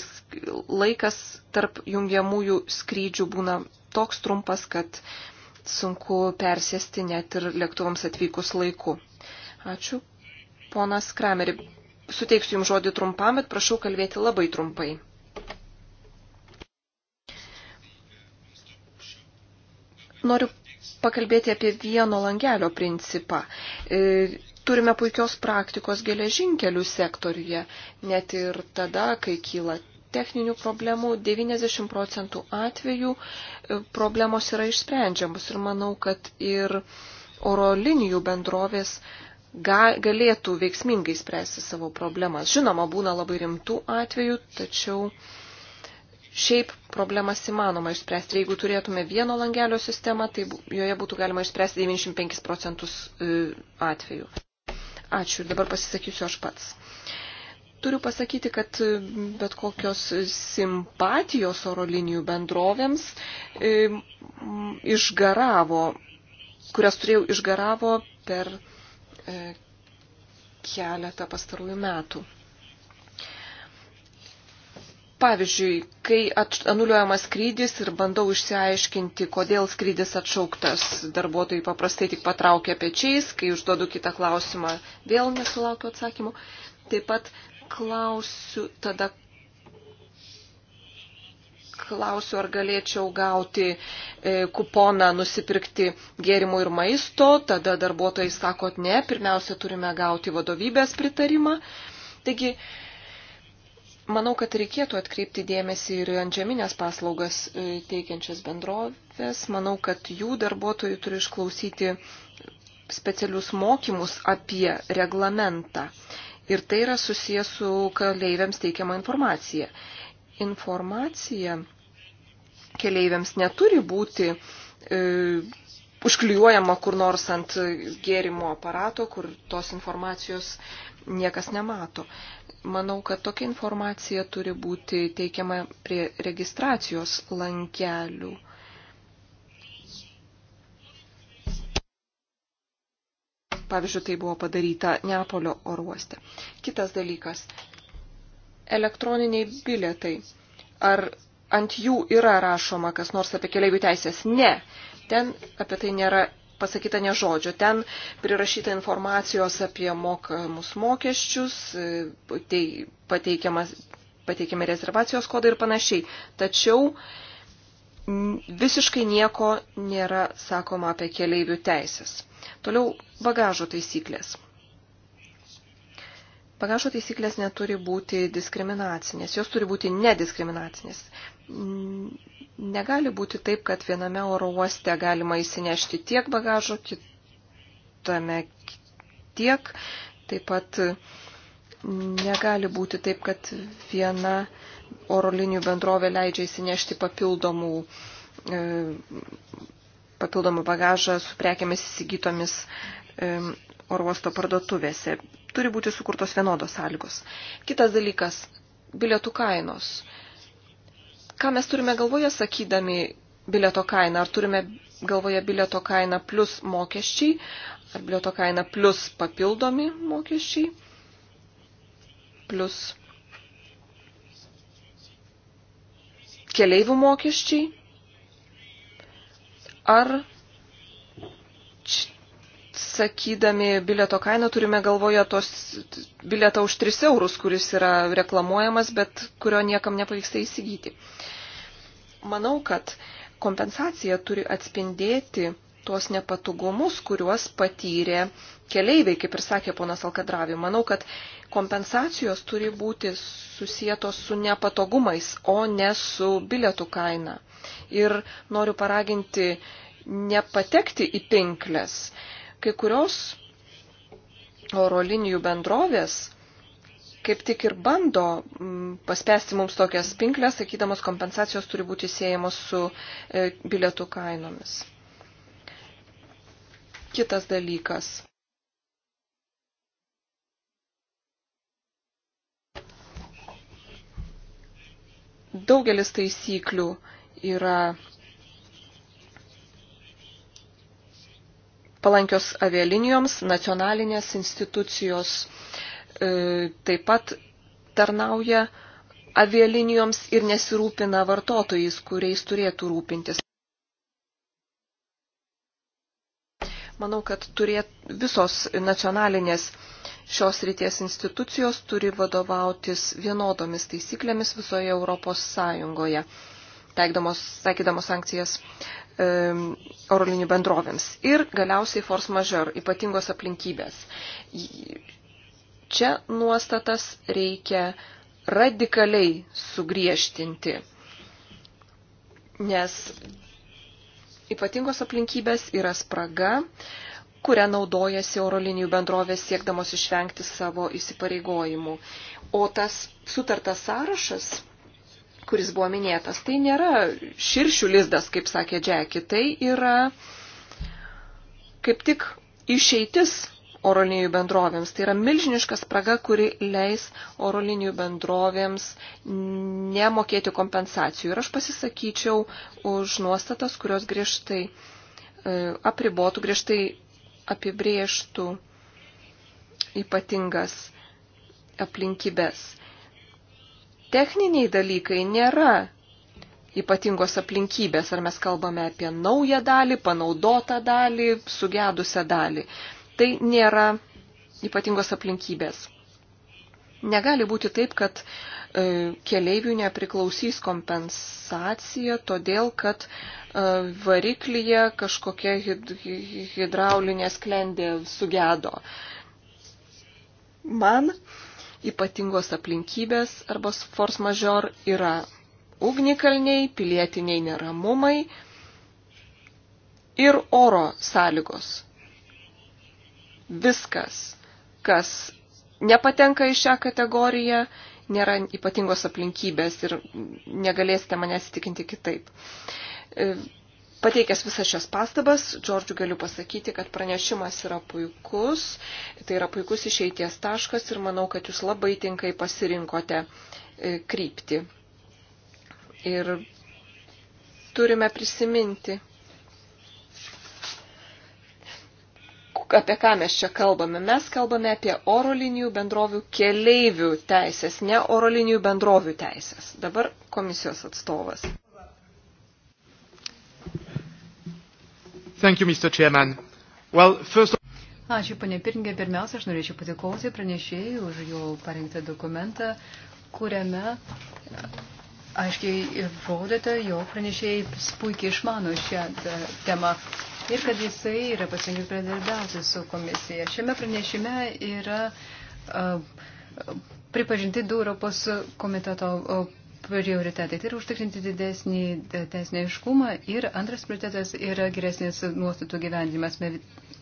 laikas tarp jungiamųjų skrydžių būna toks trumpas, kad sunku persėsti net ir lėktuvams atvykus laiku. Ačiū. Ponas Krameri, suteiksiu Jums žodį trumpam, bet prašau kalbėti labai trumpai. Noriu pakalbėti apie vieno langelio principą. E, turime puikios praktikos geležinkelių sektoriuje, net ir tada, kai kyla techninių problemų, 90 procentų atvejų e, problemos yra išsprendžiamos ir manau, kad ir oro linijų bendrovės ga, galėtų veiksmingai spręsti savo problemas. Žinoma, būna labai rimtų atvejų, tačiau Šiaip problemas įmanoma išspręsti. Jeigu turėtume vieno langelio sistemą, tai joje būtų galima išspręsti 95 procentus e, atvejų. Ačiū ir dabar pasisakysiu aš pats. Turiu pasakyti, kad e, bet kokios simpatijos oro linijų bendrovėms e, išgaravo, kurias turėjau išgaravo per keletą pastarųjų metų. Pavyzdžiui, kai anuliuojamas skrydis ir bandau išsiaiškinti, kodėl skrydis atšauktas, darbuotojai paprastai tik patraukia pečiais, kai užduodu kitą klausimą, vėl nesulaukiu atsakymų. Taip pat klausiu tada, klausiu, ar galėčiau gauti e, kuponą nusipirkti gėrimų ir maisto, tada darbuotojai sako, ne, pirmiausia turime gauti vadovybės pritarimą. Taigi, e, Manau, kad reikėtų atkreipti dėmesį ir antžeminės paslaugas e, teikiančias bendrovės. Manau, kad jų darbuotojai turi išklausyti specialius mokymus apie reglamentą. Ir tai yra susijęs su keleiviams teikiama informacija. Informacija keleiviams neturi būti e, užklijuojama kur nors ant gėrimo aparato, kur tos informacijos niekas nemato. Manau, kad tokia informacija turi būti teikiama prie registracijos lankelių. Pavyzdžiui, tai buvo padaryta Neapolio oruoste. Kitas dalykas - elektroniniai bilietai. Ar ant jų yra rašoma kas nors apie keliaivių teisės? Ne. Ten apie tai nėra pasakyta ne žodžio. Ten prirašyta informacijos apie mokamus mokesčius, tai pateikiami rezervacijos kodai ir panašiai. Tačiau visiškai nieko nėra sakoma apie keleivių teisės. Toliau bagažo taisyklės. Bagažo taisyklės neturi būti diskriminacinės, jos turi būti nediskriminacinės Negali būti taip, kad viename oro uoste galima įsinešti tiek bagažo, kitame tiek. Taip pat negali būti taip, kad viena oro linijų bendrovė leidžia įsinešti papildomų, e, papildomų bagažą su prekiamis įsigytomis e, oro uosto parduotuvėse. Turi būti sukurtos vienodos sąlygos. Kitas dalykas - bilietų kainos. E, ką mes turime galvoje sakydami bilieto kainą? Ar turime galvoje bilieto kainą plus mokesčiai, ar bilieto kaina plus papildomi mokesčiai, plus keleivių mokesčiai, ar sakydami bilieto kainą turime galvoje tos bilietą už 3 eurus, kuris yra reklamuojamas, bet kurio niekam nepavyksta įsigyti. Manau, kad kompensacija turi atspindėti tuos nepatogumus, kuriuos patyrė keleiviai, kaip ir sakė ponas Alkadravi. Manau, kad kompensacijos turi būti susijėtos su nepatogumais, o ne su bilietų kaina. Ir noriu paraginti nepatekti į pinklės. Uh, Kai kurios oro linijų bendrovės kaip tik ir bando paspęsti mums tokias pinklės, sakydamas, kompensacijos turi būti siejamos su e, bilietų kainomis. Kitas dalykas. Daugelis taisyklių yra palankios avialinijoms, nacionalinės institucijos e, taip pat tarnauja avialinijoms ir nesirūpina vartotojais, kuriais turėtų rūpintis. Manau, kad turėt, visos nacionalinės šios ryties institucijos turi vadovautis vienodomis taisyklėmis visoje Europos Sąjungoje, taikydamos sankcijas orolinių bendrovėms. Ir galiausiai force majeure, ypatingos aplinkybės. Čia nuostatas reikia radikaliai sugriežtinti, nes ypatingos aplinkybės yra spraga, kurią naudojasi oro linijų bendrovės siekdamos išvengti savo įsipareigojimų. O tas sutartas sąrašas kuris buvo minėtas, tai nėra širšių lizdas, kaip sakė Džeki, tai yra kaip tik išeitis oro linijų bendrovėms. Tai yra milžiniška spraga, kuri leis oro linijų bendrovėms nemokėti kompensacijų. Ir aš pasisakyčiau už nuostatas, kurios griežtai e, apribotų, griežtai apibrėžtų ypatingas aplinkybės techniniai dalykai nėra ypatingos aplinkybės, ar mes kalbame apie naują dalį, panaudotą dalį, sugedusią dalį. Tai nėra ypatingos aplinkybės. Negali būti taip, kad e, keleivių nepriklausys kompensacija, todėl kad e, variklyje kažkokia hid, hidraulinė sklendė sugedo. Man ypatingos aplinkybės arba force major yra ugnikalniai, pilietiniai neramumai ir oro sąlygos. Viskas, kas nepatenka į šią kategoriją, nėra ypatingos aplinkybės ir negalėsite manęs įtikinti kitaip. E, Pateikęs visas šias pastabas, Džordžiu galiu pasakyti, kad pranešimas yra puikus, tai yra puikus išeities taškas ir manau, kad jūs labai tinkai pasirinkote e, kryptį. Ir turime prisiminti, apie ką mes čia kalbame. Mes kalbame apie oro linijų bendrovių keleivių teisės, ne oro linijų bendrovių teisės. Dabar komisijos atstovas. Thank you, Mr. Chairman. Well, first... Ačiū, panė Pirngė. Pirmiausia, aš norėčiau patikoti pranešėjai už jo parengtą dokumentą, kuriame aiškiai įrodote, jo pranešėjai puikiai išmano šią temą ir kad jisai yra pasirinkęs bendradarbiauti su komisija. Šiame pranešime yra pripažinti du Europos komiteto prioritetai. Tai yra užtikrinti didesnį teisinį aiškumą. Ir antras prioritetas yra geresnis nuostatų gyvenimas.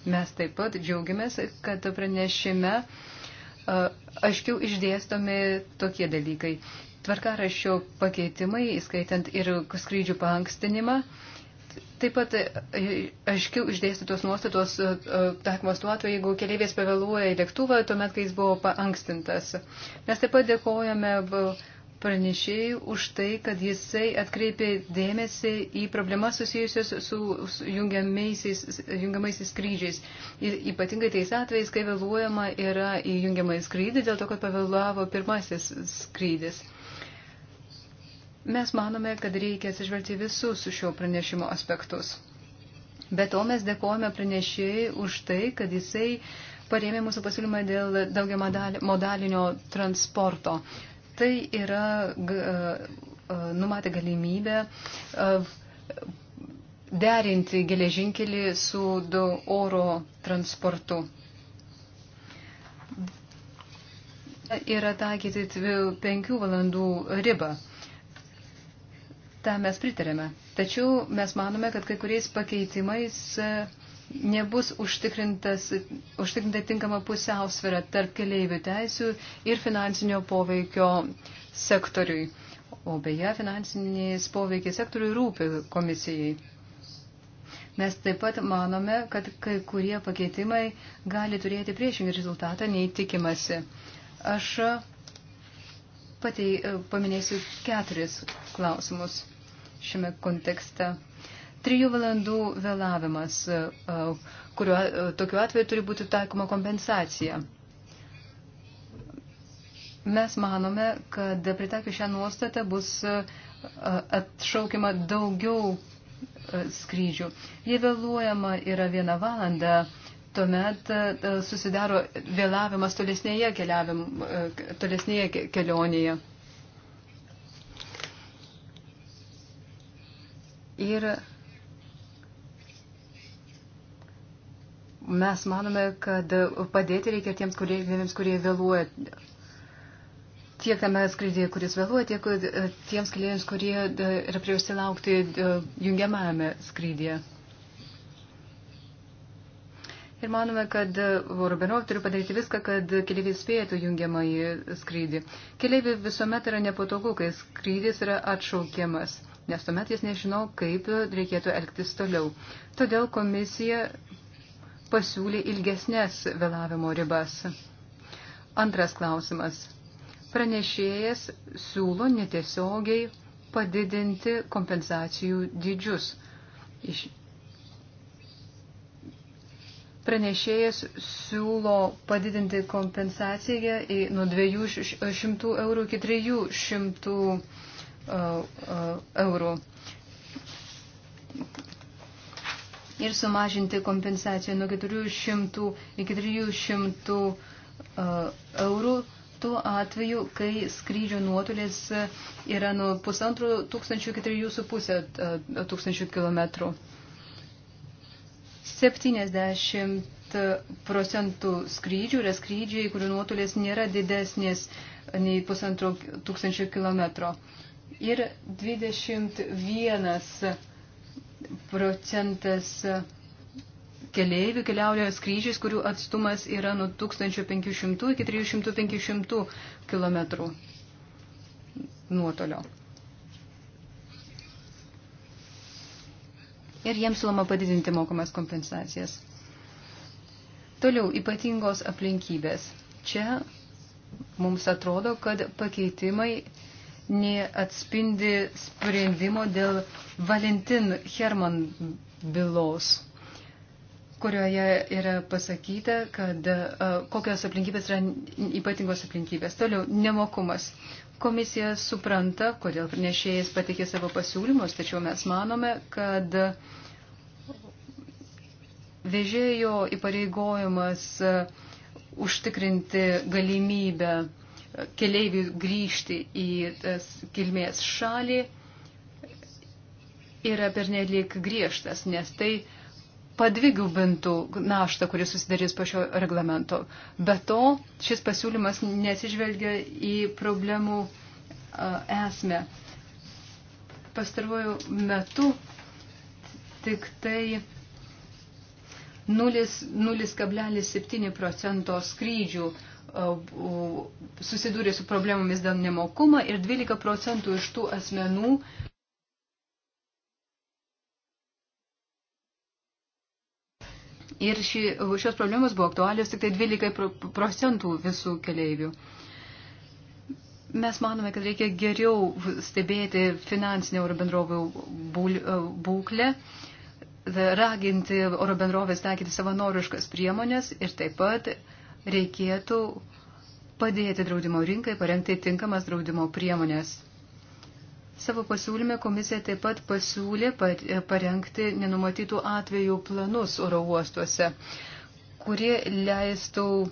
Mes taip pat džiaugiamės, kad pranešime aiškiau išdėstomi tokie dalykai. Tvarkaraščio pakeitimai, įskaitant ir skrydžių paankstinimą. Taip pat aiškiau išdėstytos nuostatos takomos tuo atveju, jeigu keliaivės pavėluoja į lėktuvą, tuomet, kai jis buvo paankstintas. Mes taip pat dėkojame pranešėjai už tai, kad jisai atkreipė dėmesį į problemas susijusios su jungiamaisiais skrydžiais. Ir ypatingai tais atvejais, kai vėluojama yra į jungiamąjį skrydį dėl to, kad pavėlavo pirmasis skrydis. Mes manome, kad reikia atsižvelgti visus šio pranešimo aspektus. Be to mes dėkojame pranešėjai už tai, kad jisai parėmė mūsų pasiūlymą dėl daugia modalinio transporto tai yra e, e, numatę galimybę e, derinti geležinkelį su oro transportu. Yra taikyti 5 valandų ribą. Ta mes pritarėme. Tačiau mes manome, kad kai kuriais pakeitimais nebus užtikrinta tinkama pusiausvėra tarp keleivių teisių ir finansinio poveikio sektoriui. O beje, finansinis poveikis sektoriui rūpi komisijai. Mes taip pat manome, kad kai kurie pakeitimai gali turėti priešingą rezultatą nei tikimasi. Aš patei, paminėsiu keturis klausimus šiame kontekste trijų valandų vėlavimas, e, e, kuriuo e, tokiu atveju turi būti taikoma kompensacija. Mes manome, kad pritaikius šią nuostatą bus atšaukima daugiau skrydžių. Jei vėluojama yra vieną valandą, tuomet susidaro vėlavimas tolesnėje, keliavim, tolesnėje kelionėje. Ir Mes manome, kad padėti reikia tiems keleiviams, kurie vėluoja. Tiek tame skrydėje, kuris vėluoja, tiek tiems keleiviams, kurie e, yra priversti laukti e, jungiamajame skrydėje. Ir manome, kad e, Vorobinov turi padaryti viską, kad keliaiviai spėtų jungiamą į skrydį. Keliaiviai visuomet yra nepatogu, kai skrydis yra atšaukiamas, nes tuomet jis nežino, kaip reikėtų elgtis toliau. Todėl komisija pasiūlė ilgesnės vėlavimo ribas. Antras klausimas. Pranešėjas siūlo netiesiogiai padidinti kompensacijų dydžius. Iš... Pranešėjas siūlo padidinti kompensaciją į, nuo 200 eurų iki 300 uh, uh, eurų ir sumažinti kompensaciją nuo 400 iki 300 e, eurų tuo atveju, kai skrydžio nuotolis e, yra nuo pusantro tūkstančių iki trijų su pusė e, tūkstančių kilometrų. 70 procentų skrydžių yra skrydžiai, kurių nuotolis nėra didesnis nei pusantro tūkstančio kilometro. Ir 21 procentas keleivių keliauja skrydžiais, kurių atstumas yra nuo 1500 iki 300-500 km nuotolio. Ir jiems siūloma padidinti mokamas kompensacijas. Toliau ypatingos aplinkybės. Čia mums atrodo, kad pakeitimai nei atspindi sprendimo dėl Valentin Herman bylos kurioje yra pasakyta, kad e, kokios aplinkybės yra ypatingos aplinkybės. Toliau, nemokumas. Komisija supranta, kodėl pranešėjas patikė savo pasiūlymus, tačiau mes manome, kad vežėjo įpareigojimas e, užtikrinti galimybę keleivių grįžti į tas e, kilmės šalį yra pernelik griežtas, nes tai padvigubintų naštą, kuris susidarys po šio reglamento. Be to, šis pasiūlymas nesižvelgia į problemų e, esmę. Pastaruoju metu tik tai 0,7 procento skrydžių uh, susidūrė su problemomis dėl nemokumo ir 12 procentų iš tų asmenų Ir ši, šios problemos buvo aktualios tik tai 12 procentų visų keleivių. Mes manome, kad reikia geriau stebėti finansinę oro bendrovių būklę, raginti oro bendrovės taikyti savanoriškas priemonės ir taip pat uh, reikėtų padėti draudimo rinkai parengti tinkamas draudimo priemonės. Savo pasiūlyme komisija taip pat pasiūlė e, parengti nenumatytų atvejų planus oro uostuose, kurie leistų e,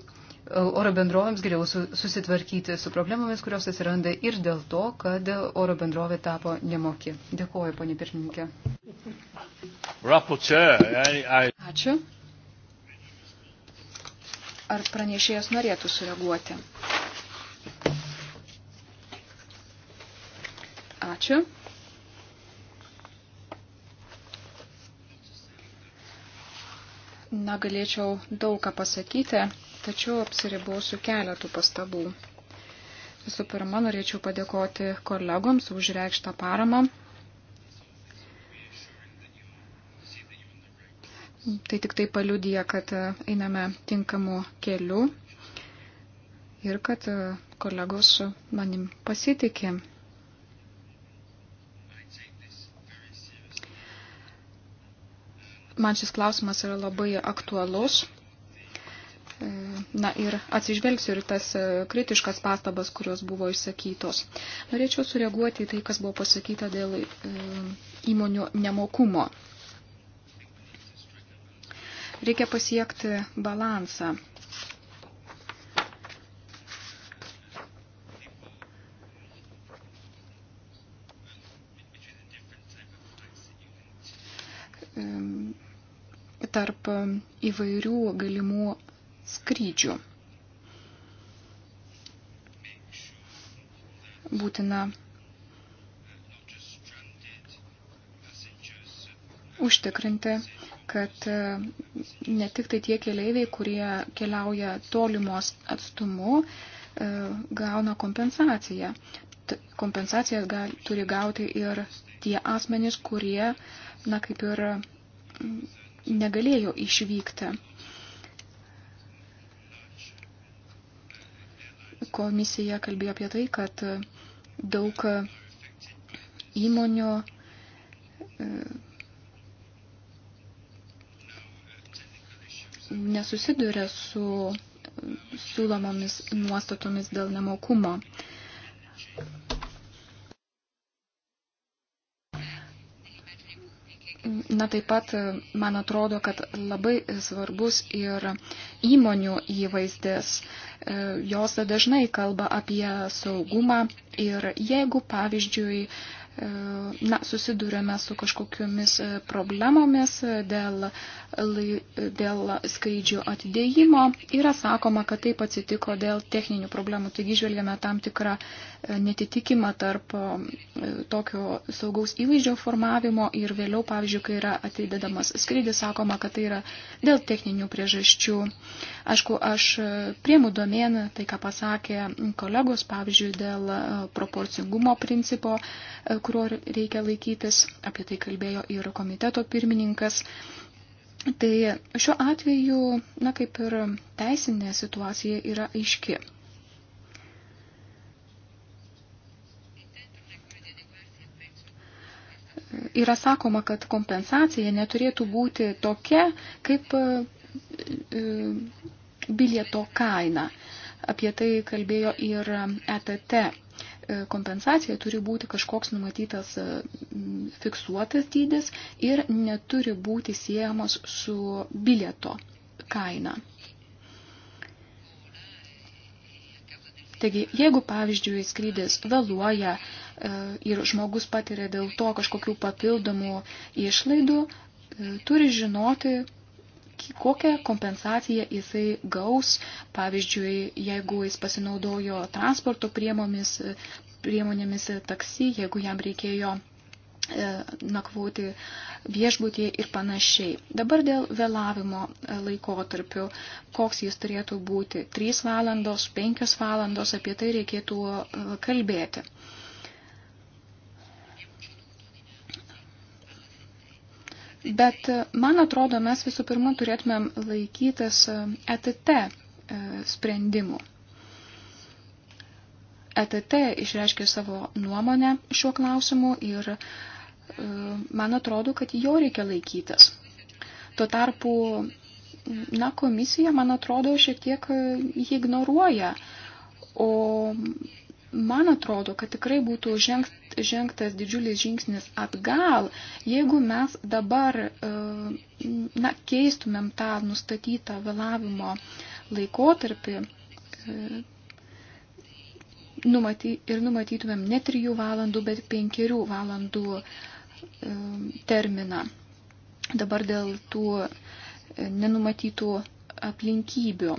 oro bendrovėms geriau susitvarkyti su problemomis, kurios atsiranda ir dėl to, kad oro bendrovė tapo nemoki. Dėkuoju, ponė pirmininkė. Ačiū. Ar pranešėjas norėtų sureaguoti? Ačiū. Na, galėčiau daug ką pasakyti, tačiau apsiribuosiu keletų pastabų. Visų pirma, norėčiau padėkoti kolegoms už reikštą paramą Tai tik tai paliudija, kad e, einame tinkamu keliu ir kad e, kolegos manim pasitikė. Man šis klausimas yra labai aktualus. E, na ir atsižvelgsiu ir tas kritiškas pastabas, kurios buvo išsakytos. Norėčiau sureaguoti į tai, kas buvo pasakyta dėl įmonių nemokumo. Reikia pasiekti balansą. tarp įvairių galimų skrydžių. Būtina užtikrinti, kad e, ne tik tai tie keleiviai, kurie keliauja tolimos atstumu, e, gauna kompensaciją. Kompensaciją gal, turi gauti ir tie asmenys, kurie, na, kaip ir negalėjo išvykti. Komisija kalbėjo apie tai, kad daug įmonių e, nesusiduria su siūlomomis nuostatomis dėl nemokumo. Na taip pat, man atrodo, kad labai svarbus ir įmonių įvaizdis. Jos dažnai kalba apie saugumą ir jeigu, pavyzdžiui, na, susidurėme su kažkokiamis e, problemomis e, dėl, e, dėl skrydžių atidėjimo. Yra sakoma, kad taip atsitiko dėl techninių problemų, taigi žvelgiame tam tikrą netitikimą tarp tokio saugaus įvaizdžio formavimo ir vėliau, pavyzdžiui, kai yra atidedamas skrydis, sakoma, kad tai yra dėl techninių priežasčių. Aišku, aš e, priemu domeną tai, ką pasakė kolegos, pavyzdžiui, dėl e, proporcingumo principo, e, kurio reikia laikytis, apie tai kalbėjo ir komiteto pirmininkas. Tai šiuo atveju, na kaip ir teisinė situacija yra aiški. yra sakoma, kad kompensacija neturėtų būti tokia, kaip bilieto kainą. Apie tai kalbėjo ir ETT. Kompensacija turi būti kažkoks numatytas fiksuotas dydis ir neturi būti siejamas su bilieto kaina. Taigi, jeigu, pavyzdžiui, skrydis vėluoja e, ir žmogus patiria dėl to kažkokių papildomų išlaidų, e, turi žinoti, kokią kompensaciją jisai gaus, pavyzdžiui, jeigu jis pasinaudojo transporto priemomis, priemonėmis taksi, jeigu jam reikėjo e, nakvoti viešbutyje ir panašiai. Dabar dėl vėlavimo e, laikotarpių, koks jis turėtų būti - 3 valandos, 5 valandos, apie tai reikėtų e, kalbėti. Bet man atrodo, mes visų pirma turėtumėm laikytis ETT e e, sprendimų. ETT išreiškė savo nuomonę šiuo klausimu ir e, man atrodo, kad jo reikia laikytis. Tuo tarpu, na, komisija, man atrodo, šiek tiek jį ignoruoja, o Man atrodo, kad tikrai būtų žengt, žengtas didžiulis žingsnis atgal, jeigu mes dabar e, na, keistumėm tą nustatytą vėlavimo laikotarpį e, numaty, ir numatytumėm ne 3 valandų, bet 5 valandų e, terminą. Dabar dėl tų nenumatytų aplinkybių.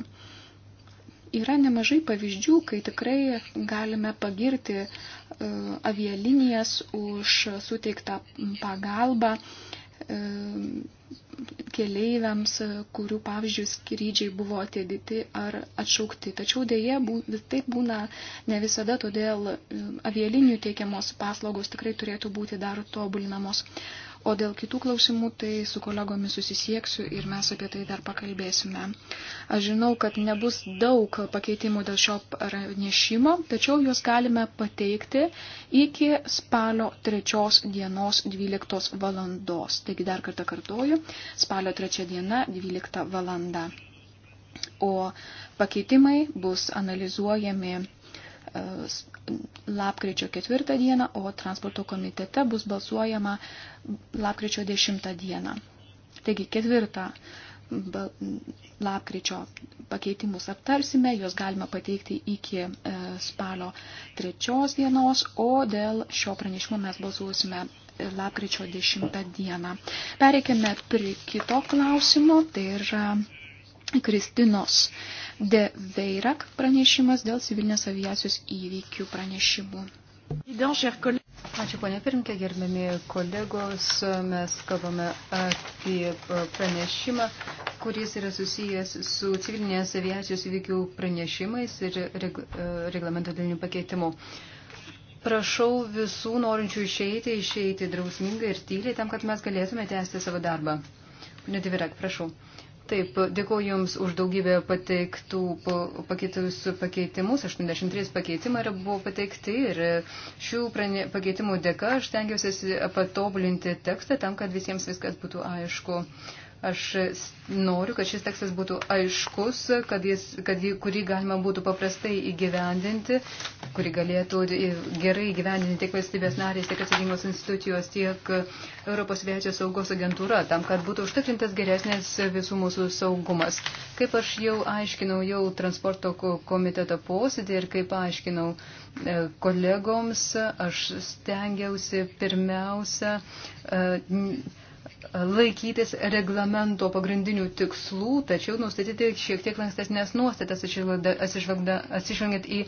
Yra nemažai pavyzdžių, kai tikrai galime pagirti e, avialinijas už suteiktą pagalbą e, keleiviams, kurių, pavyzdžiui, skrydžiai buvo atidyti ar atšaukti. Tačiau dėje taip būna ne visada, todėl e, avialinių teikiamos paslaugos tikrai turėtų būti dar tobulinamos. O dėl kitų klausimų, tai su kolegomis susisieksiu ir mes apie tai dar pakalbėsime. Aš žinau, kad nebus daug pakeitimų dėl šio pranešimo, tačiau juos galime pateikti iki spalio 3 dienos 12 valandos. Taigi dar kartą kartuoju, spalio 3 diena 12 valanda. O pakeitimai bus analizuojami e, lapkričio 4 dieną, o transporto komitete bus balsuojama lapkričio 10 dieną. Taigi ketvirtą lapkričio pakeitimus aptarsime, juos galima pateikti iki e, spalio trečios dienos, o dėl šio pranešimo mes balsuosime e, lapkričio 10 dieną. Pereikime prie kito klausimo, tai yra Kristinos de Veirak pranešimas dėl civilinės aviacijos įvykių pranešimų. Ačiū, ponė pirmkė, gerbiami kolegos. Mes kalbame apie pranešimą, kuris yra susijęs su civilinės aviacijos įvykių pranešimais ir reglamento dalinių pakeitimu. Prašau visų norinčių išeiti, išeiti drausmingai ir tyliai, tam, kad mes galėtume tęsti savo darbą. Nedivirak, prašau. Taip, dėkuoju Jums už daugybę pateiktų pakeitus pakeitimus. 83 pakeitimai buvo pateikti ir šių prane, pakeitimų dėka aš tengiuosi patobulinti tekstą tam, kad visiems viskas būtų aišku. Uh, Aš noriu, kad šis tekstas būtų aiškus, kad jis, kad jį, kurį galima būtų paprastai įgyvendinti, kurį galėtų gerai įgyvendinti tiek valstybės narės, tiek atsakingos institucijos, tiek Europos viečio saugos agentūra, tam, kad būtų užtikrintas geresnės visų mūsų saugumas. Kaip aš jau aiškinau jau transporto komiteto posėdį ir kaip aiškinau e, kolegoms, aš stengiausi pirmiausia. Uh, laikytis reglamento pagrindinių tikslų, tačiau nustatyti šiek tiek lankstesnės nuostatas atsižvelgiant į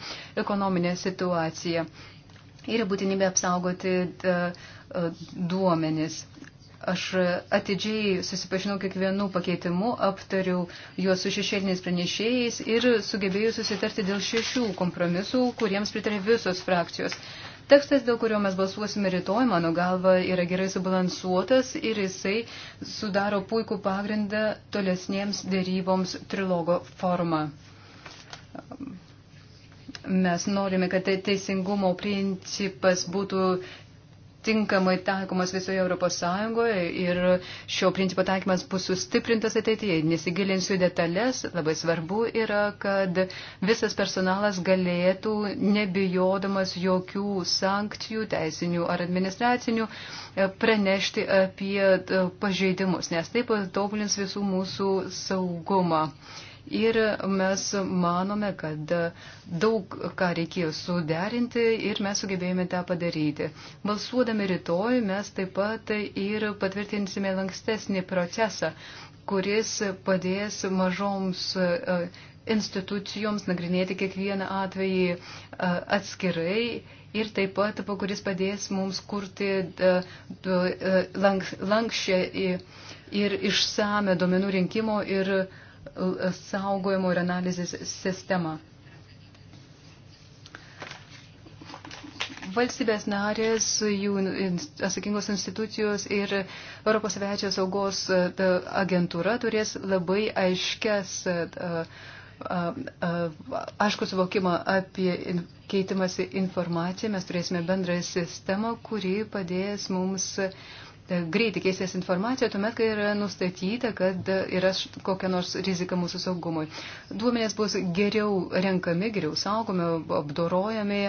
ekonominę situaciją ir būtinybę apsaugoti e, e, duomenis. Aš atidžiai susipažinau kiekvienų pakeitimų, aptariau juos su šešėliniais pranešėjais ir sugebėjau susitarti dėl šešių kompromisų, kuriems pritarė visos frakcijos. Tekstas, dėl kurio mes balsuosime rytoj, mano galva, yra gerai subalansuotas ir jisai sudaro puikų pagrindą tolesniems dėryboms trilogo forma. Mes norime, kad teisingumo principas būtų tinkamai taikomas visoje Europos Sąjungoje ir šio principo taikymas bus sustiprintas ateityje. Nesigilinsiu detalės, labai svarbu yra, kad visas personalas galėtų, nebijodamas jokių sankcijų, teisinių ar administracinių, e, pranešti apie e, pažeidimus, nes taip tobulins visų mūsų saugumą. Ir mes manome, kad daug ką reikėjo suderinti ir mes sugebėjome tą padaryti. Balsuodami rytoj mes taip pat ir patvirtinsime lankstesnį procesą, kuris padės mažoms e, institucijoms nagrinėti kiekvieną atvejį e, atskirai ir taip pat, kuris padės mums kurti e, lankščią ir išsame domenų rinkimo ir saugojimo ir analizės sistemą. Valstybės narės, jų atsakingos institucijos ir Europos svečio saugos e, agentūra turės labai aiškias, e, e, aišku suvokimą apie keitimąsi informaciją. Mes turėsime bendrą sistemą, kuri padės mums uh, greitai keisės informacija tuomet, kai yra nustatyta, kad yra kokia nors rizika mūsų saugumui. Duomenės bus geriau renkami, geriau saugomi, apdorojami.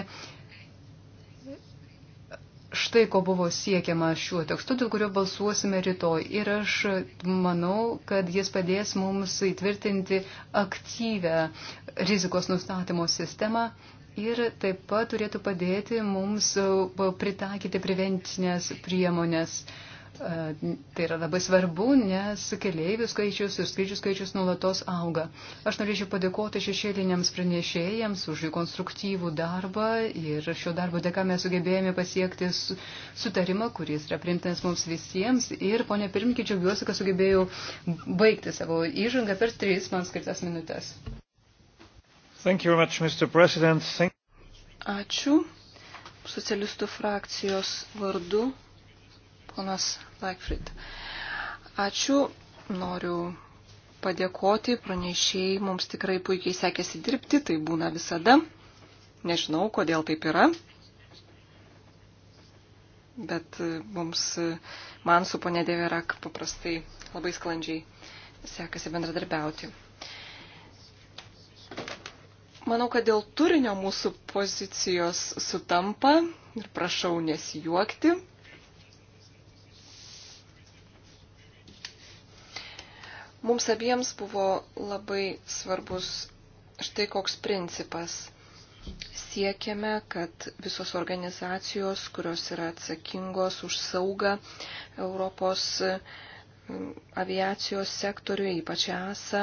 Štai ko buvo siekiama šiuo tekstu, dėl kurio balsuosime rytoj. Ir aš manau, kad jis padės mums įtvirtinti aktyvę rizikos nustatymo sistemą Ir taip pat turėtų padėti mums uh, pritaikyti prevencinės priemonės uh, E, tai yra labai svarbu, nes keleivių skaičius ir skrydžių skaičius nuolatos auga. Aš norėčiau padėkoti šešėliniams pranešėjams už jų konstruktyvų darbą ir šio darbo dėka mes sugebėjome pasiekti sutarimą, kuris yra primtinas mums visiems. Ir, ponė pirmininkė, džiaugiuosi, kad sugebėjau baigti savo įžangą per tris man skirtas minutės. Much, Ačiū. Socialistų frakcijos vardu Ponas Blackfried. Ačiū. Noriu padėkoti pranešėjai. Mums tikrai puikiai sekėsi dirbti, tai būna visada. Nežinau, kodėl taip yra. Bet e, mums, e, man su ponė Deverak paprastai labai sklandžiai sekasi bendradarbiauti. Manau, kad dėl turinio mūsų pozicijos sutampa ir prašau nesijuokti. Mums abiems buvo labai svarbus štai koks principas. Siekiame, kad visos organizacijos, kurios yra atsakingos už saugą Europos aviacijos sektoriui, ypač ESA,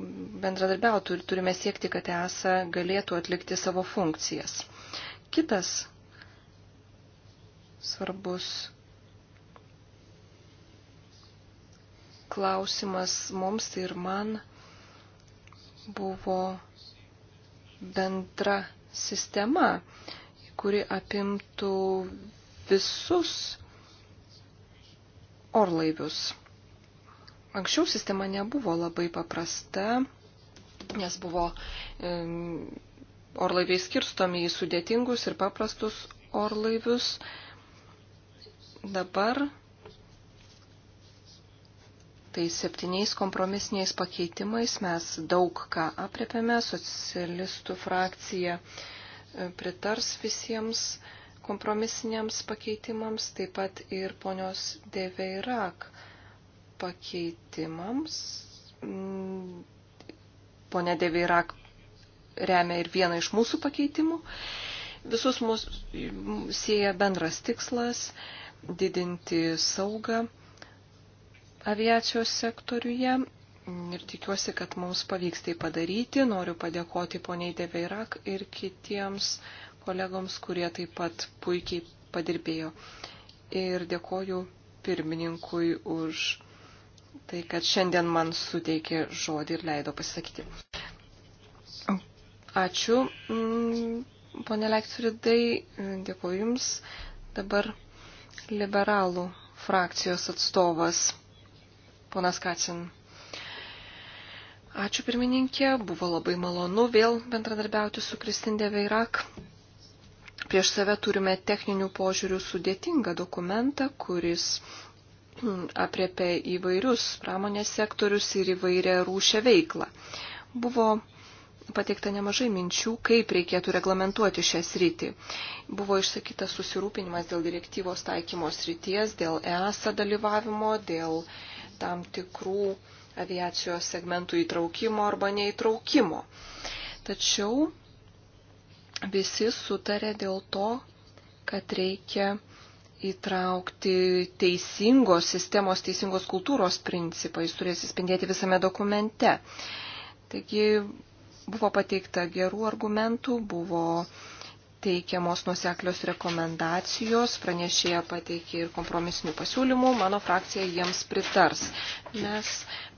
bendradarbiautų ir turime siekti, kad ESA galėtų atlikti savo funkcijas. Kitas svarbus klausimas mums ir man buvo bendra sistema, kuri apimtų visus orlaivius. Anksčiau sistema nebuvo labai paprasta, nes buvo um, orlaiviai skirstomi į sudėtingus ir paprastus orlaivius. Dabar Tai septyniais kompromisiniais pakeitimais mes daug ką apriepiame, socialistų frakcija e, pritars visiems kompromisiniams pakeitimams, taip pat ir ponios Deveirak pakeitimams. Mm, Pone Deveirak remia ir vieną iš mūsų pakeitimų. Visus mūsų sieja bendras tikslas - didinti saugą aviacijos sektoriuje ir tikiuosi, kad mums pavyks tai padaryti. Noriu padėkoti poniai Deveirak ir kitiems kolegoms, kurie taip pat puikiai padirbėjo. Ir dėkoju pirmininkui už tai, kad šiandien man suteikė žodį ir leido pasakyti. Ačiū, mm, ponė Lektoridai, dėkoju Jums. Dabar liberalų frakcijos atstovas Ponas Kacin. Ačiū pirmininkė, buvo labai malonu vėl bendradarbiauti su Kristindė Veirak. Prieš save turime techninių požiūrių sudėtingą dokumentą, kuris mm, apriepia įvairius pramonės sektorius ir įvairią rūšę veiklą. Buvo pateikta nemažai minčių, kaip reikėtų reglamentuoti šią sritį. Buvo išsakytas susirūpinimas dėl direktyvos taikymos srities, dėl EASA dalyvavimo, dėl uh, tam tikrų aviacijos segmentų įtraukimo arba neįtraukimo. Tačiau visi sutarė dėl to, kad reikia įtraukti teisingos sistemos, teisingos kultūros principą. Jis turės įspindėti visame dokumente. Taigi buvo pateikta gerų argumentų, buvo teikiamos nuseklios rekomendacijos, pranešėja pateikė ir kompromisinių pasiūlymų, mano frakcija jiems pritars. Mes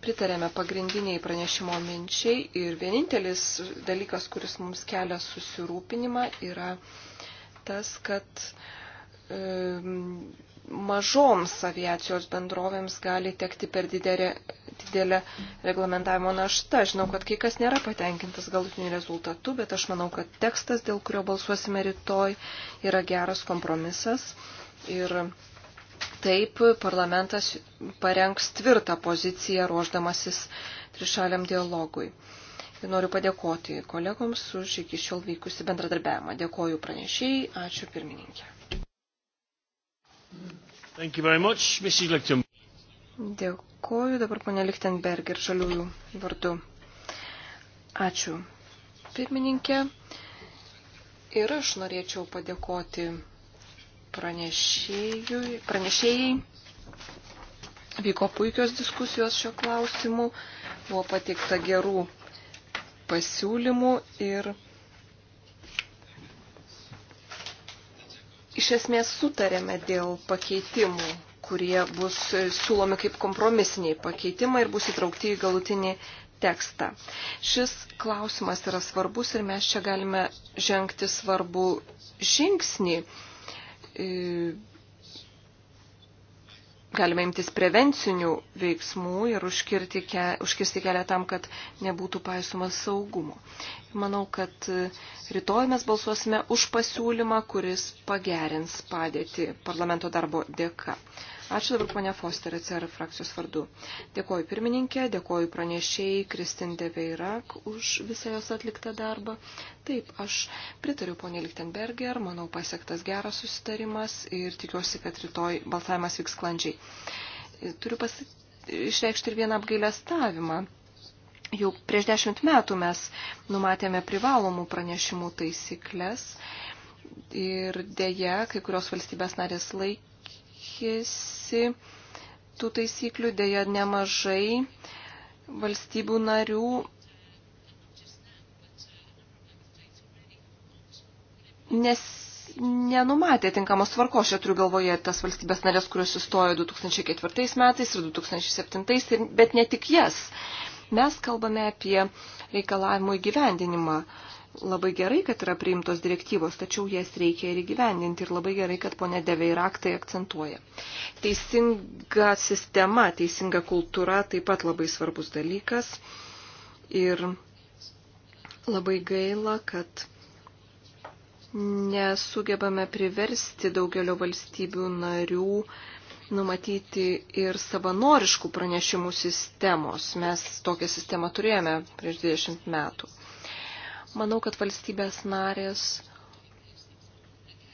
pritarėme pagrindiniai pranešimo minčiai ir vienintelis dalykas, kuris mums kelia susirūpinimą, yra tas, kad e, mažoms aviacijos bendrovėms gali tekti per didelė, didelė reglamentavimo našta. Žinau, kad kai kas nėra patenkintas galutiniu rezultatu, bet aš manau, kad tekstas, dėl kurio balsuosime rytoj, yra geras kompromisas. Ir taip parlamentas parengs tvirtą poziciją ruoždamasis trišaliam dialogui. Ir noriu padėkoti kolegoms už iki šiol vykusi bendradarbiavimą. Dėkoju pranešiai, ačiū pirmininkė. Dėkuoju dabar ponė Lichtenberg ir žaliųjų vardu. Ačiū. Pirmininkė, ir aš norėčiau padėkoti pranešėjai. Vyko puikios diskusijos šio klausimu, buvo pateikta gerų pasiūlymų ir iš esmės sutarėme dėl pakeitimų, kurie bus siūlomi kaip kompromisiniai pakeitimai ir bus įtraukti į galutinį tekstą. Šis klausimas yra svarbus ir mes čia galime žengti svarbų žingsnį e, galime imtis prevencinių veiksmų ir užkirti ke, užkirsti kelią tam, kad nebūtų paisumas saugumo. Manau, kad e, rytoj mes balsuosime už pasiūlymą, kuris pagerins padėtį parlamento darbo dėka. Ačiū dabar ponia Foster, CR frakcijos vardu. Dėkoju pirmininkė, dėkoju pranešėjai Kristin Deveirak už visą jos atliktą darbą. Taip, aš pritariu ponia Lichtenberger, manau pasiektas geras susitarimas ir tikiuosi, kad rytoj balsavimas vyks sklandžiai. Turiu pasi... išreikšti ir vieną apgailę stavimą jau prieš dešimt metų mes numatėme privalomų pranešimų taisyklės ir dėja, kai kurios valstybės narės laik, laikėsi tų taisyklių, dėja nemažai valstybių narių. Nes nenumatė tinkamos tvarkos, čia turiu galvoje tas valstybės narės, kurios įstojo 2004 metais ir 2007, bet ne tik jas. Mes kalbame apie reikalavimų įgyvendinimą. Uh, labai gerai, kad yra priimtos direktyvos, tačiau jas reikia ir įgyvendinti ir labai gerai, kad ponė Devė ir aktai akcentuoja. Teisinga sistema, teisinga kultūra taip pat labai svarbus dalykas ir labai gaila, kad nesugebame priversti daugelio valstybių narių numatyti ir savanoriškų pranešimų sistemos. Mes tokią sistemą turėjome prieš 20 metų. Manau, kad valstybės narės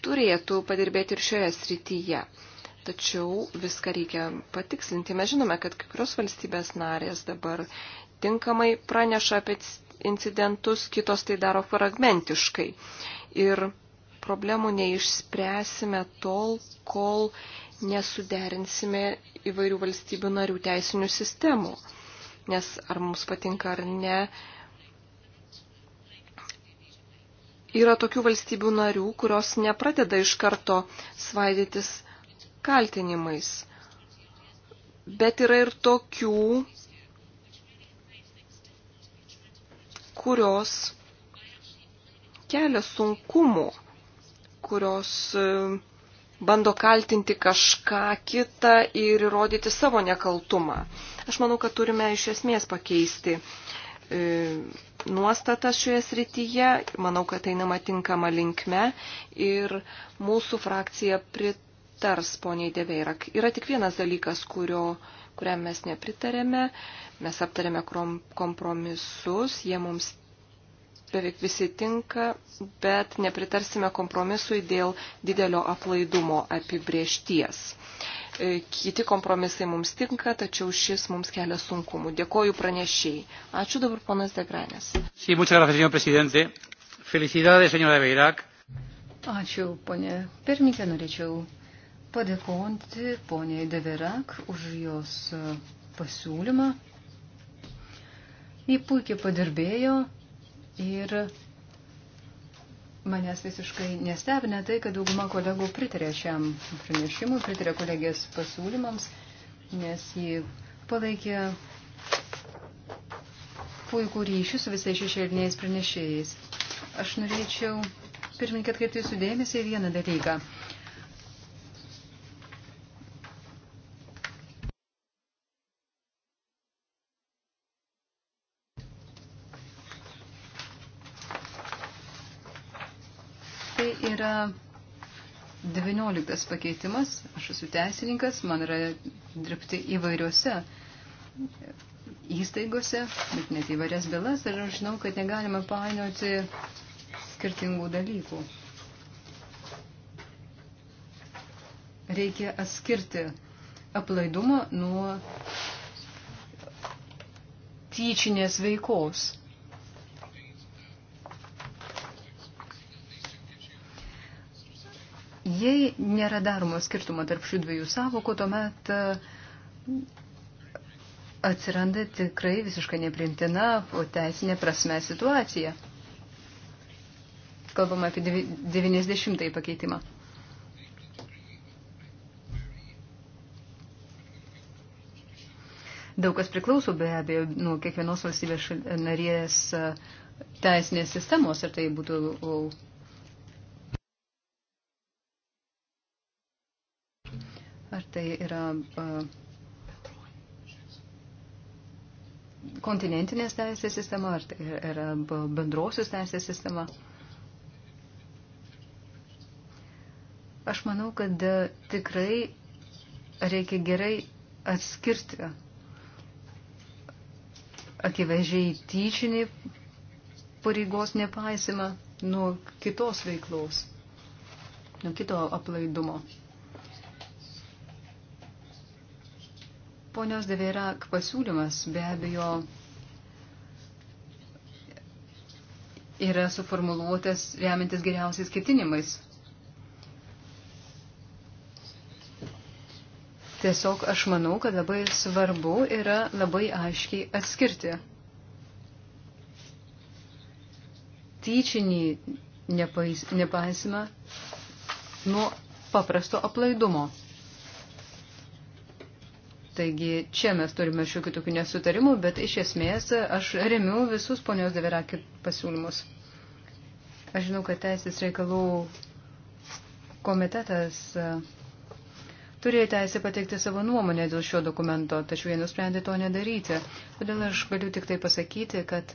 turėtų padirbėti ir šioje srityje. Tačiau viską reikia patikslinti. Mes žinome, kad kai kurios valstybės narės dabar tinkamai praneša apie incidentus, kitos tai daro fragmentiškai. Ir problemų neišspręsime tol, kol nesuderinsime įvairių valstybių narių teisinių sistemų. Nes ar mums patinka ar ne, yra tokių valstybių narių, kurios nepradeda iš karto svaidytis kaltinimais. Bet yra ir tokių, kurios kelia sunkumų, kurios e, bando kaltinti kažką kitą ir įrodyti savo nekaltumą. Aš manau, kad turime iš esmės pakeisti e, nuostatas šioje srityje. Manau, kad tai einama tinkama linkme ir mūsų frakcija pritars poniai Deveirak. Yra tik vienas dalykas, kurio, kuriam mes nepritarėme. Mes aptarėme kompromisus, jie mums beveik visi tinka, bet nepritarsime kompromisui dėl didelio aplaidumo apibriešties. E, kiti kompromisai mums tinka, tačiau šis mums kelia sunkumų. Dėkoju pranešiai. Ačiū dabar ponas Degranės. Sí, Ačiū, ponė pirmininkė, norėčiau padėkoti poniai Deverak už jos e, pasiūlymą. Ji puikiai padirbėjo ir Manęs visiškai nestebina tai, kad dauguma kolegų pritarė šiam pranešimui, pritarė kolegės pasiūlymams, nes jį palaikė puikų ryšį su visais šešėliniais pranešėjais. Aš norėčiau, pirmininkė, atkreipti jūsų dėmesį į vieną dalyką. yra 19 pakeitimas. Aš esu teisininkas, man yra dirbti įvairiuose įstaigose, bet net įvairias bylas ir aš žinau, kad negalima painioti skirtingų dalykų. Reikia atskirti aplaidumą nuo tyčinės veikos. Jei nėra daromo skirtumo tarp šių dviejų savokų, tuomet e, atsiranda tikrai visiškai neprimtina teisinė prasme situacija. Kalbam apie 90-ąjį pakeitimą. Daug kas priklauso be abejo nuo kiekvienos valstybės narės e, teisinės sistemos, ar tai būtų Tai yra kontinentinės teisės sistema, ar tai yra bendrosios teisės sistema. Aš manau, kad tikrai reikia gerai atskirti akivaizdžiai tyčinį pareigos nepaisimą nuo kitos veiklos, nuo kito aplaidumo. Ponios Deverak pasiūlymas be abejo yra suformuluotas remiantis geriausiais ketinimais. Tiesiog aš manau, kad labai svarbu yra labai aiškiai atskirti tyčinį nepais, nepaisimą nuo paprasto aplaidumo. Taigi čia mes turime šiokių tokių nesutarimų, bet iš esmės aš remiu visus ponios Deverakį pasiūlymus. Aš žinau, kad teisės reikalų komitetas e, turėjo teisę pateikti savo nuomonę dėl šio dokumento, tačiau jie nusprendė to nedaryti. Todėl aš galiu tik tai pasakyti, kad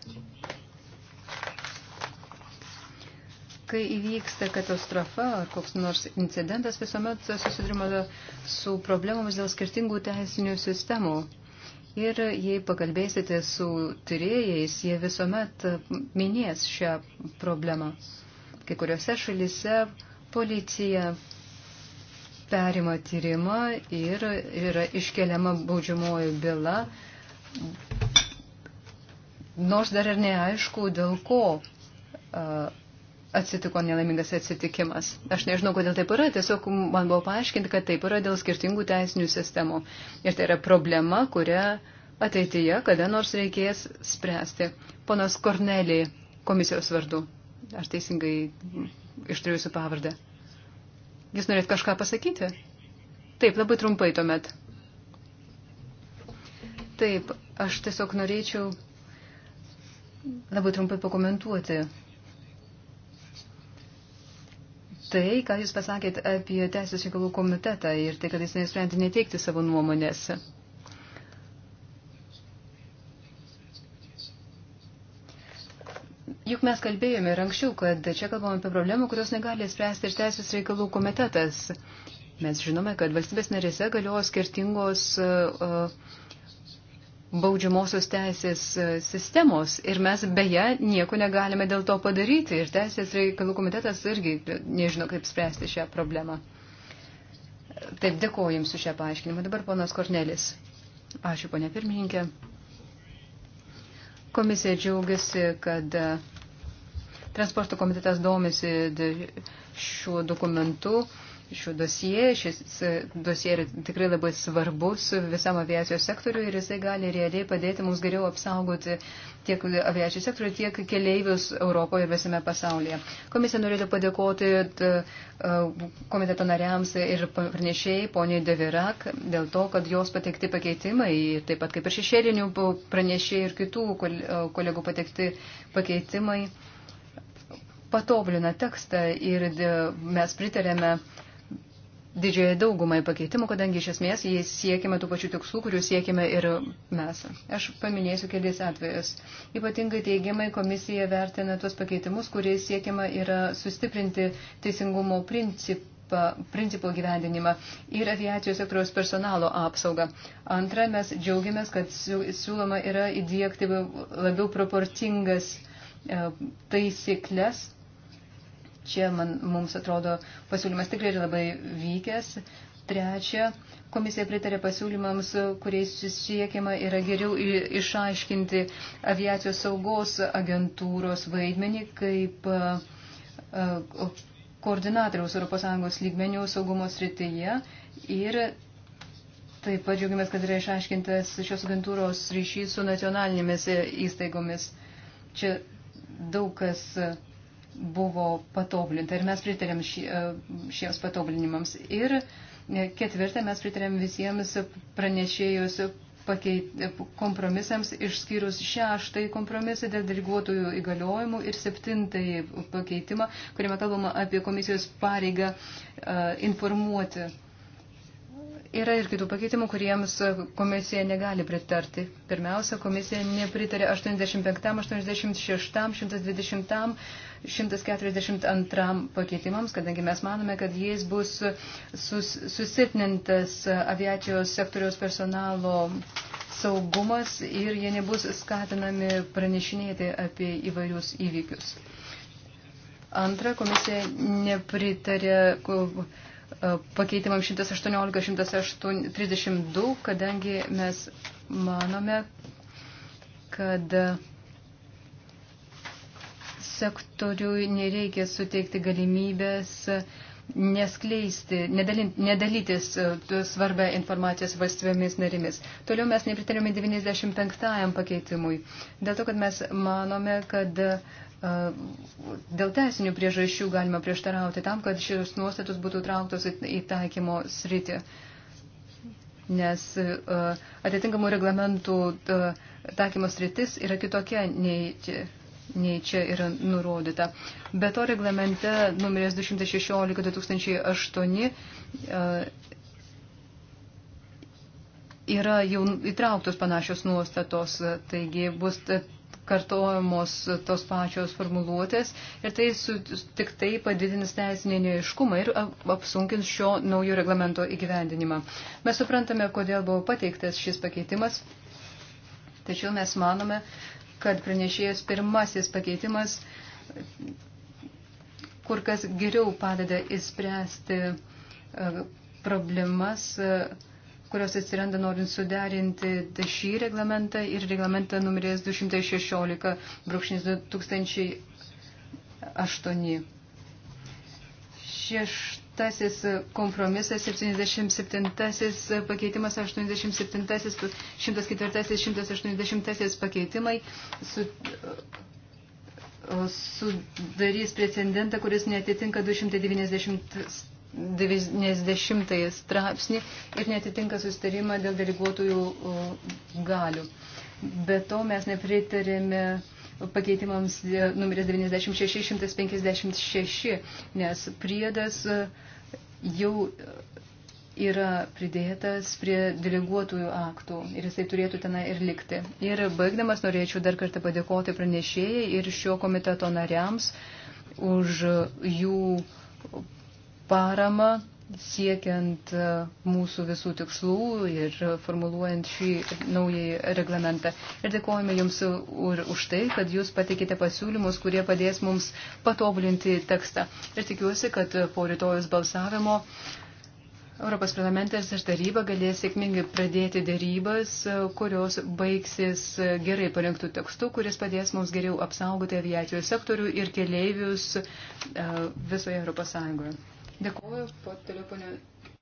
kai įvyksta katastrofa ar koks nors incidentas, visuomet susidurima su problemomis dėl skirtingų teisinių sistemų. Ir jei pakalbėsite su tyrėjais, jie visuomet minės šią problemą. Kai kuriuose šalyse policija perima tyrimą ir yra iškeliama baudžiamoji byla, nors dar ir neaišku, dėl ko atsitiko nelaimingas atsitikimas. Aš nežinau, kodėl taip yra, tiesiog man buvo paaiškinti, kad taip yra dėl skirtingų teisinių sistemų. Ir tai yra problema, kurią ateityje kada nors reikės spręsti. Ponas Kornelį, komisijos vardu. Aš teisingai ištariu jūsų pavardę. Jūs norėt kažką pasakyti? Taip, labai trumpai tuomet. Taip, aš tiesiog norėčiau labai trumpai pakomentuoti tai, ką Jūs pasakėt apie Teisės reikalų komitetą ir tai, kad jis nesprendė neteikti savo nuomonės. Juk mes kalbėjome ir anksčiau, kad čia kalbame apie problemą, kurios negali spręsti ir Teisės reikalų komitetas. Mes žinome, kad valstybės narėse galioja skirtingos uh, baudžiamosios teisės e, sistemos ir mes beje nieko negalime dėl to padaryti ir teisės reikalų komitetas irgi nežino, kaip spręsti šią problemą. Taip, dėkoju Jums už šią paaiškinimą. Dabar ponas Kornelis. Ačiū, ponė pirmininkė. Komisija džiaugiasi, kad e, transporto komitetas domisi šiuo dokumentu šių dosie. Šis e, dosie yra tikrai labai svarbus visam aviacijos sektoriui ir jisai gali realiai padėti mums geriau apsaugoti tiek aviacijos sektorių, tiek keleivius Europoje ir visame pasaulyje. Komisija norėtų padėkoti e, komiteto nariams ir pranešėjai poniai Devirak dėl to, kad jos pateikti pakeitimai, taip pat kaip ir šešėlinių pranešėjai ir kitų e, kolegų pateikti pakeitimai patobulina tekstą ir mes pritarėme didžiai daugumai pakeitimų, kadangi iš esmės jais siekime tų pačių tikslų, kurių siekime ir mes. Aš paminėsiu keliais atvejus. Ypatingai teigiamai komisija vertina tuos pakeitimus, kuriais siekima yra sustiprinti teisingumo principą principo gyvendinimą ir aviacijos sektoriaus personalo apsaugą. Antra, mes džiaugiamės, kad siūloma yra įdėkti labiau proporcingas e, taisyklės Čia man, mums atrodo pasiūlymas tikrai yra labai vykęs. Trečia, komisija pritarė pasiūlymams, kuriais siekiama yra geriau išaiškinti aviacijos saugos agentūros vaidmenį kaip e, koordinatoriaus ES lygmenių saugumo srityje ir taip pat džiaugiamės, kad yra išaiškintas šios agentūros ryšys su nacionalinėmis įstaigomis. Čia daug kas buvo patobulinta ir mes pritarėm e, šiems patobulinimams. Ir e, ketvirtą mes pritarėm visiems pranešėjus pakeit, e, kompromisams išskyrus šeštai kompromisą dėl diriguotojų įgaliojimų ir septintai pakeitimą, kuriame kalbama apie komisijos pareigą informuoti Yra ir kitų pakeitimų, kuriems komisija negali pritarti. Pirmiausia, komisija nepritarė 85, 86, 120, 142 pakeitimams, kadangi mes manome, kad jais bus sus, susilpnintas aviacijos sektoriaus personalo saugumas ir jie nebus skatinami pranešinėti apie įvairius įvykius. Antra, komisija nepritarė E, pakeitimams 118-132, kadangi mes manome, kad sektoriui nereikia suteikti galimybės neskleisti, nedalint, nedalytis e, svarbę informaciją su valstybėmis narimis. Toliau mes nepritarėme 95-ajam pakeitimui, dėl to, kad mes manome, kad uh, Dėl teisinių priežasčių galima prieštarauti tam, kad šios nuostatos būtų trauktos į taikymo sritį, nes atitinkamų reglamentų taikymo sritis yra kitokia nei nei čia yra nurodyta. Be to reglamente numeris 216-2008 yra jau įtrauktos panašios nuostatos, taigi bus kartojamos tos pačios formuluotės ir tai su, tik tai padidins teisinį neiškumą ir apsunkins šio naujo reglamento įgyvendinimą. Mes suprantame, kodėl buvo pateiktas šis pakeitimas, tačiau mes manome, kad pranešėjas pirmasis pakeitimas kur kas geriau padeda įspręsti e, problemas. Uh, kurios atsiranda norint suderinti šį reglamentą ir reglamentą numeris 216-2008. Šeštasis kompromisas, 77 pakeitimas, 87, 104, 180 pakeitimai. Su, sudarys precedentą, kuris netitinka 290 90 straipsnį ir netitinka sustarimą dėl deleguotojų uh, galių. Be to mes nepritarėme pakeitimams numeris 96-156, nes priedas uh, jau uh, yra pridėtas prie deleguotųjų aktų ir jisai turėtų tenai ir likti. Ir baigdamas norėčiau dar kartą padėkoti pranešėjai ir šio komiteto nariams už jų paramą siekiant e, mūsų visų tikslų ir formuluojant šį naują reglamentą. Ir dėkojame Jums už tai, kad Jūs patikite pasiūlymus, kurie padės mums patobulinti tekstą. Ir tikiuosi, kad po rytojus balsavimo Europos parlamentas ir taryba galės sėkmingai pradėti dėrybas, kurios baigsis gerai parengtų tekstų, kuris padės mums geriau apsaugoti aviacijos sektorių ir keleivius e, visoje Europos Sąjungoje. Dėkuoju, po toliau ponė,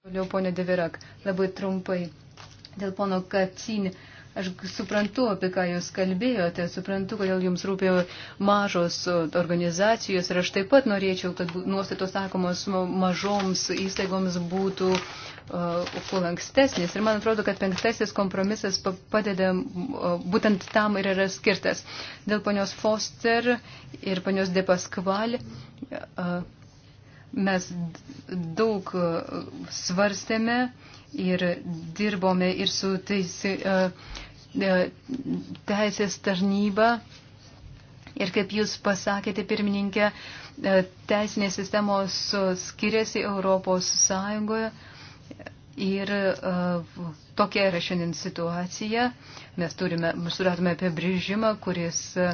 toliau ponė Devirak. Labai trumpai. Dėl pono Kacinį. Aš suprantu, apie ką jūs kalbėjote, suprantu, kodėl jums rūpėjo mažos organizacijos ir aš taip pat norėčiau, kad nuostatos sakomos mažoms įstaigoms būtų kuo lankstesnis. Ir man atrodo, kad penktasis kompromisas padeda būtent tam ir yra skirtas. Dėl ponios Foster ir ponios Depaskval. Uh, Mes daug e, svarstėme ir dirbome ir su teisi, e, e, teisės tarnyba. Ir kaip jūs pasakėte, pirmininkė, teisinės sistemos skiriasi Europos Sąjungoje. Ir uh, tokia yra šiandien situacija. Mes turime, suradome apibrėžimą, kuris uh,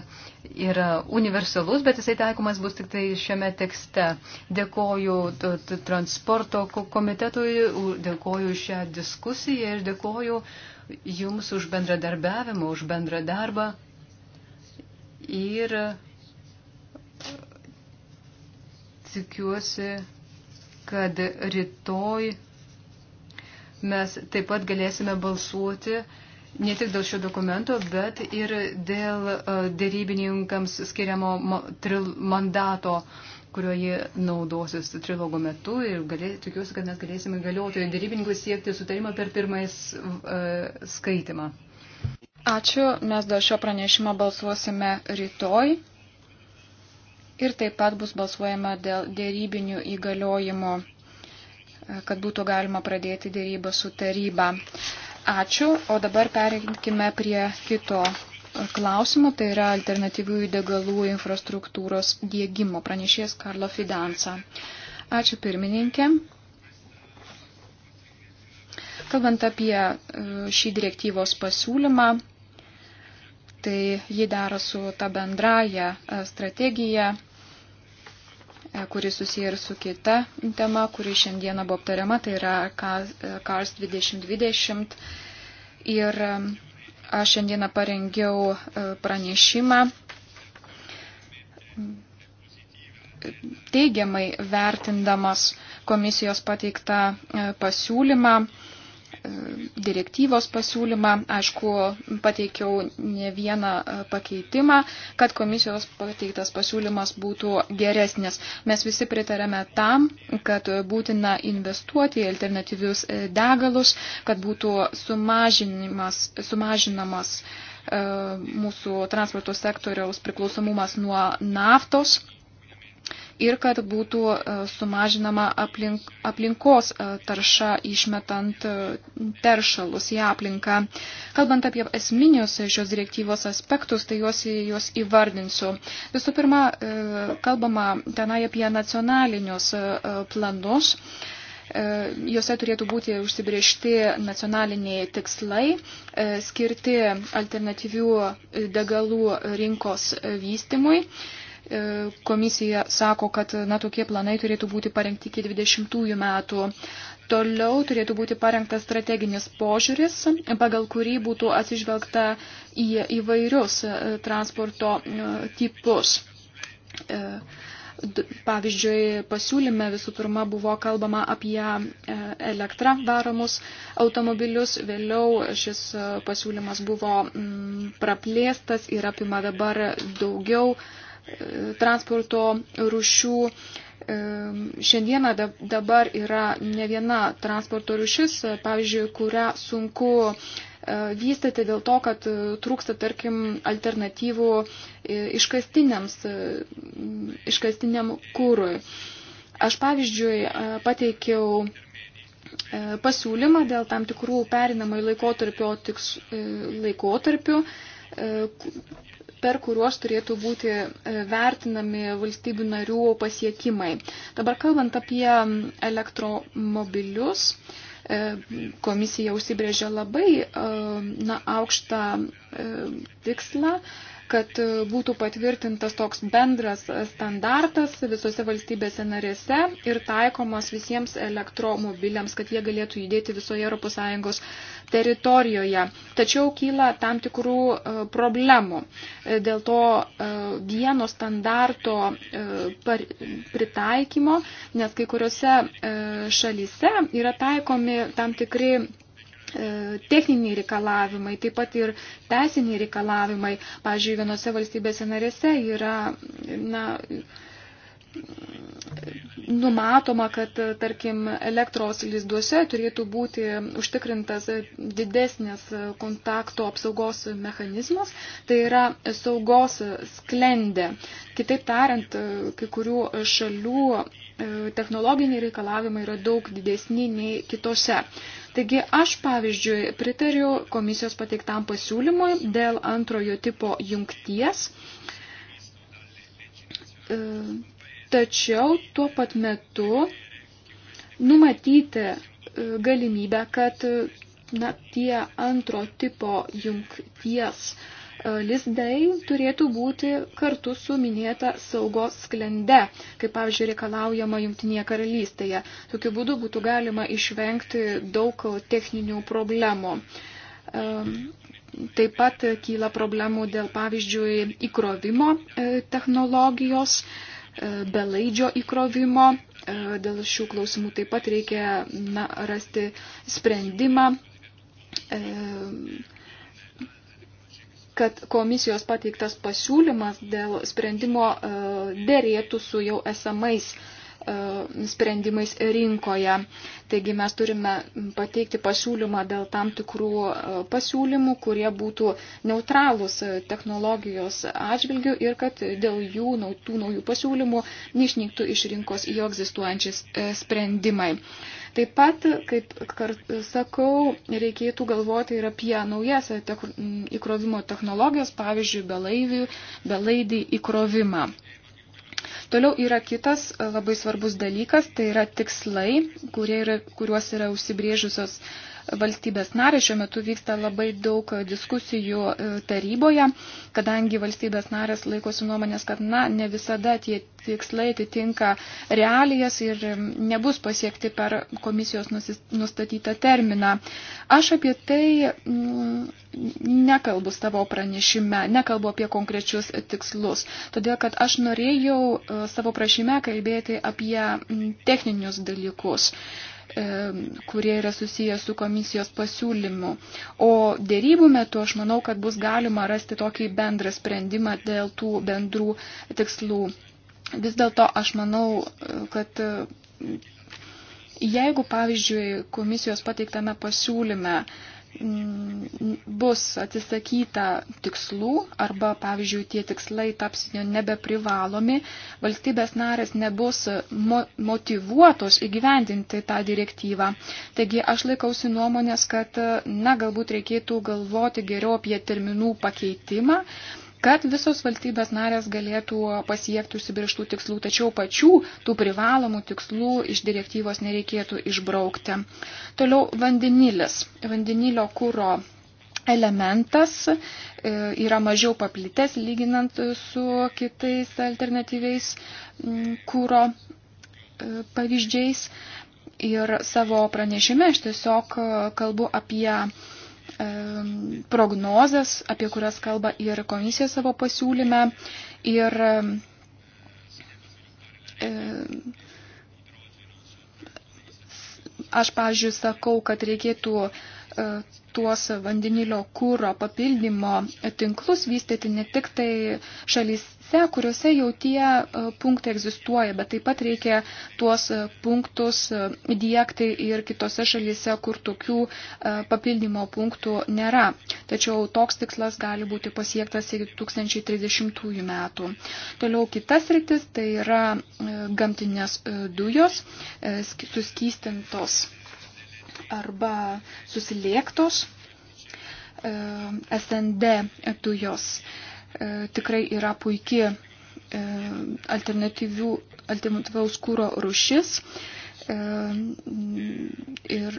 yra universalus, bet jisai taikomas bus tik tai šiame tekste. Dėkoju transporto komitetui, dėkoju šią diskusiją ir dėkoju Jums už bendradarbiavimą, už bendrą darbą. Ir e, tikiuosi, kad rytoj mes taip pat galėsime balsuoti ne tik dėl šio dokumento, bet ir dėl e, dėrybininkams skiriamo mandato, kurio jie naudosis trilogo metu ir galė, tikiuosi, kad mes galėsime galiotojų dėrybininkų siekti sutarimą per pirmąjį uh, skaitimą. Ačiū, mes dėl šio pranešimo balsuosime rytoj ir taip pat bus balsuojama dėl dėrybinių įgaliojimų kad būtų galima pradėti dėrybą su taryba. Ačiū, o dabar perinkime prie kito klausimo, tai yra alternatyvių degalų infrastruktūros dėgymo pranešės Karlo Fidansa. Ačiū pirmininkė. Kalbant apie e, šį direktyvos pasiūlymą, tai jį daro su ta bendraja e, strategija E, kuris susiję ir su kita tema, kuri šiandieną buvo aptariama, tai yra Kars e, 2020. Ir aš šiandieną parengiau e, pranešimą teigiamai vertindamas komisijos pateiktą pasiūlymą direktyvos pasiūlymą. Aišku, pateikiau ne vieną e, pakeitimą, kad komisijos pateiktas pasiūlymas būtų geresnis. Mes visi pritarėme tam, kad būtina investuoti į alternatyvius e, degalus, kad būtų sumažinimas, sumažinamas e, mūsų transporto sektoriaus priklausomumas nuo naftos ir kad būtų e, sumažinama aplink, aplinkos e, tarša išmetant e, teršalus į aplinką. Kalbant apie esminius šios direktyvos aspektus, tai juos, juos įvardinsiu. Visų pirma, kalbama tenai apie nacionalinius planus juose turėtų būti užsibriežti nacionaliniai tikslai, skirti alternatyvių degalų rinkos vystimui E, komisija sako, kad na, tokie planai turėtų būti parengti iki 20 metų. Toliau turėtų būti parengtas strateginis požiūris, pagal kurį būtų atsižvelgta į įvairius e, transporto e, tipus. Pavyzdžiui, pasiūlyme visų pirma buvo kalbama apie elektrą varomus automobilius, vėliau šis pasiūlymas buvo mm, praplėstas ir apima dabar daugiau transporto rušių. Šiandieną dabar yra ne viena transporto rušis, pavyzdžiui, kurią sunku e, vystyti dėl to, kad e, trūksta, tarkim, alternatyvų e, iškastiniam kūrui. Aš, pavyzdžiui, pateikiau pasiūlymą dėl tam tikrų perinamai laikotarpio tiks, laikotarpių per kuriuos turėtų būti e, vertinami valstybių narių pasiekimai. Dabar kalbant apie elektromobilius, e, komisija užsibrėžė labai e, na, aukštą tikslą kad e, būtų patvirtintas toks bendras standartas visose valstybėse narėse ir taikomas visiems elektromobiliams, kad jie galėtų judėti visoje ES teritorijoje. Tačiau kyla tam tikrų e, problemų. E, dėl to vieno standarto pritaikymo, nes kai kuriuose šalyse yra taikomi tam tikri E, techniniai reikalavimai, taip pat ir teisiniai reikalavimai. Pavyzdžiui, vienose valstybėse narėse yra na, numatoma, kad, tarkim, elektros lizduose turėtų būti užtikrintas didesnės kontakto apsaugos mechanizmas, tai yra saugos sklendė. Kitaip tariant, kai kurių šalių e, technologiniai reikalavimai yra daug didesni nei kitose. Taigi aš, pavyzdžiui, pritariu komisijos pateiktam pasiūlymui dėl antrojo tipo jungties. E, tačiau tuo pat metu numatyti e, galimybę, kad na, tie antro tipo jungties uh, E, lizdai turėtų būti kartu su minėta saugos sklende, kaip pavyzdžiui reikalaujama Junktinėje karalystėje. Tokiu būdu būtų galima išvengti daug techninių problemų. E, taip pat kyla problemų dėl, pavyzdžiui, įkrovimo e, technologijos, belaidžio įkrovimo. Dėl šių klausimų taip pat reikia na, rasti sprendimą. E, kad komisijos pateiktas pasiūlymas dėl sprendimo e, dėrėtų su jau esamais e, sprendimais rinkoje. Taigi mes turime pateikti pasiūlymą dėl tam tikrų e, pasiūlymų, kurie būtų neutralūs technologijos atžvilgių ir kad dėl jų, tų naujų pasiūlymų, neišnyktų iš rinkos jau egzistuojančiais sprendimai. Taip pat, kaip kart, sakau, reikėtų galvoti ir apie naujas įkrovimo technologijas, pavyzdžiui, belaivių, belaidį įkrovimą. Toliau yra kitas labai svarbus dalykas, tai yra tikslai, yra, kuriuos yra užsibrėžusios uh, valstybės narės. Šiuo metu vyksta labai daug diskusijų e, taryboje, kadangi valstybės narės laikosi nuomonės, kad na, ne visada tie tikslai atitinka realijas ir nebus pasiekti per komisijos nustatytą terminą. Aš apie tai nekalbu savo pranešime, nekalbu apie konkrečius tikslus, todėl kad aš norėjau e, savo prašyme kalbėti apie techninius dalykus kurie yra susiję su komisijos pasiūlymu. O dėrybų metu aš manau, kad bus galima rasti tokį bendrą sprendimą dėl tų bendrų tikslų. Vis dėlto aš manau, kad jeigu, pavyzdžiui, komisijos pateiktame pasiūlyme uh, Mm, bus atsisakyta tikslų arba, pavyzdžiui, tie tikslai taps nebeprivalomi, valstybės narės nebus mo motivuotos įgyvendinti tą direktyvą. Taigi aš laikausi nuomonės, kad, na, galbūt reikėtų galvoti geriau apie terminų pakeitimą, kad visos valstybės narės galėtų pasiekti užsibrieštų tikslų, tačiau pačių tų privalomų tikslų iš direktyvos nereikėtų išbraukti. Toliau vandenilis, vandenilio kūro elementas e, yra mažiau paplitęs lyginant su kitais alternatyviais kūro e, pavyzdžiais. Ir savo pranešime aš tiesiog kalbu apie prognozes, apie kurias kalba ir komisija savo pasiūlyme. Ir aš, pavyzdžiui, sakau, kad reikėtų e, tuos vandenilio kūro papildymo tinklus vystyti ne tik tai šalyse, kuriuose jau tie e, punktai egzistuoja, bet taip pat reikia tuos e, punktus e, dėkti ir kitose šalyse, kur tokių papildymo punktų nėra. Tačiau toks tikslas gali būti pasiektas iki 2030 metų. Toliau kitas rytis tai yra gamtinės dujos suskystintos arba susiliektos e, SND dujos. E, tikrai yra puikia e, alternatyvaus kūro rušis ir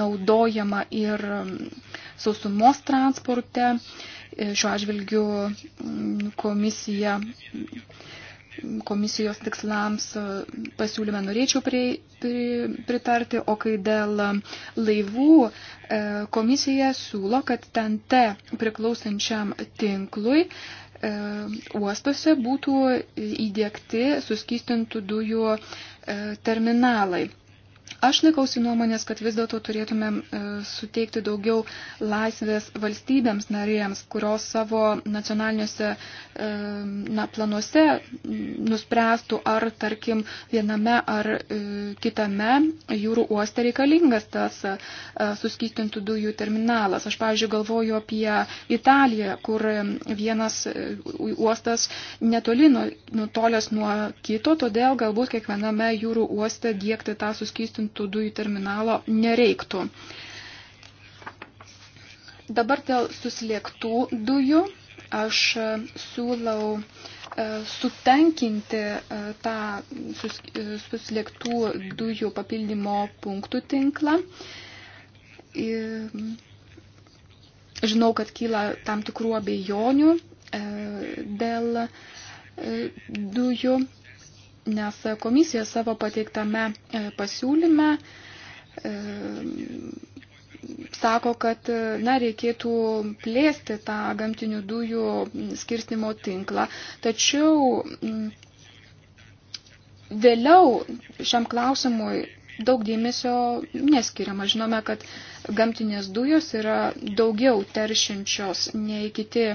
naudojama ir sausumos transporte. Šiuo atžvilgiu komisija komisijos tikslams e, pasiūlyme norėčiau pri, pri, pritarti, o kai dėl laivų e, komisija siūlo, kad ten te priklausančiam tinklui e, uostose būtų įdėkti suskystintų dujų terminalai. Aš laikausi nuomonės, kad vis dėlto turėtumėm e, suteikti daugiau laisvės valstybėms narėms, kurios savo nacionaliniuose e, na, planuose nuspręstų, ar, tarkim, viename ar e, kitame jūrų uoste reikalingas tas suskystintų dujų terminalas. Aš, pavyzdžiui, galvoju apie Italiją, kur vienas uostas netoli nutolęs nuo kito, todėl galbūt kiekviename jūrų uoste dėkti tą suskystintų suskistintų dujų terminalo nereiktų. Dabar dėl susliektų dujų aš e, siūlau e, sutankinti e, tą susliektų dujų papildymo punktų tinklą. Žinau, kad kyla tam tikrų abejonių dėl dujų nes komisija savo pateiktame e, pasiūlyme e, sako, kad e, na, reikėtų plėsti tą gamtinių dujų skirstimo tinklą. Tačiau vėliau šiam klausimui daug dėmesio neskiriama. Žinome, kad gamtinės dujos yra daugiau teršinčios nei kiti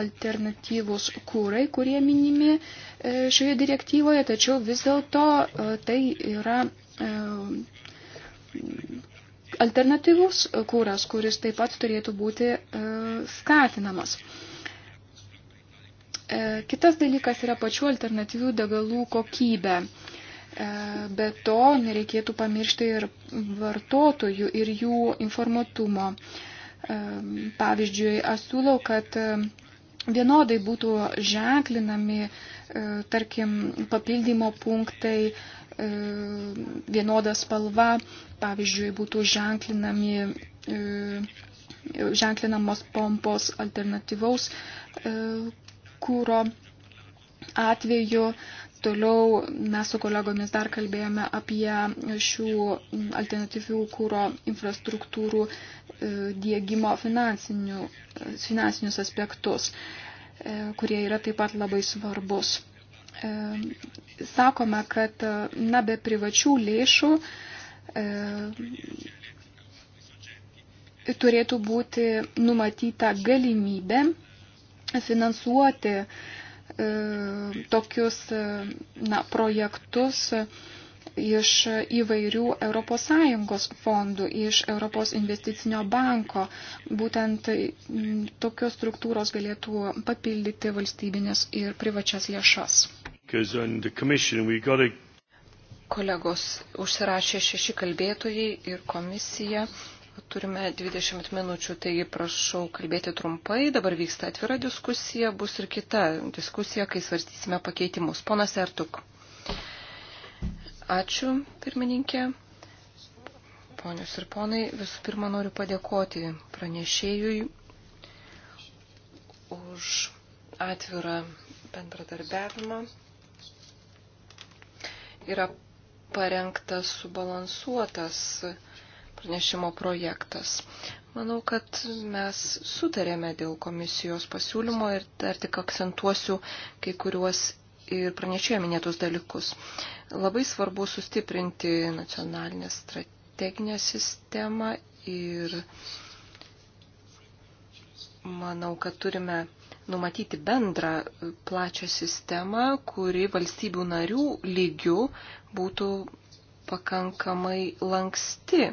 alternatyvus kūrai, kurie minimi e, šioje direktyvoje, tačiau vis dėlto e, tai yra e, alternatyvus kūras, kuris taip pat turėtų būti skatinamas. Kitas dalykas yra pačių alternatyvių degalų kokybė. E, be to nereikėtų pamiršti ir vartotojų ir jų informuotumo. E, pavyzdžiui, aš siūlau, kad e, vienodai būtų ženklinami, tarkim, papildymo punktai, vienoda spalva, pavyzdžiui, būtų ženklinami, ženklinamos pompos alternatyvaus kūro atveju, Toliau mes su kolegomis dar kalbėjome apie šių alternatyvių kūro infrastruktūrų e, dėgymo finansinius aspektus, e, kurie yra taip pat labai svarbus. E, sakome, kad na, be privačių lėšų turėtų būti numatyta galimybė finansuoti uh, E, tokius e, na, projektus iš įvairių ES fondų, iš Europos investicinio banko. Būtent tokios struktūros galėtų papildyti valstybinės ir privačias lėšas. Kolegos užsirašė šeši kalbėtojai ir komisija. Turime 20 minučių, taigi prašau kalbėti trumpai. Dabar vyksta atvira diskusija, bus ir kita diskusija, kai svarstysime pakeitimus. Ponas Ertuk. Ačiū, pirmininkė. Ponius ir ponai, visų pirma noriu padėkoti pranešėjui už atvirą bendradarbiavimą. Yra parengtas subalansuotas pranešimo projektas. Manau, kad mes sutarėme dėl komisijos pasiūlymo ir dar tik akcentuosiu kai kuriuos ir pranešėjo minėtus dalykus. Labai svarbu sustiprinti nacionalinę strateginę sistemą ir manau, kad turime numatyti bendrą plačią sistemą, kuri valstybių narių lygių būtų pakankamai lanksti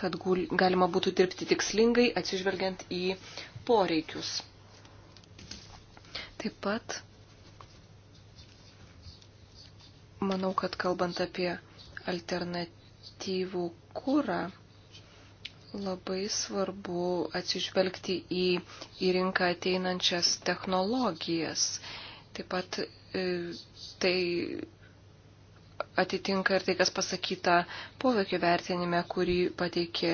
kad galima būtų dirbti tikslingai, atsižvelgiant į poreikius. Taip pat manau, kad kalbant apie alternatyvų kūrą, labai svarbu atsižvelgti į, į rinką ateinančias technologijas. Taip pat e, tai atitinka ir tai, kas pasakyta poveikio vertinime, kurį pateikė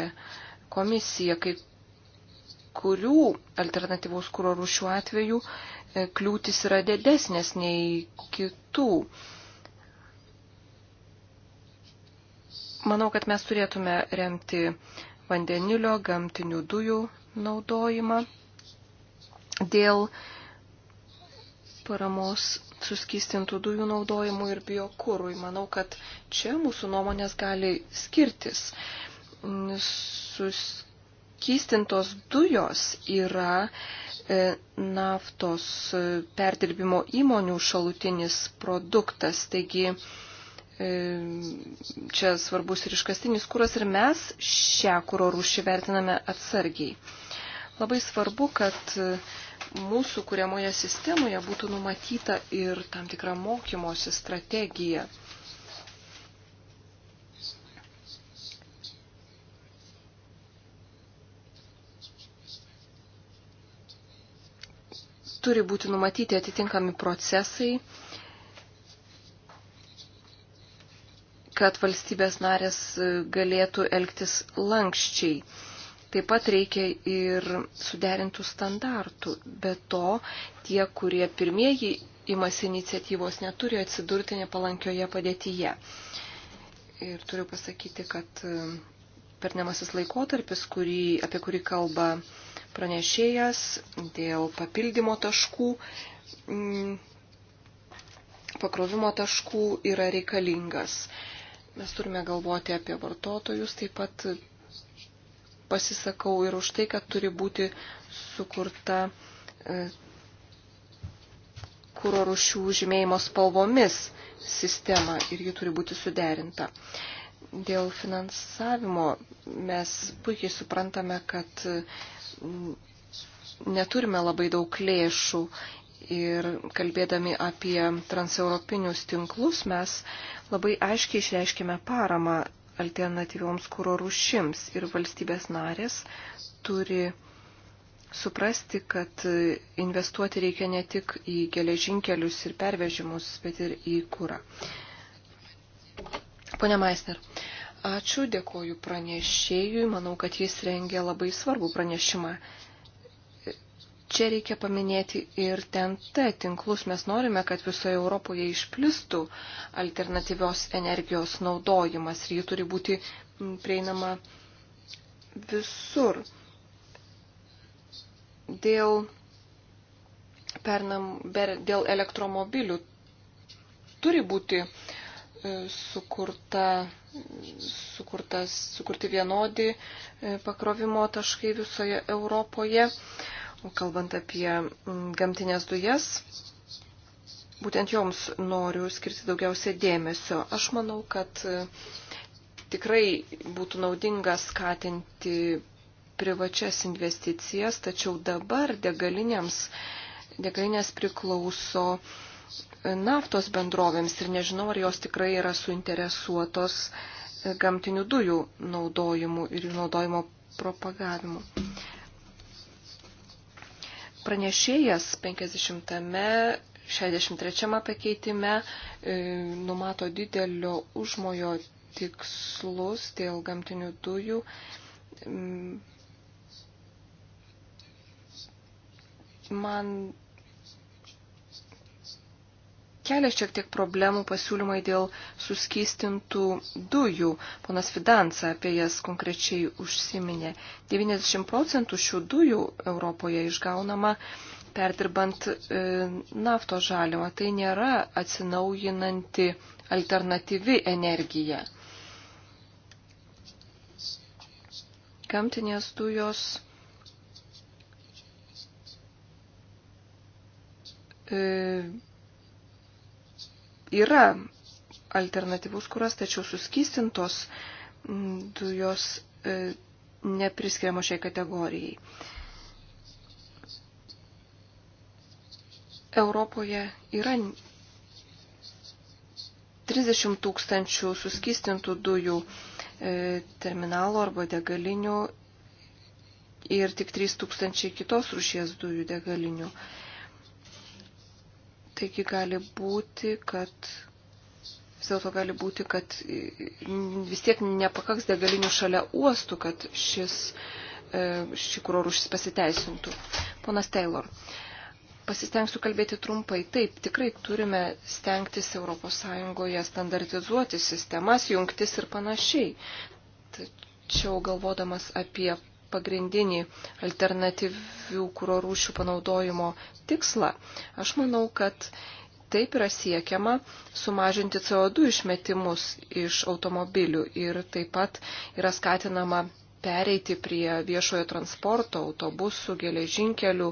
komisija, kai kurių alternatyvaus kūro rūšių atveju e, kliūtis yra didesnės nei kitų. Manau, kad mes turėtume remti vandenilio, gamtinių dujų naudojimą dėl paramos suskystintų dujų naudojimui ir biokūrui. Manau, kad čia mūsų nuomonės gali skirtis. Suskystintos dujos yra e, naftos e, perdirbimo įmonių šalutinis produktas. Taigi, e, čia svarbus ir iškastinis kūras ir mes šią kūro rūšį vertiname atsargiai. Labai svarbu, kad mūsų kuriamoje sistemoje būtų numatyta ir tam tikra mokymosi strategija. Turi būti numatyti atitinkami procesai, kad valstybės narės galėtų elgtis lankščiai Taip pat reikia ir suderintų standartų. Be to, tie, kurie pirmieji imasi iniciatyvos, neturi atsidurti nepalankioje padėtyje. Ir turiu pasakyti, kad e, pernemasis laikotarpis, kurį, apie kurį kalba pranešėjas dėl papildymo taškų, m, pakrovimo taškų yra reikalingas. Mes turime galvoti apie vartotojus, taip pat pasisakau ir už tai, kad turi būti sukurta e, kūro rušių žymėjimo spalvomis sistema ir ji turi būti suderinta. Dėl finansavimo mes puikiai suprantame, kad mm, neturime labai daug lėšų ir kalbėdami apie transeuropinius tinklus mes labai aiškiai išreiškime paramą alternatyvioms kūro rušims ir valstybės narės turi suprasti, kad investuoti reikia ne tik į geležinkelius ir pervežimus, bet ir į kūrą. Pone Maisner, ačiū, dėkoju pranešėjui, manau, kad jis rengia labai svarbų pranešimą. Čia reikia paminėti ir TNT tinklus. Mes norime, kad visoje Europoje išplistų alternatyvios energijos naudojimas ir ji turi būti prieinama visur. Dėl, pernam, ber, dėl elektromobilių turi būti e, sukurta, sukurtas, sukurti vienodi e, pakrovimo taškai visoje Europoje kalbant apie mm, gamtinės dujas, būtent joms noriu skirti daugiausia dėmesio. Aš manau, kad e, tikrai būtų naudinga skatinti privačias investicijas, tačiau dabar degalinėms, degalinės priklauso e, naftos bendrovėms ir nežinau, ar jos tikrai yra suinteresuotos e, gamtinių dujų naudojimu ir jų naudojimo propagavimu. Pranešėjas 50-ame 63 pakeitime e, numato didelio užmojo tikslus dėl gamtinių dujų. Mm. Man kelia šiek tiek problemų pasiūlymai dėl suskystintų dujų. Ponas Fidansa apie jas konkrečiai užsiminė. 90 procentų šių dujų Europoje išgaunama perdirbant e, nafto žalimą. Tai nėra atsinaujinanti alternatyvi energija. Gamtinės dujos e, yra alternatyvus kuras, tačiau suskystintos mm, dujos e, nepriskiriamo šiai kategorijai. Europoje yra 30 tūkstančių suskistintų dujų e, terminalų arba degalinių ir tik 3 tūkstančiai kitos rušies dujų degalinių. Taigi gali būti, kad vis dėlto gali būti, kad vis tiek nepakaks degalinių šalia uostų, kad šis, e, ši kurorų šis pasiteisintų. Ponas Taylor, pasistengsiu kalbėti trumpai. Taip, tikrai turime stengtis ES standartizuoti sistemas, jungtis ir panašiai. Tačiau galvodamas apie pagrindinį alternatyvių kūro rūšių panaudojimo tikslą, aš manau, kad taip yra siekiama sumažinti CO2 išmetimus iš automobilių ir taip pat yra skatinama pereiti prie viešojo transporto, autobusų, geležinkelių,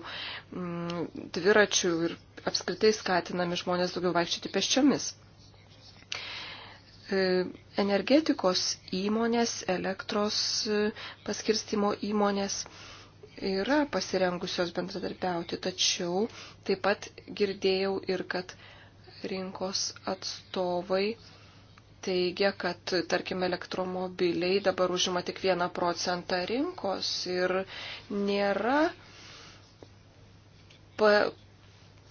mm, dviračių ir apskritai skatinami žmonės daugiau vaikščioti peščiomis. E, energetikos įmonės, elektros e, paskirstimo įmonės yra pasirengusios bendradarbiauti, tačiau taip pat girdėjau ir, kad rinkos atstovai teigia, kad, tarkim, elektromobiliai dabar užima tik vieną procentą rinkos ir nėra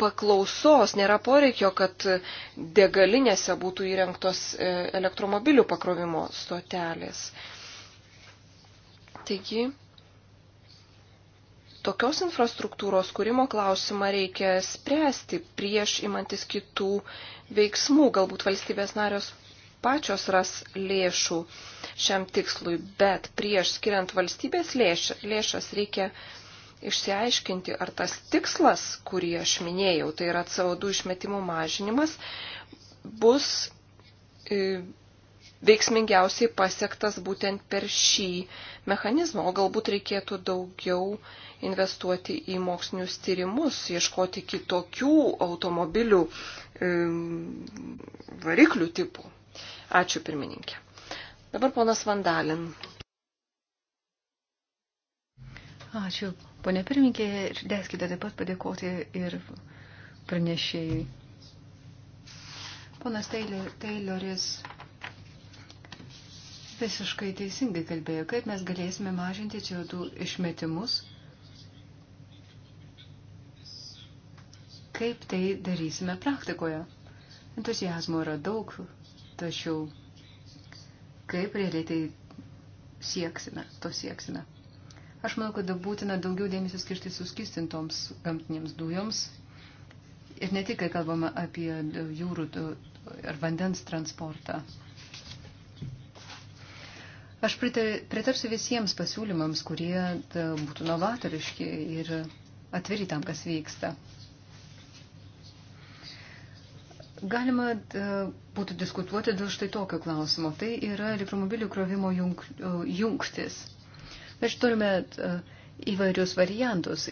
paklausos, nėra poreikio, kad degalinėse būtų įrengtos e, elektromobilių pakrovimo stotelės. Taigi, tokios infrastruktūros kūrimo klausimą reikia spręsti prieš imantis kitų veiksmų. Galbūt valstybės narios pačios ras lėšų šiam tikslui, bet prieš skiriant valstybės lėš, lėšas reikia išsiaiškinti, ar tas tikslas, kurį aš minėjau, tai yra CO2 išmetimų mažinimas, bus e, veiksmingiausiai pasiektas būtent per šį mechanizmą, o galbūt reikėtų daugiau investuoti į mokslinius tyrimus, ieškoti kitokių automobilių e, variklių tipų. Ačiū pirmininkė. Dabar ponas Vandalin. Ačiū, Pone pirminkė, leiskite taip pat padėkoti ir pranešėjui. Ponas Tayloris visiškai teisingai kalbėjo, kaip mes galėsime mažinti CO2 išmetimus, kaip tai darysime praktikoje. Entuzijazmo yra daug, tačiau kaip realiai tai sieksime, to sieksime. Aš manau, kad būtina daugiau dėmesio skirti suskistintoms gamtinėms dujoms. Ir ne tik, kai kalbama apie e, jūrų ir e, vandens transportą. Aš pritarsiu visiems pasiūlymams, kurie e, būtų novatoriški ir atviri tam, kas vyksta. Galima būtų diskutuoti dėl štai tokio klausimo. Tai yra elektromobilių krovimo jungtis. Jung Mes turime e, įvairius variantus.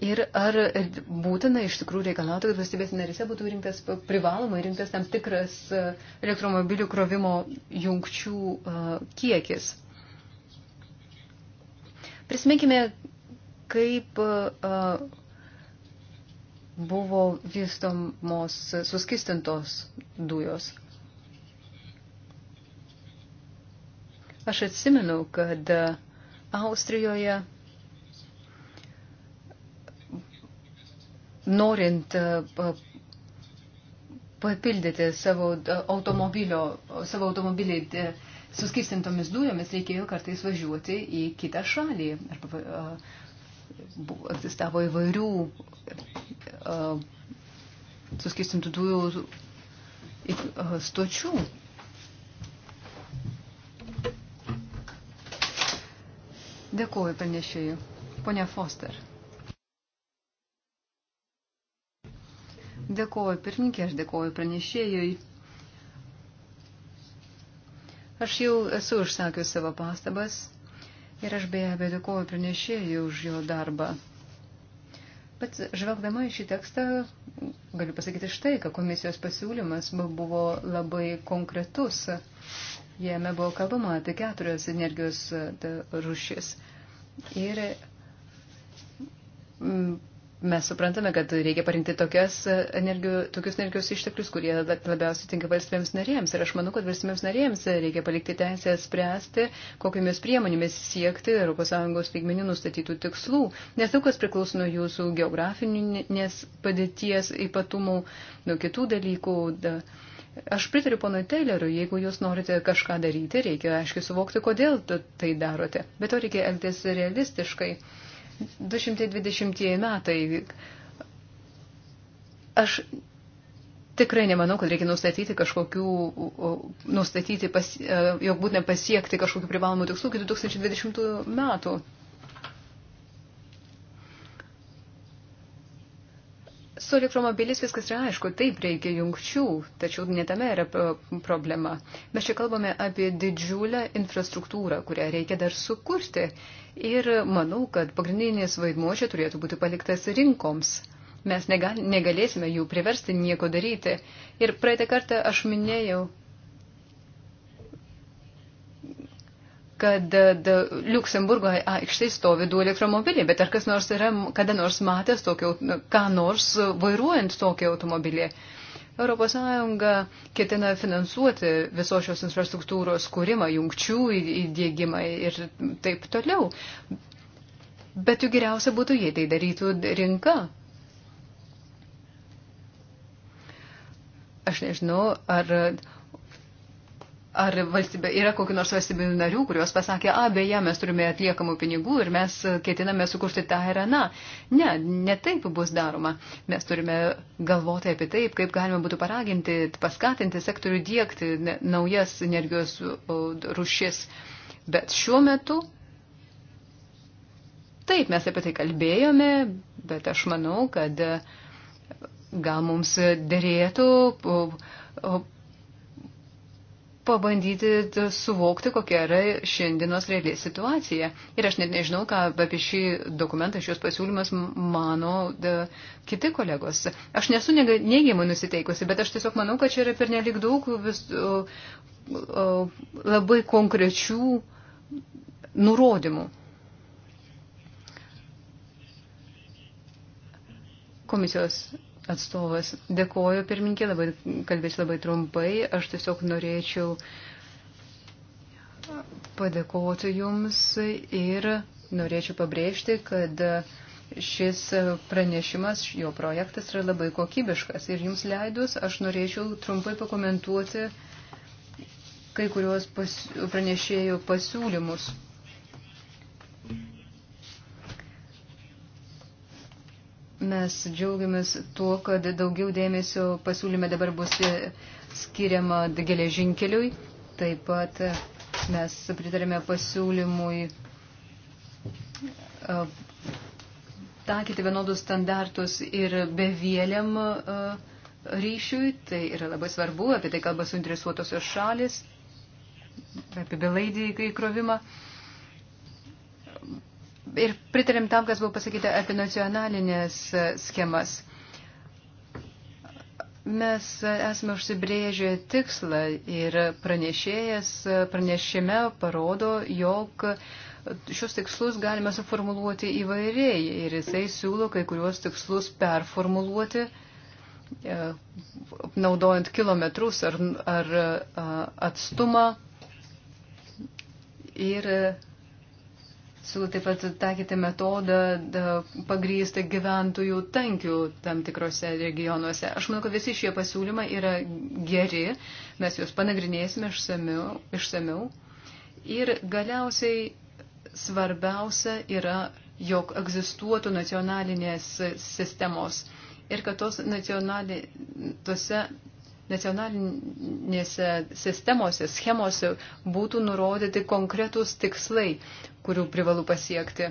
Ir ar būtina iš tikrųjų reikalauti, kad valstybės narise būtų rinktas privalomai rinktas tam tikras e, elektromobilių krovimo jungčių e, kiekis. Prisiminkime, kaip buvo vystomos suskistintos dujos. Aš atsimenu, kad Austrijoje norint papildyti savo automobilio, savo automobilį suskistintomis dujomis reikėjo kartais važiuoti į kitą šalį. Arba, buvo, egzistavo įvairių suskistintų dujų stočių. Dėkuoju pranešėjui. Pone Foster. Dėkuoju pirmininkė, aš dėkuoju pranešėjui. Aš jau esu užsakius savo pastabas ir aš beje abejo dėkuoju pranešėjui už jo darbą. Bet žvelgdama į šį tekstą, galiu pasakyti štai, kad komisijos pasiūlymas buvo labai konkretus. Jame buvo kalbama apie keturias energijos e, rušis. Ir mm, mes suprantame, kad reikia parinkti tokias e, energijų, tokius energijos išteklius, kurie labiausiai tinka valstybėms narėms. Ir aš manau, kad valstybėms narėms reikia palikti teisę spręsti, kokiamis priemonėmis siekti ES lygmenių nustatytų tikslų. Nes daug kas priklauso nuo jūsų geografinės padėties ypatumų, nuo kitų dalykų. Da, Aš pritariu ponui Taylorui, jeigu jūs norite kažką daryti, reikia aiškiai suvokti, kodėl tai darote. Bet to reikia elgtis realistiškai. 220 metai. Aš tikrai nemanau, kad reikia nustatyti kažkokių, nustatyti, pas, e, jog būtina pasiekti kažkokių privalomų tikslų iki 2020 metų. su elektromobiliais viskas yra aišku, taip reikia jungčių, tačiau netame yra problema. Mes čia kalbame apie didžiulę infrastruktūrą, kurią reikia dar sukurti. Ir manau, kad pagrindinis vaidmuo čia turėtų būti paliktas rinkoms. Mes negalėsime jų priversti nieko daryti. Ir praeitą kartą aš minėjau, kad Luksemburgo aikštėje stovi du elektromobiliai, bet ar kas nors yra kada nors matęs tokio, ką nors vairuojant tokį automobilį? ES ketina finansuoti visos šios infrastruktūros kūrimą, jungčių įdėgymą ir taip toliau. Bet jų geriausia būtų, jei tai darytų rinka. Aš nežinau, ar Ar valstybė, yra kokių nors valstybių narių, kurios pasakė, a, beje, mes turime atliekamų pinigų ir mes ketiname sukurti tą ir aną. Ne, ne taip bus daroma. Mes turime galvoti apie taip, kaip galima būtų paraginti, paskatinti sektorių dėkti naujas energijos rušis. Bet šiuo metu. Taip, mes apie tai kalbėjome, bet aš manau, kad e, gal mums dėrėtų pabandyti suvokti, kokia yra šiandienos realiai situacija. Ir aš net nežinau, ką apie šį dokumentą, šios pasiūlymas mano da, kiti kolegos. Aš nesu neigiamai nusiteikusi, bet aš tiesiog manau, kad čia yra per nelik daug vis, o, o, labai konkrečių nurodymų. Komisijos atstovas. Dėkoju, pirminkė, labai, kalbėsiu labai trumpai. Aš tiesiog norėčiau padėkoti Jums ir norėčiau pabrėžti, kad šis pranešimas, jo projektas yra labai kokybiškas. Ir Jums leidus, aš norėčiau trumpai pakomentuoti kai kurios pas, pranešėjų pasiūlymus. Mes džiaugiamės tuo, kad daugiau dėmesio pasiūlyme dabar bus skiriama geležinkeliui. Taip pat mes pritarėme pasiūlymui taikyti vienodus standartus ir bevėliam ryšiui. Tai yra labai svarbu, apie tai kalba suinteresuotosios šalis, apie belaidį įkrovimą. Uh, ir pritarėm tam, kas buvo pasakyta apie nacionalinės e, schemas. Mes esame užsibrėžę tikslą ir pranešėjas e, pranešime parodo, jog šios tikslus galime suformuluoti įvairiai ir jisai siūlo kai kuriuos tikslus performuluoti, e, naudojant kilometrus ar, ar atstumą ir Siūlau taip pat taikyti metodą pagrįstą gyventojų tankių tam tikrose regionuose. Aš manau, kad visi šie pasiūlymai yra geri, mes juos panagrinėsime išsamiau, išsamiau. Ir galiausiai svarbiausia yra, jog egzistuotų nacionalinės sistemos ir kad tos nacionali, tose nacionalinėse sistemose, schemose būtų nurodyti konkretus tikslai, kurių privalu pasiekti.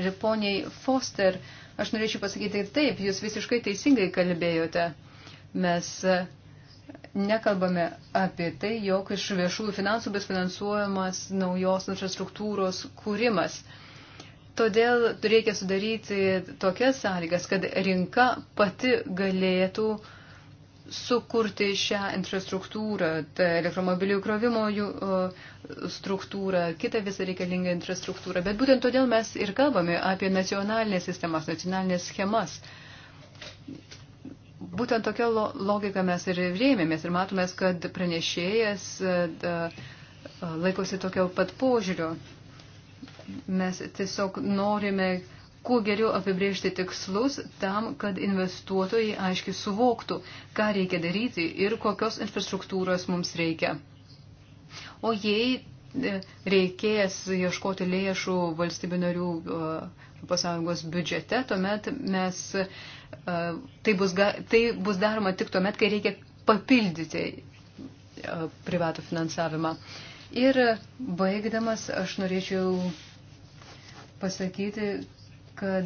Ir poniai Foster, aš norėčiau pasakyti taip, jūs visiškai teisingai kalbėjote. Mes e, nekalbame apie tai, jog iš viešųjų finansų bus finansuojamas naujos infrastruktūros kūrimas. Todėl reikia sudaryti tokias sąlygas, kad rinka pati galėtų uh, sukurti šią infrastruktūrą, tai elektromobilių krovimo struktūrą, kitą visą reikalingą infrastruktūrą. Bet būtent todėl mes ir kalbame apie nacionalinės sistemas, nacionalinės schemas. Būtent tokia logika mes ir rėmėmės ir matomės, kad pranešėjas e, e, laikosi tokio pat požiūrio. Mes tiesiog norime kuo geriau apibrėžti tikslus tam, kad investuotojai aiškiai suvoktų, ką reikia daryti ir kokios infrastruktūros mums reikia. O jei e, reikės ieškoti lėšų valstybių narių e, pasąjungos biudžete, tuomet mes, e, tai bus, tai bus daroma tik tuomet, kai reikia papildyti privatų finansavimą. Ir baigdamas aš norėčiau pasakyti, kad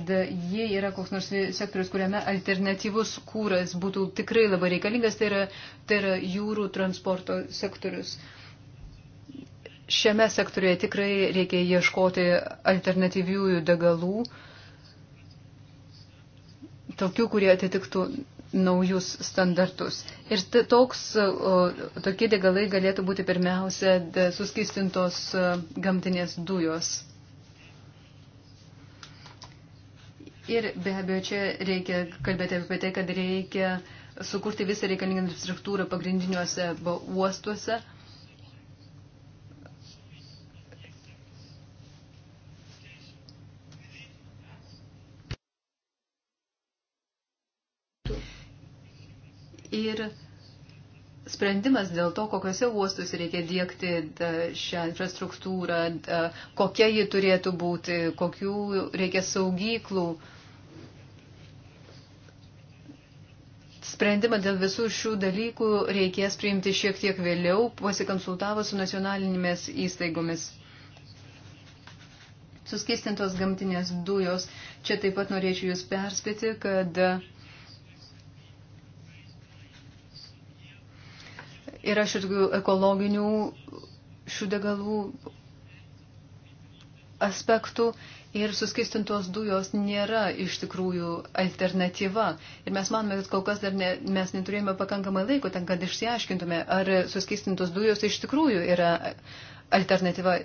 jie yra koks nors sektorius, kuriame alternatyvus kūras būtų tikrai labai reikalingas, tai yra, tai yra jūrų transporto sektorius. Šiame sektoriuje tikrai reikia ieškoti alternatyviųjų degalų, tokių, kurie atitiktų naujus standartus. Ir toks, o, tokie degalai galėtų būti pirmiausia suskistintos gamtinės dujos. Ir be abejo, čia reikia kalbėti apie tai, kad reikia sukurti visą reikalingą infrastruktūrą pagrindiniuose uostuose. Ir sprendimas dėl to, kokiuose uostuose reikia dėkti šią infrastruktūrą, kokia ji turėtų būti, kokių reikia saugyklų, sprendimą dėl visų šių dalykų reikės priimti šiek tiek vėliau, pasikonsultavo su nacionalinėmis įstaigomis. Suskistintos gamtinės dujos. Čia taip pat norėčiau Jūs perspėti, kad yra šitų ekologinių šių degalų aspektų Ir suskistintos dujos nėra iš tikrųjų alternatyva. Ir mes manome, kad kol kas dar ne, mes neturėjome pakankamai laiko ten, kad išsiaiškintume, ar suskistintos dujos iš tikrųjų yra alternatyva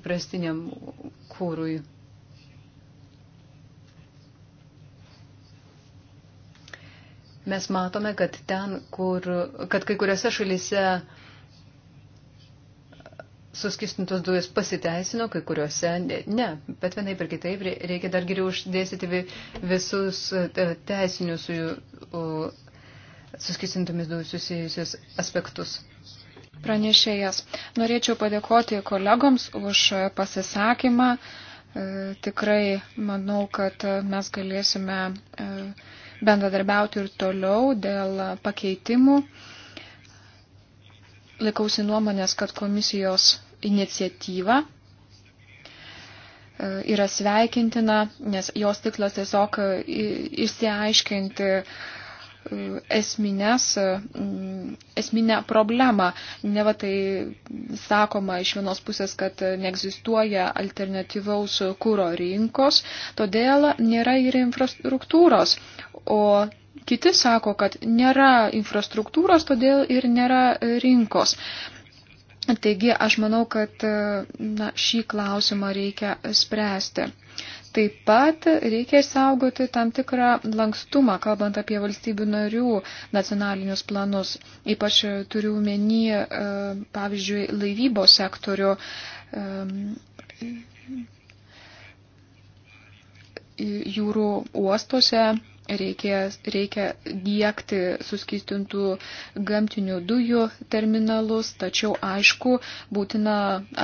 įprastiniam kūrui. Mes matome, kad ten, kur, kad kai kuriuose šalyse uh, suskistintos dujas pasiteisino, kai kuriuose ne, bet vienai per kitaip reikia dar geriau uždėsyti visus e, teisinius su suskistintomis dujų susijusius aspektus. Pranešėjas. Norėčiau padėkoti kolegoms už pasisakymą. E, tikrai manau, kad mes galėsime e, bendradarbiauti ir toliau dėl pakeitimų laikausi nuomonės, kad komisijos iniciatyva e, yra sveikintina, nes jos tiklas tiesiog e, išsiaiškinti e, esminės, esminę problemą. Ne va tai sakoma iš vienos pusės, kad neegzistuoja alternatyvaus kūro rinkos, todėl nėra ir infrastruktūros. O kiti sako, kad nėra infrastruktūros, todėl ir nėra rinkos. Taigi aš manau, kad na, šį klausimą reikia spręsti. Taip pat reikia išsaugoti tam tikrą lankstumą, kalbant apie valstybių narių nacionalinius planus. Ypač turiu menį, e, pavyzdžiui, laivybos sektorių. E, jūrų uostuose reikia, reikia dėkti suskistintų gamtinių dujų terminalus, tačiau aišku, būtina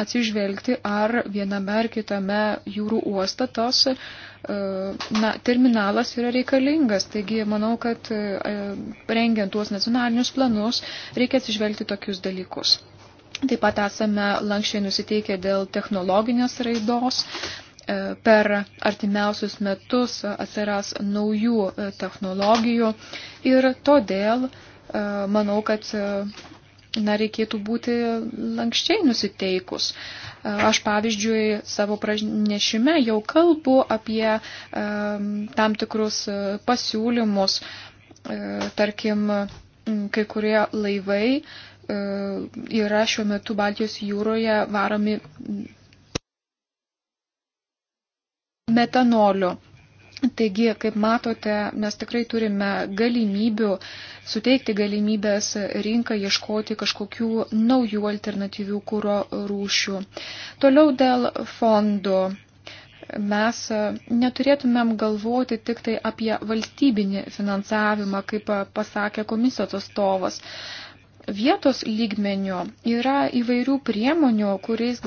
atsižvelgti, ar viename ar kitame jūrų uoste tos e, na, terminalas yra reikalingas. Taigi, manau, kad e, rengiant tuos nacionalinius planus reikia atsižvelgti tokius dalykus. Taip pat esame lankščiai nusiteikę dėl technologinės raidos, E, per artimiausius metus atsiras naujų e, technologijų ir todėl e, manau, kad na, reikėtų būti lankščiai nusiteikus. Aš pavyzdžiui savo pranešime jau kalbu apie tam tikrus pasiūlymus, tarkim, kai kurie laivai yra šiuo metu Baltijos jūroje varomi metanoliu. Taigi, kaip matote, mes tikrai turime galimybių suteikti galimybės rinką ieškoti kažkokių naujų alternatyvių kūro rūšių. Toliau dėl fondų. Mes neturėtumėm galvoti tik tai apie valstybinį finansavimą, kaip pasakė komisijos atstovas. Vietos lygmenių yra įvairių priemonių,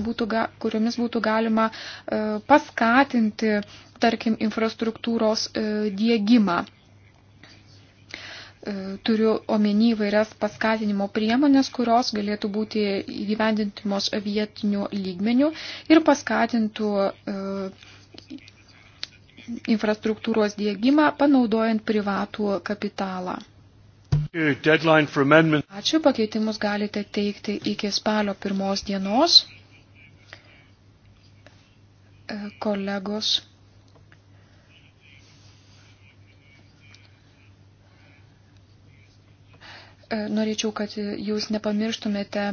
būtų, kuriomis būtų galima e, paskatinti, tarkim, infrastruktūros e, dėgymą e, turiu omeny vairias paskatinimo priemonės, kurios galėtų būti įgyvendintimos vietinių lygmenių ir paskatintų infrastruktūros dėgymą panaudojant privatų kapitalą. Ačiū, pakeitimus galite teikti iki spalio pirmos dienos. E, kolegos. E, norėčiau, kad jūs nepamirštumėte,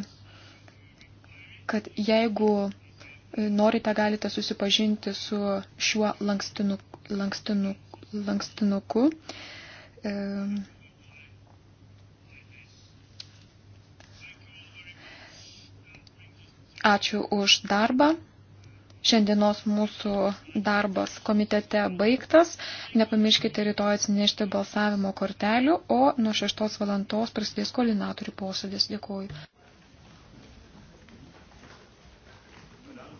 kad jeigu norite, galite susipažinti su šiuo lankstinuku. lankstinuku, e, lankstinuku Ačiū už darbą. Šiandienos mūsų darbas komitete baigtas. Nepamirškite rytoj atsinešti balsavimo kortelių, o nuo 6 valandos prasidės koordinatorių posėdis. Dėkuoju.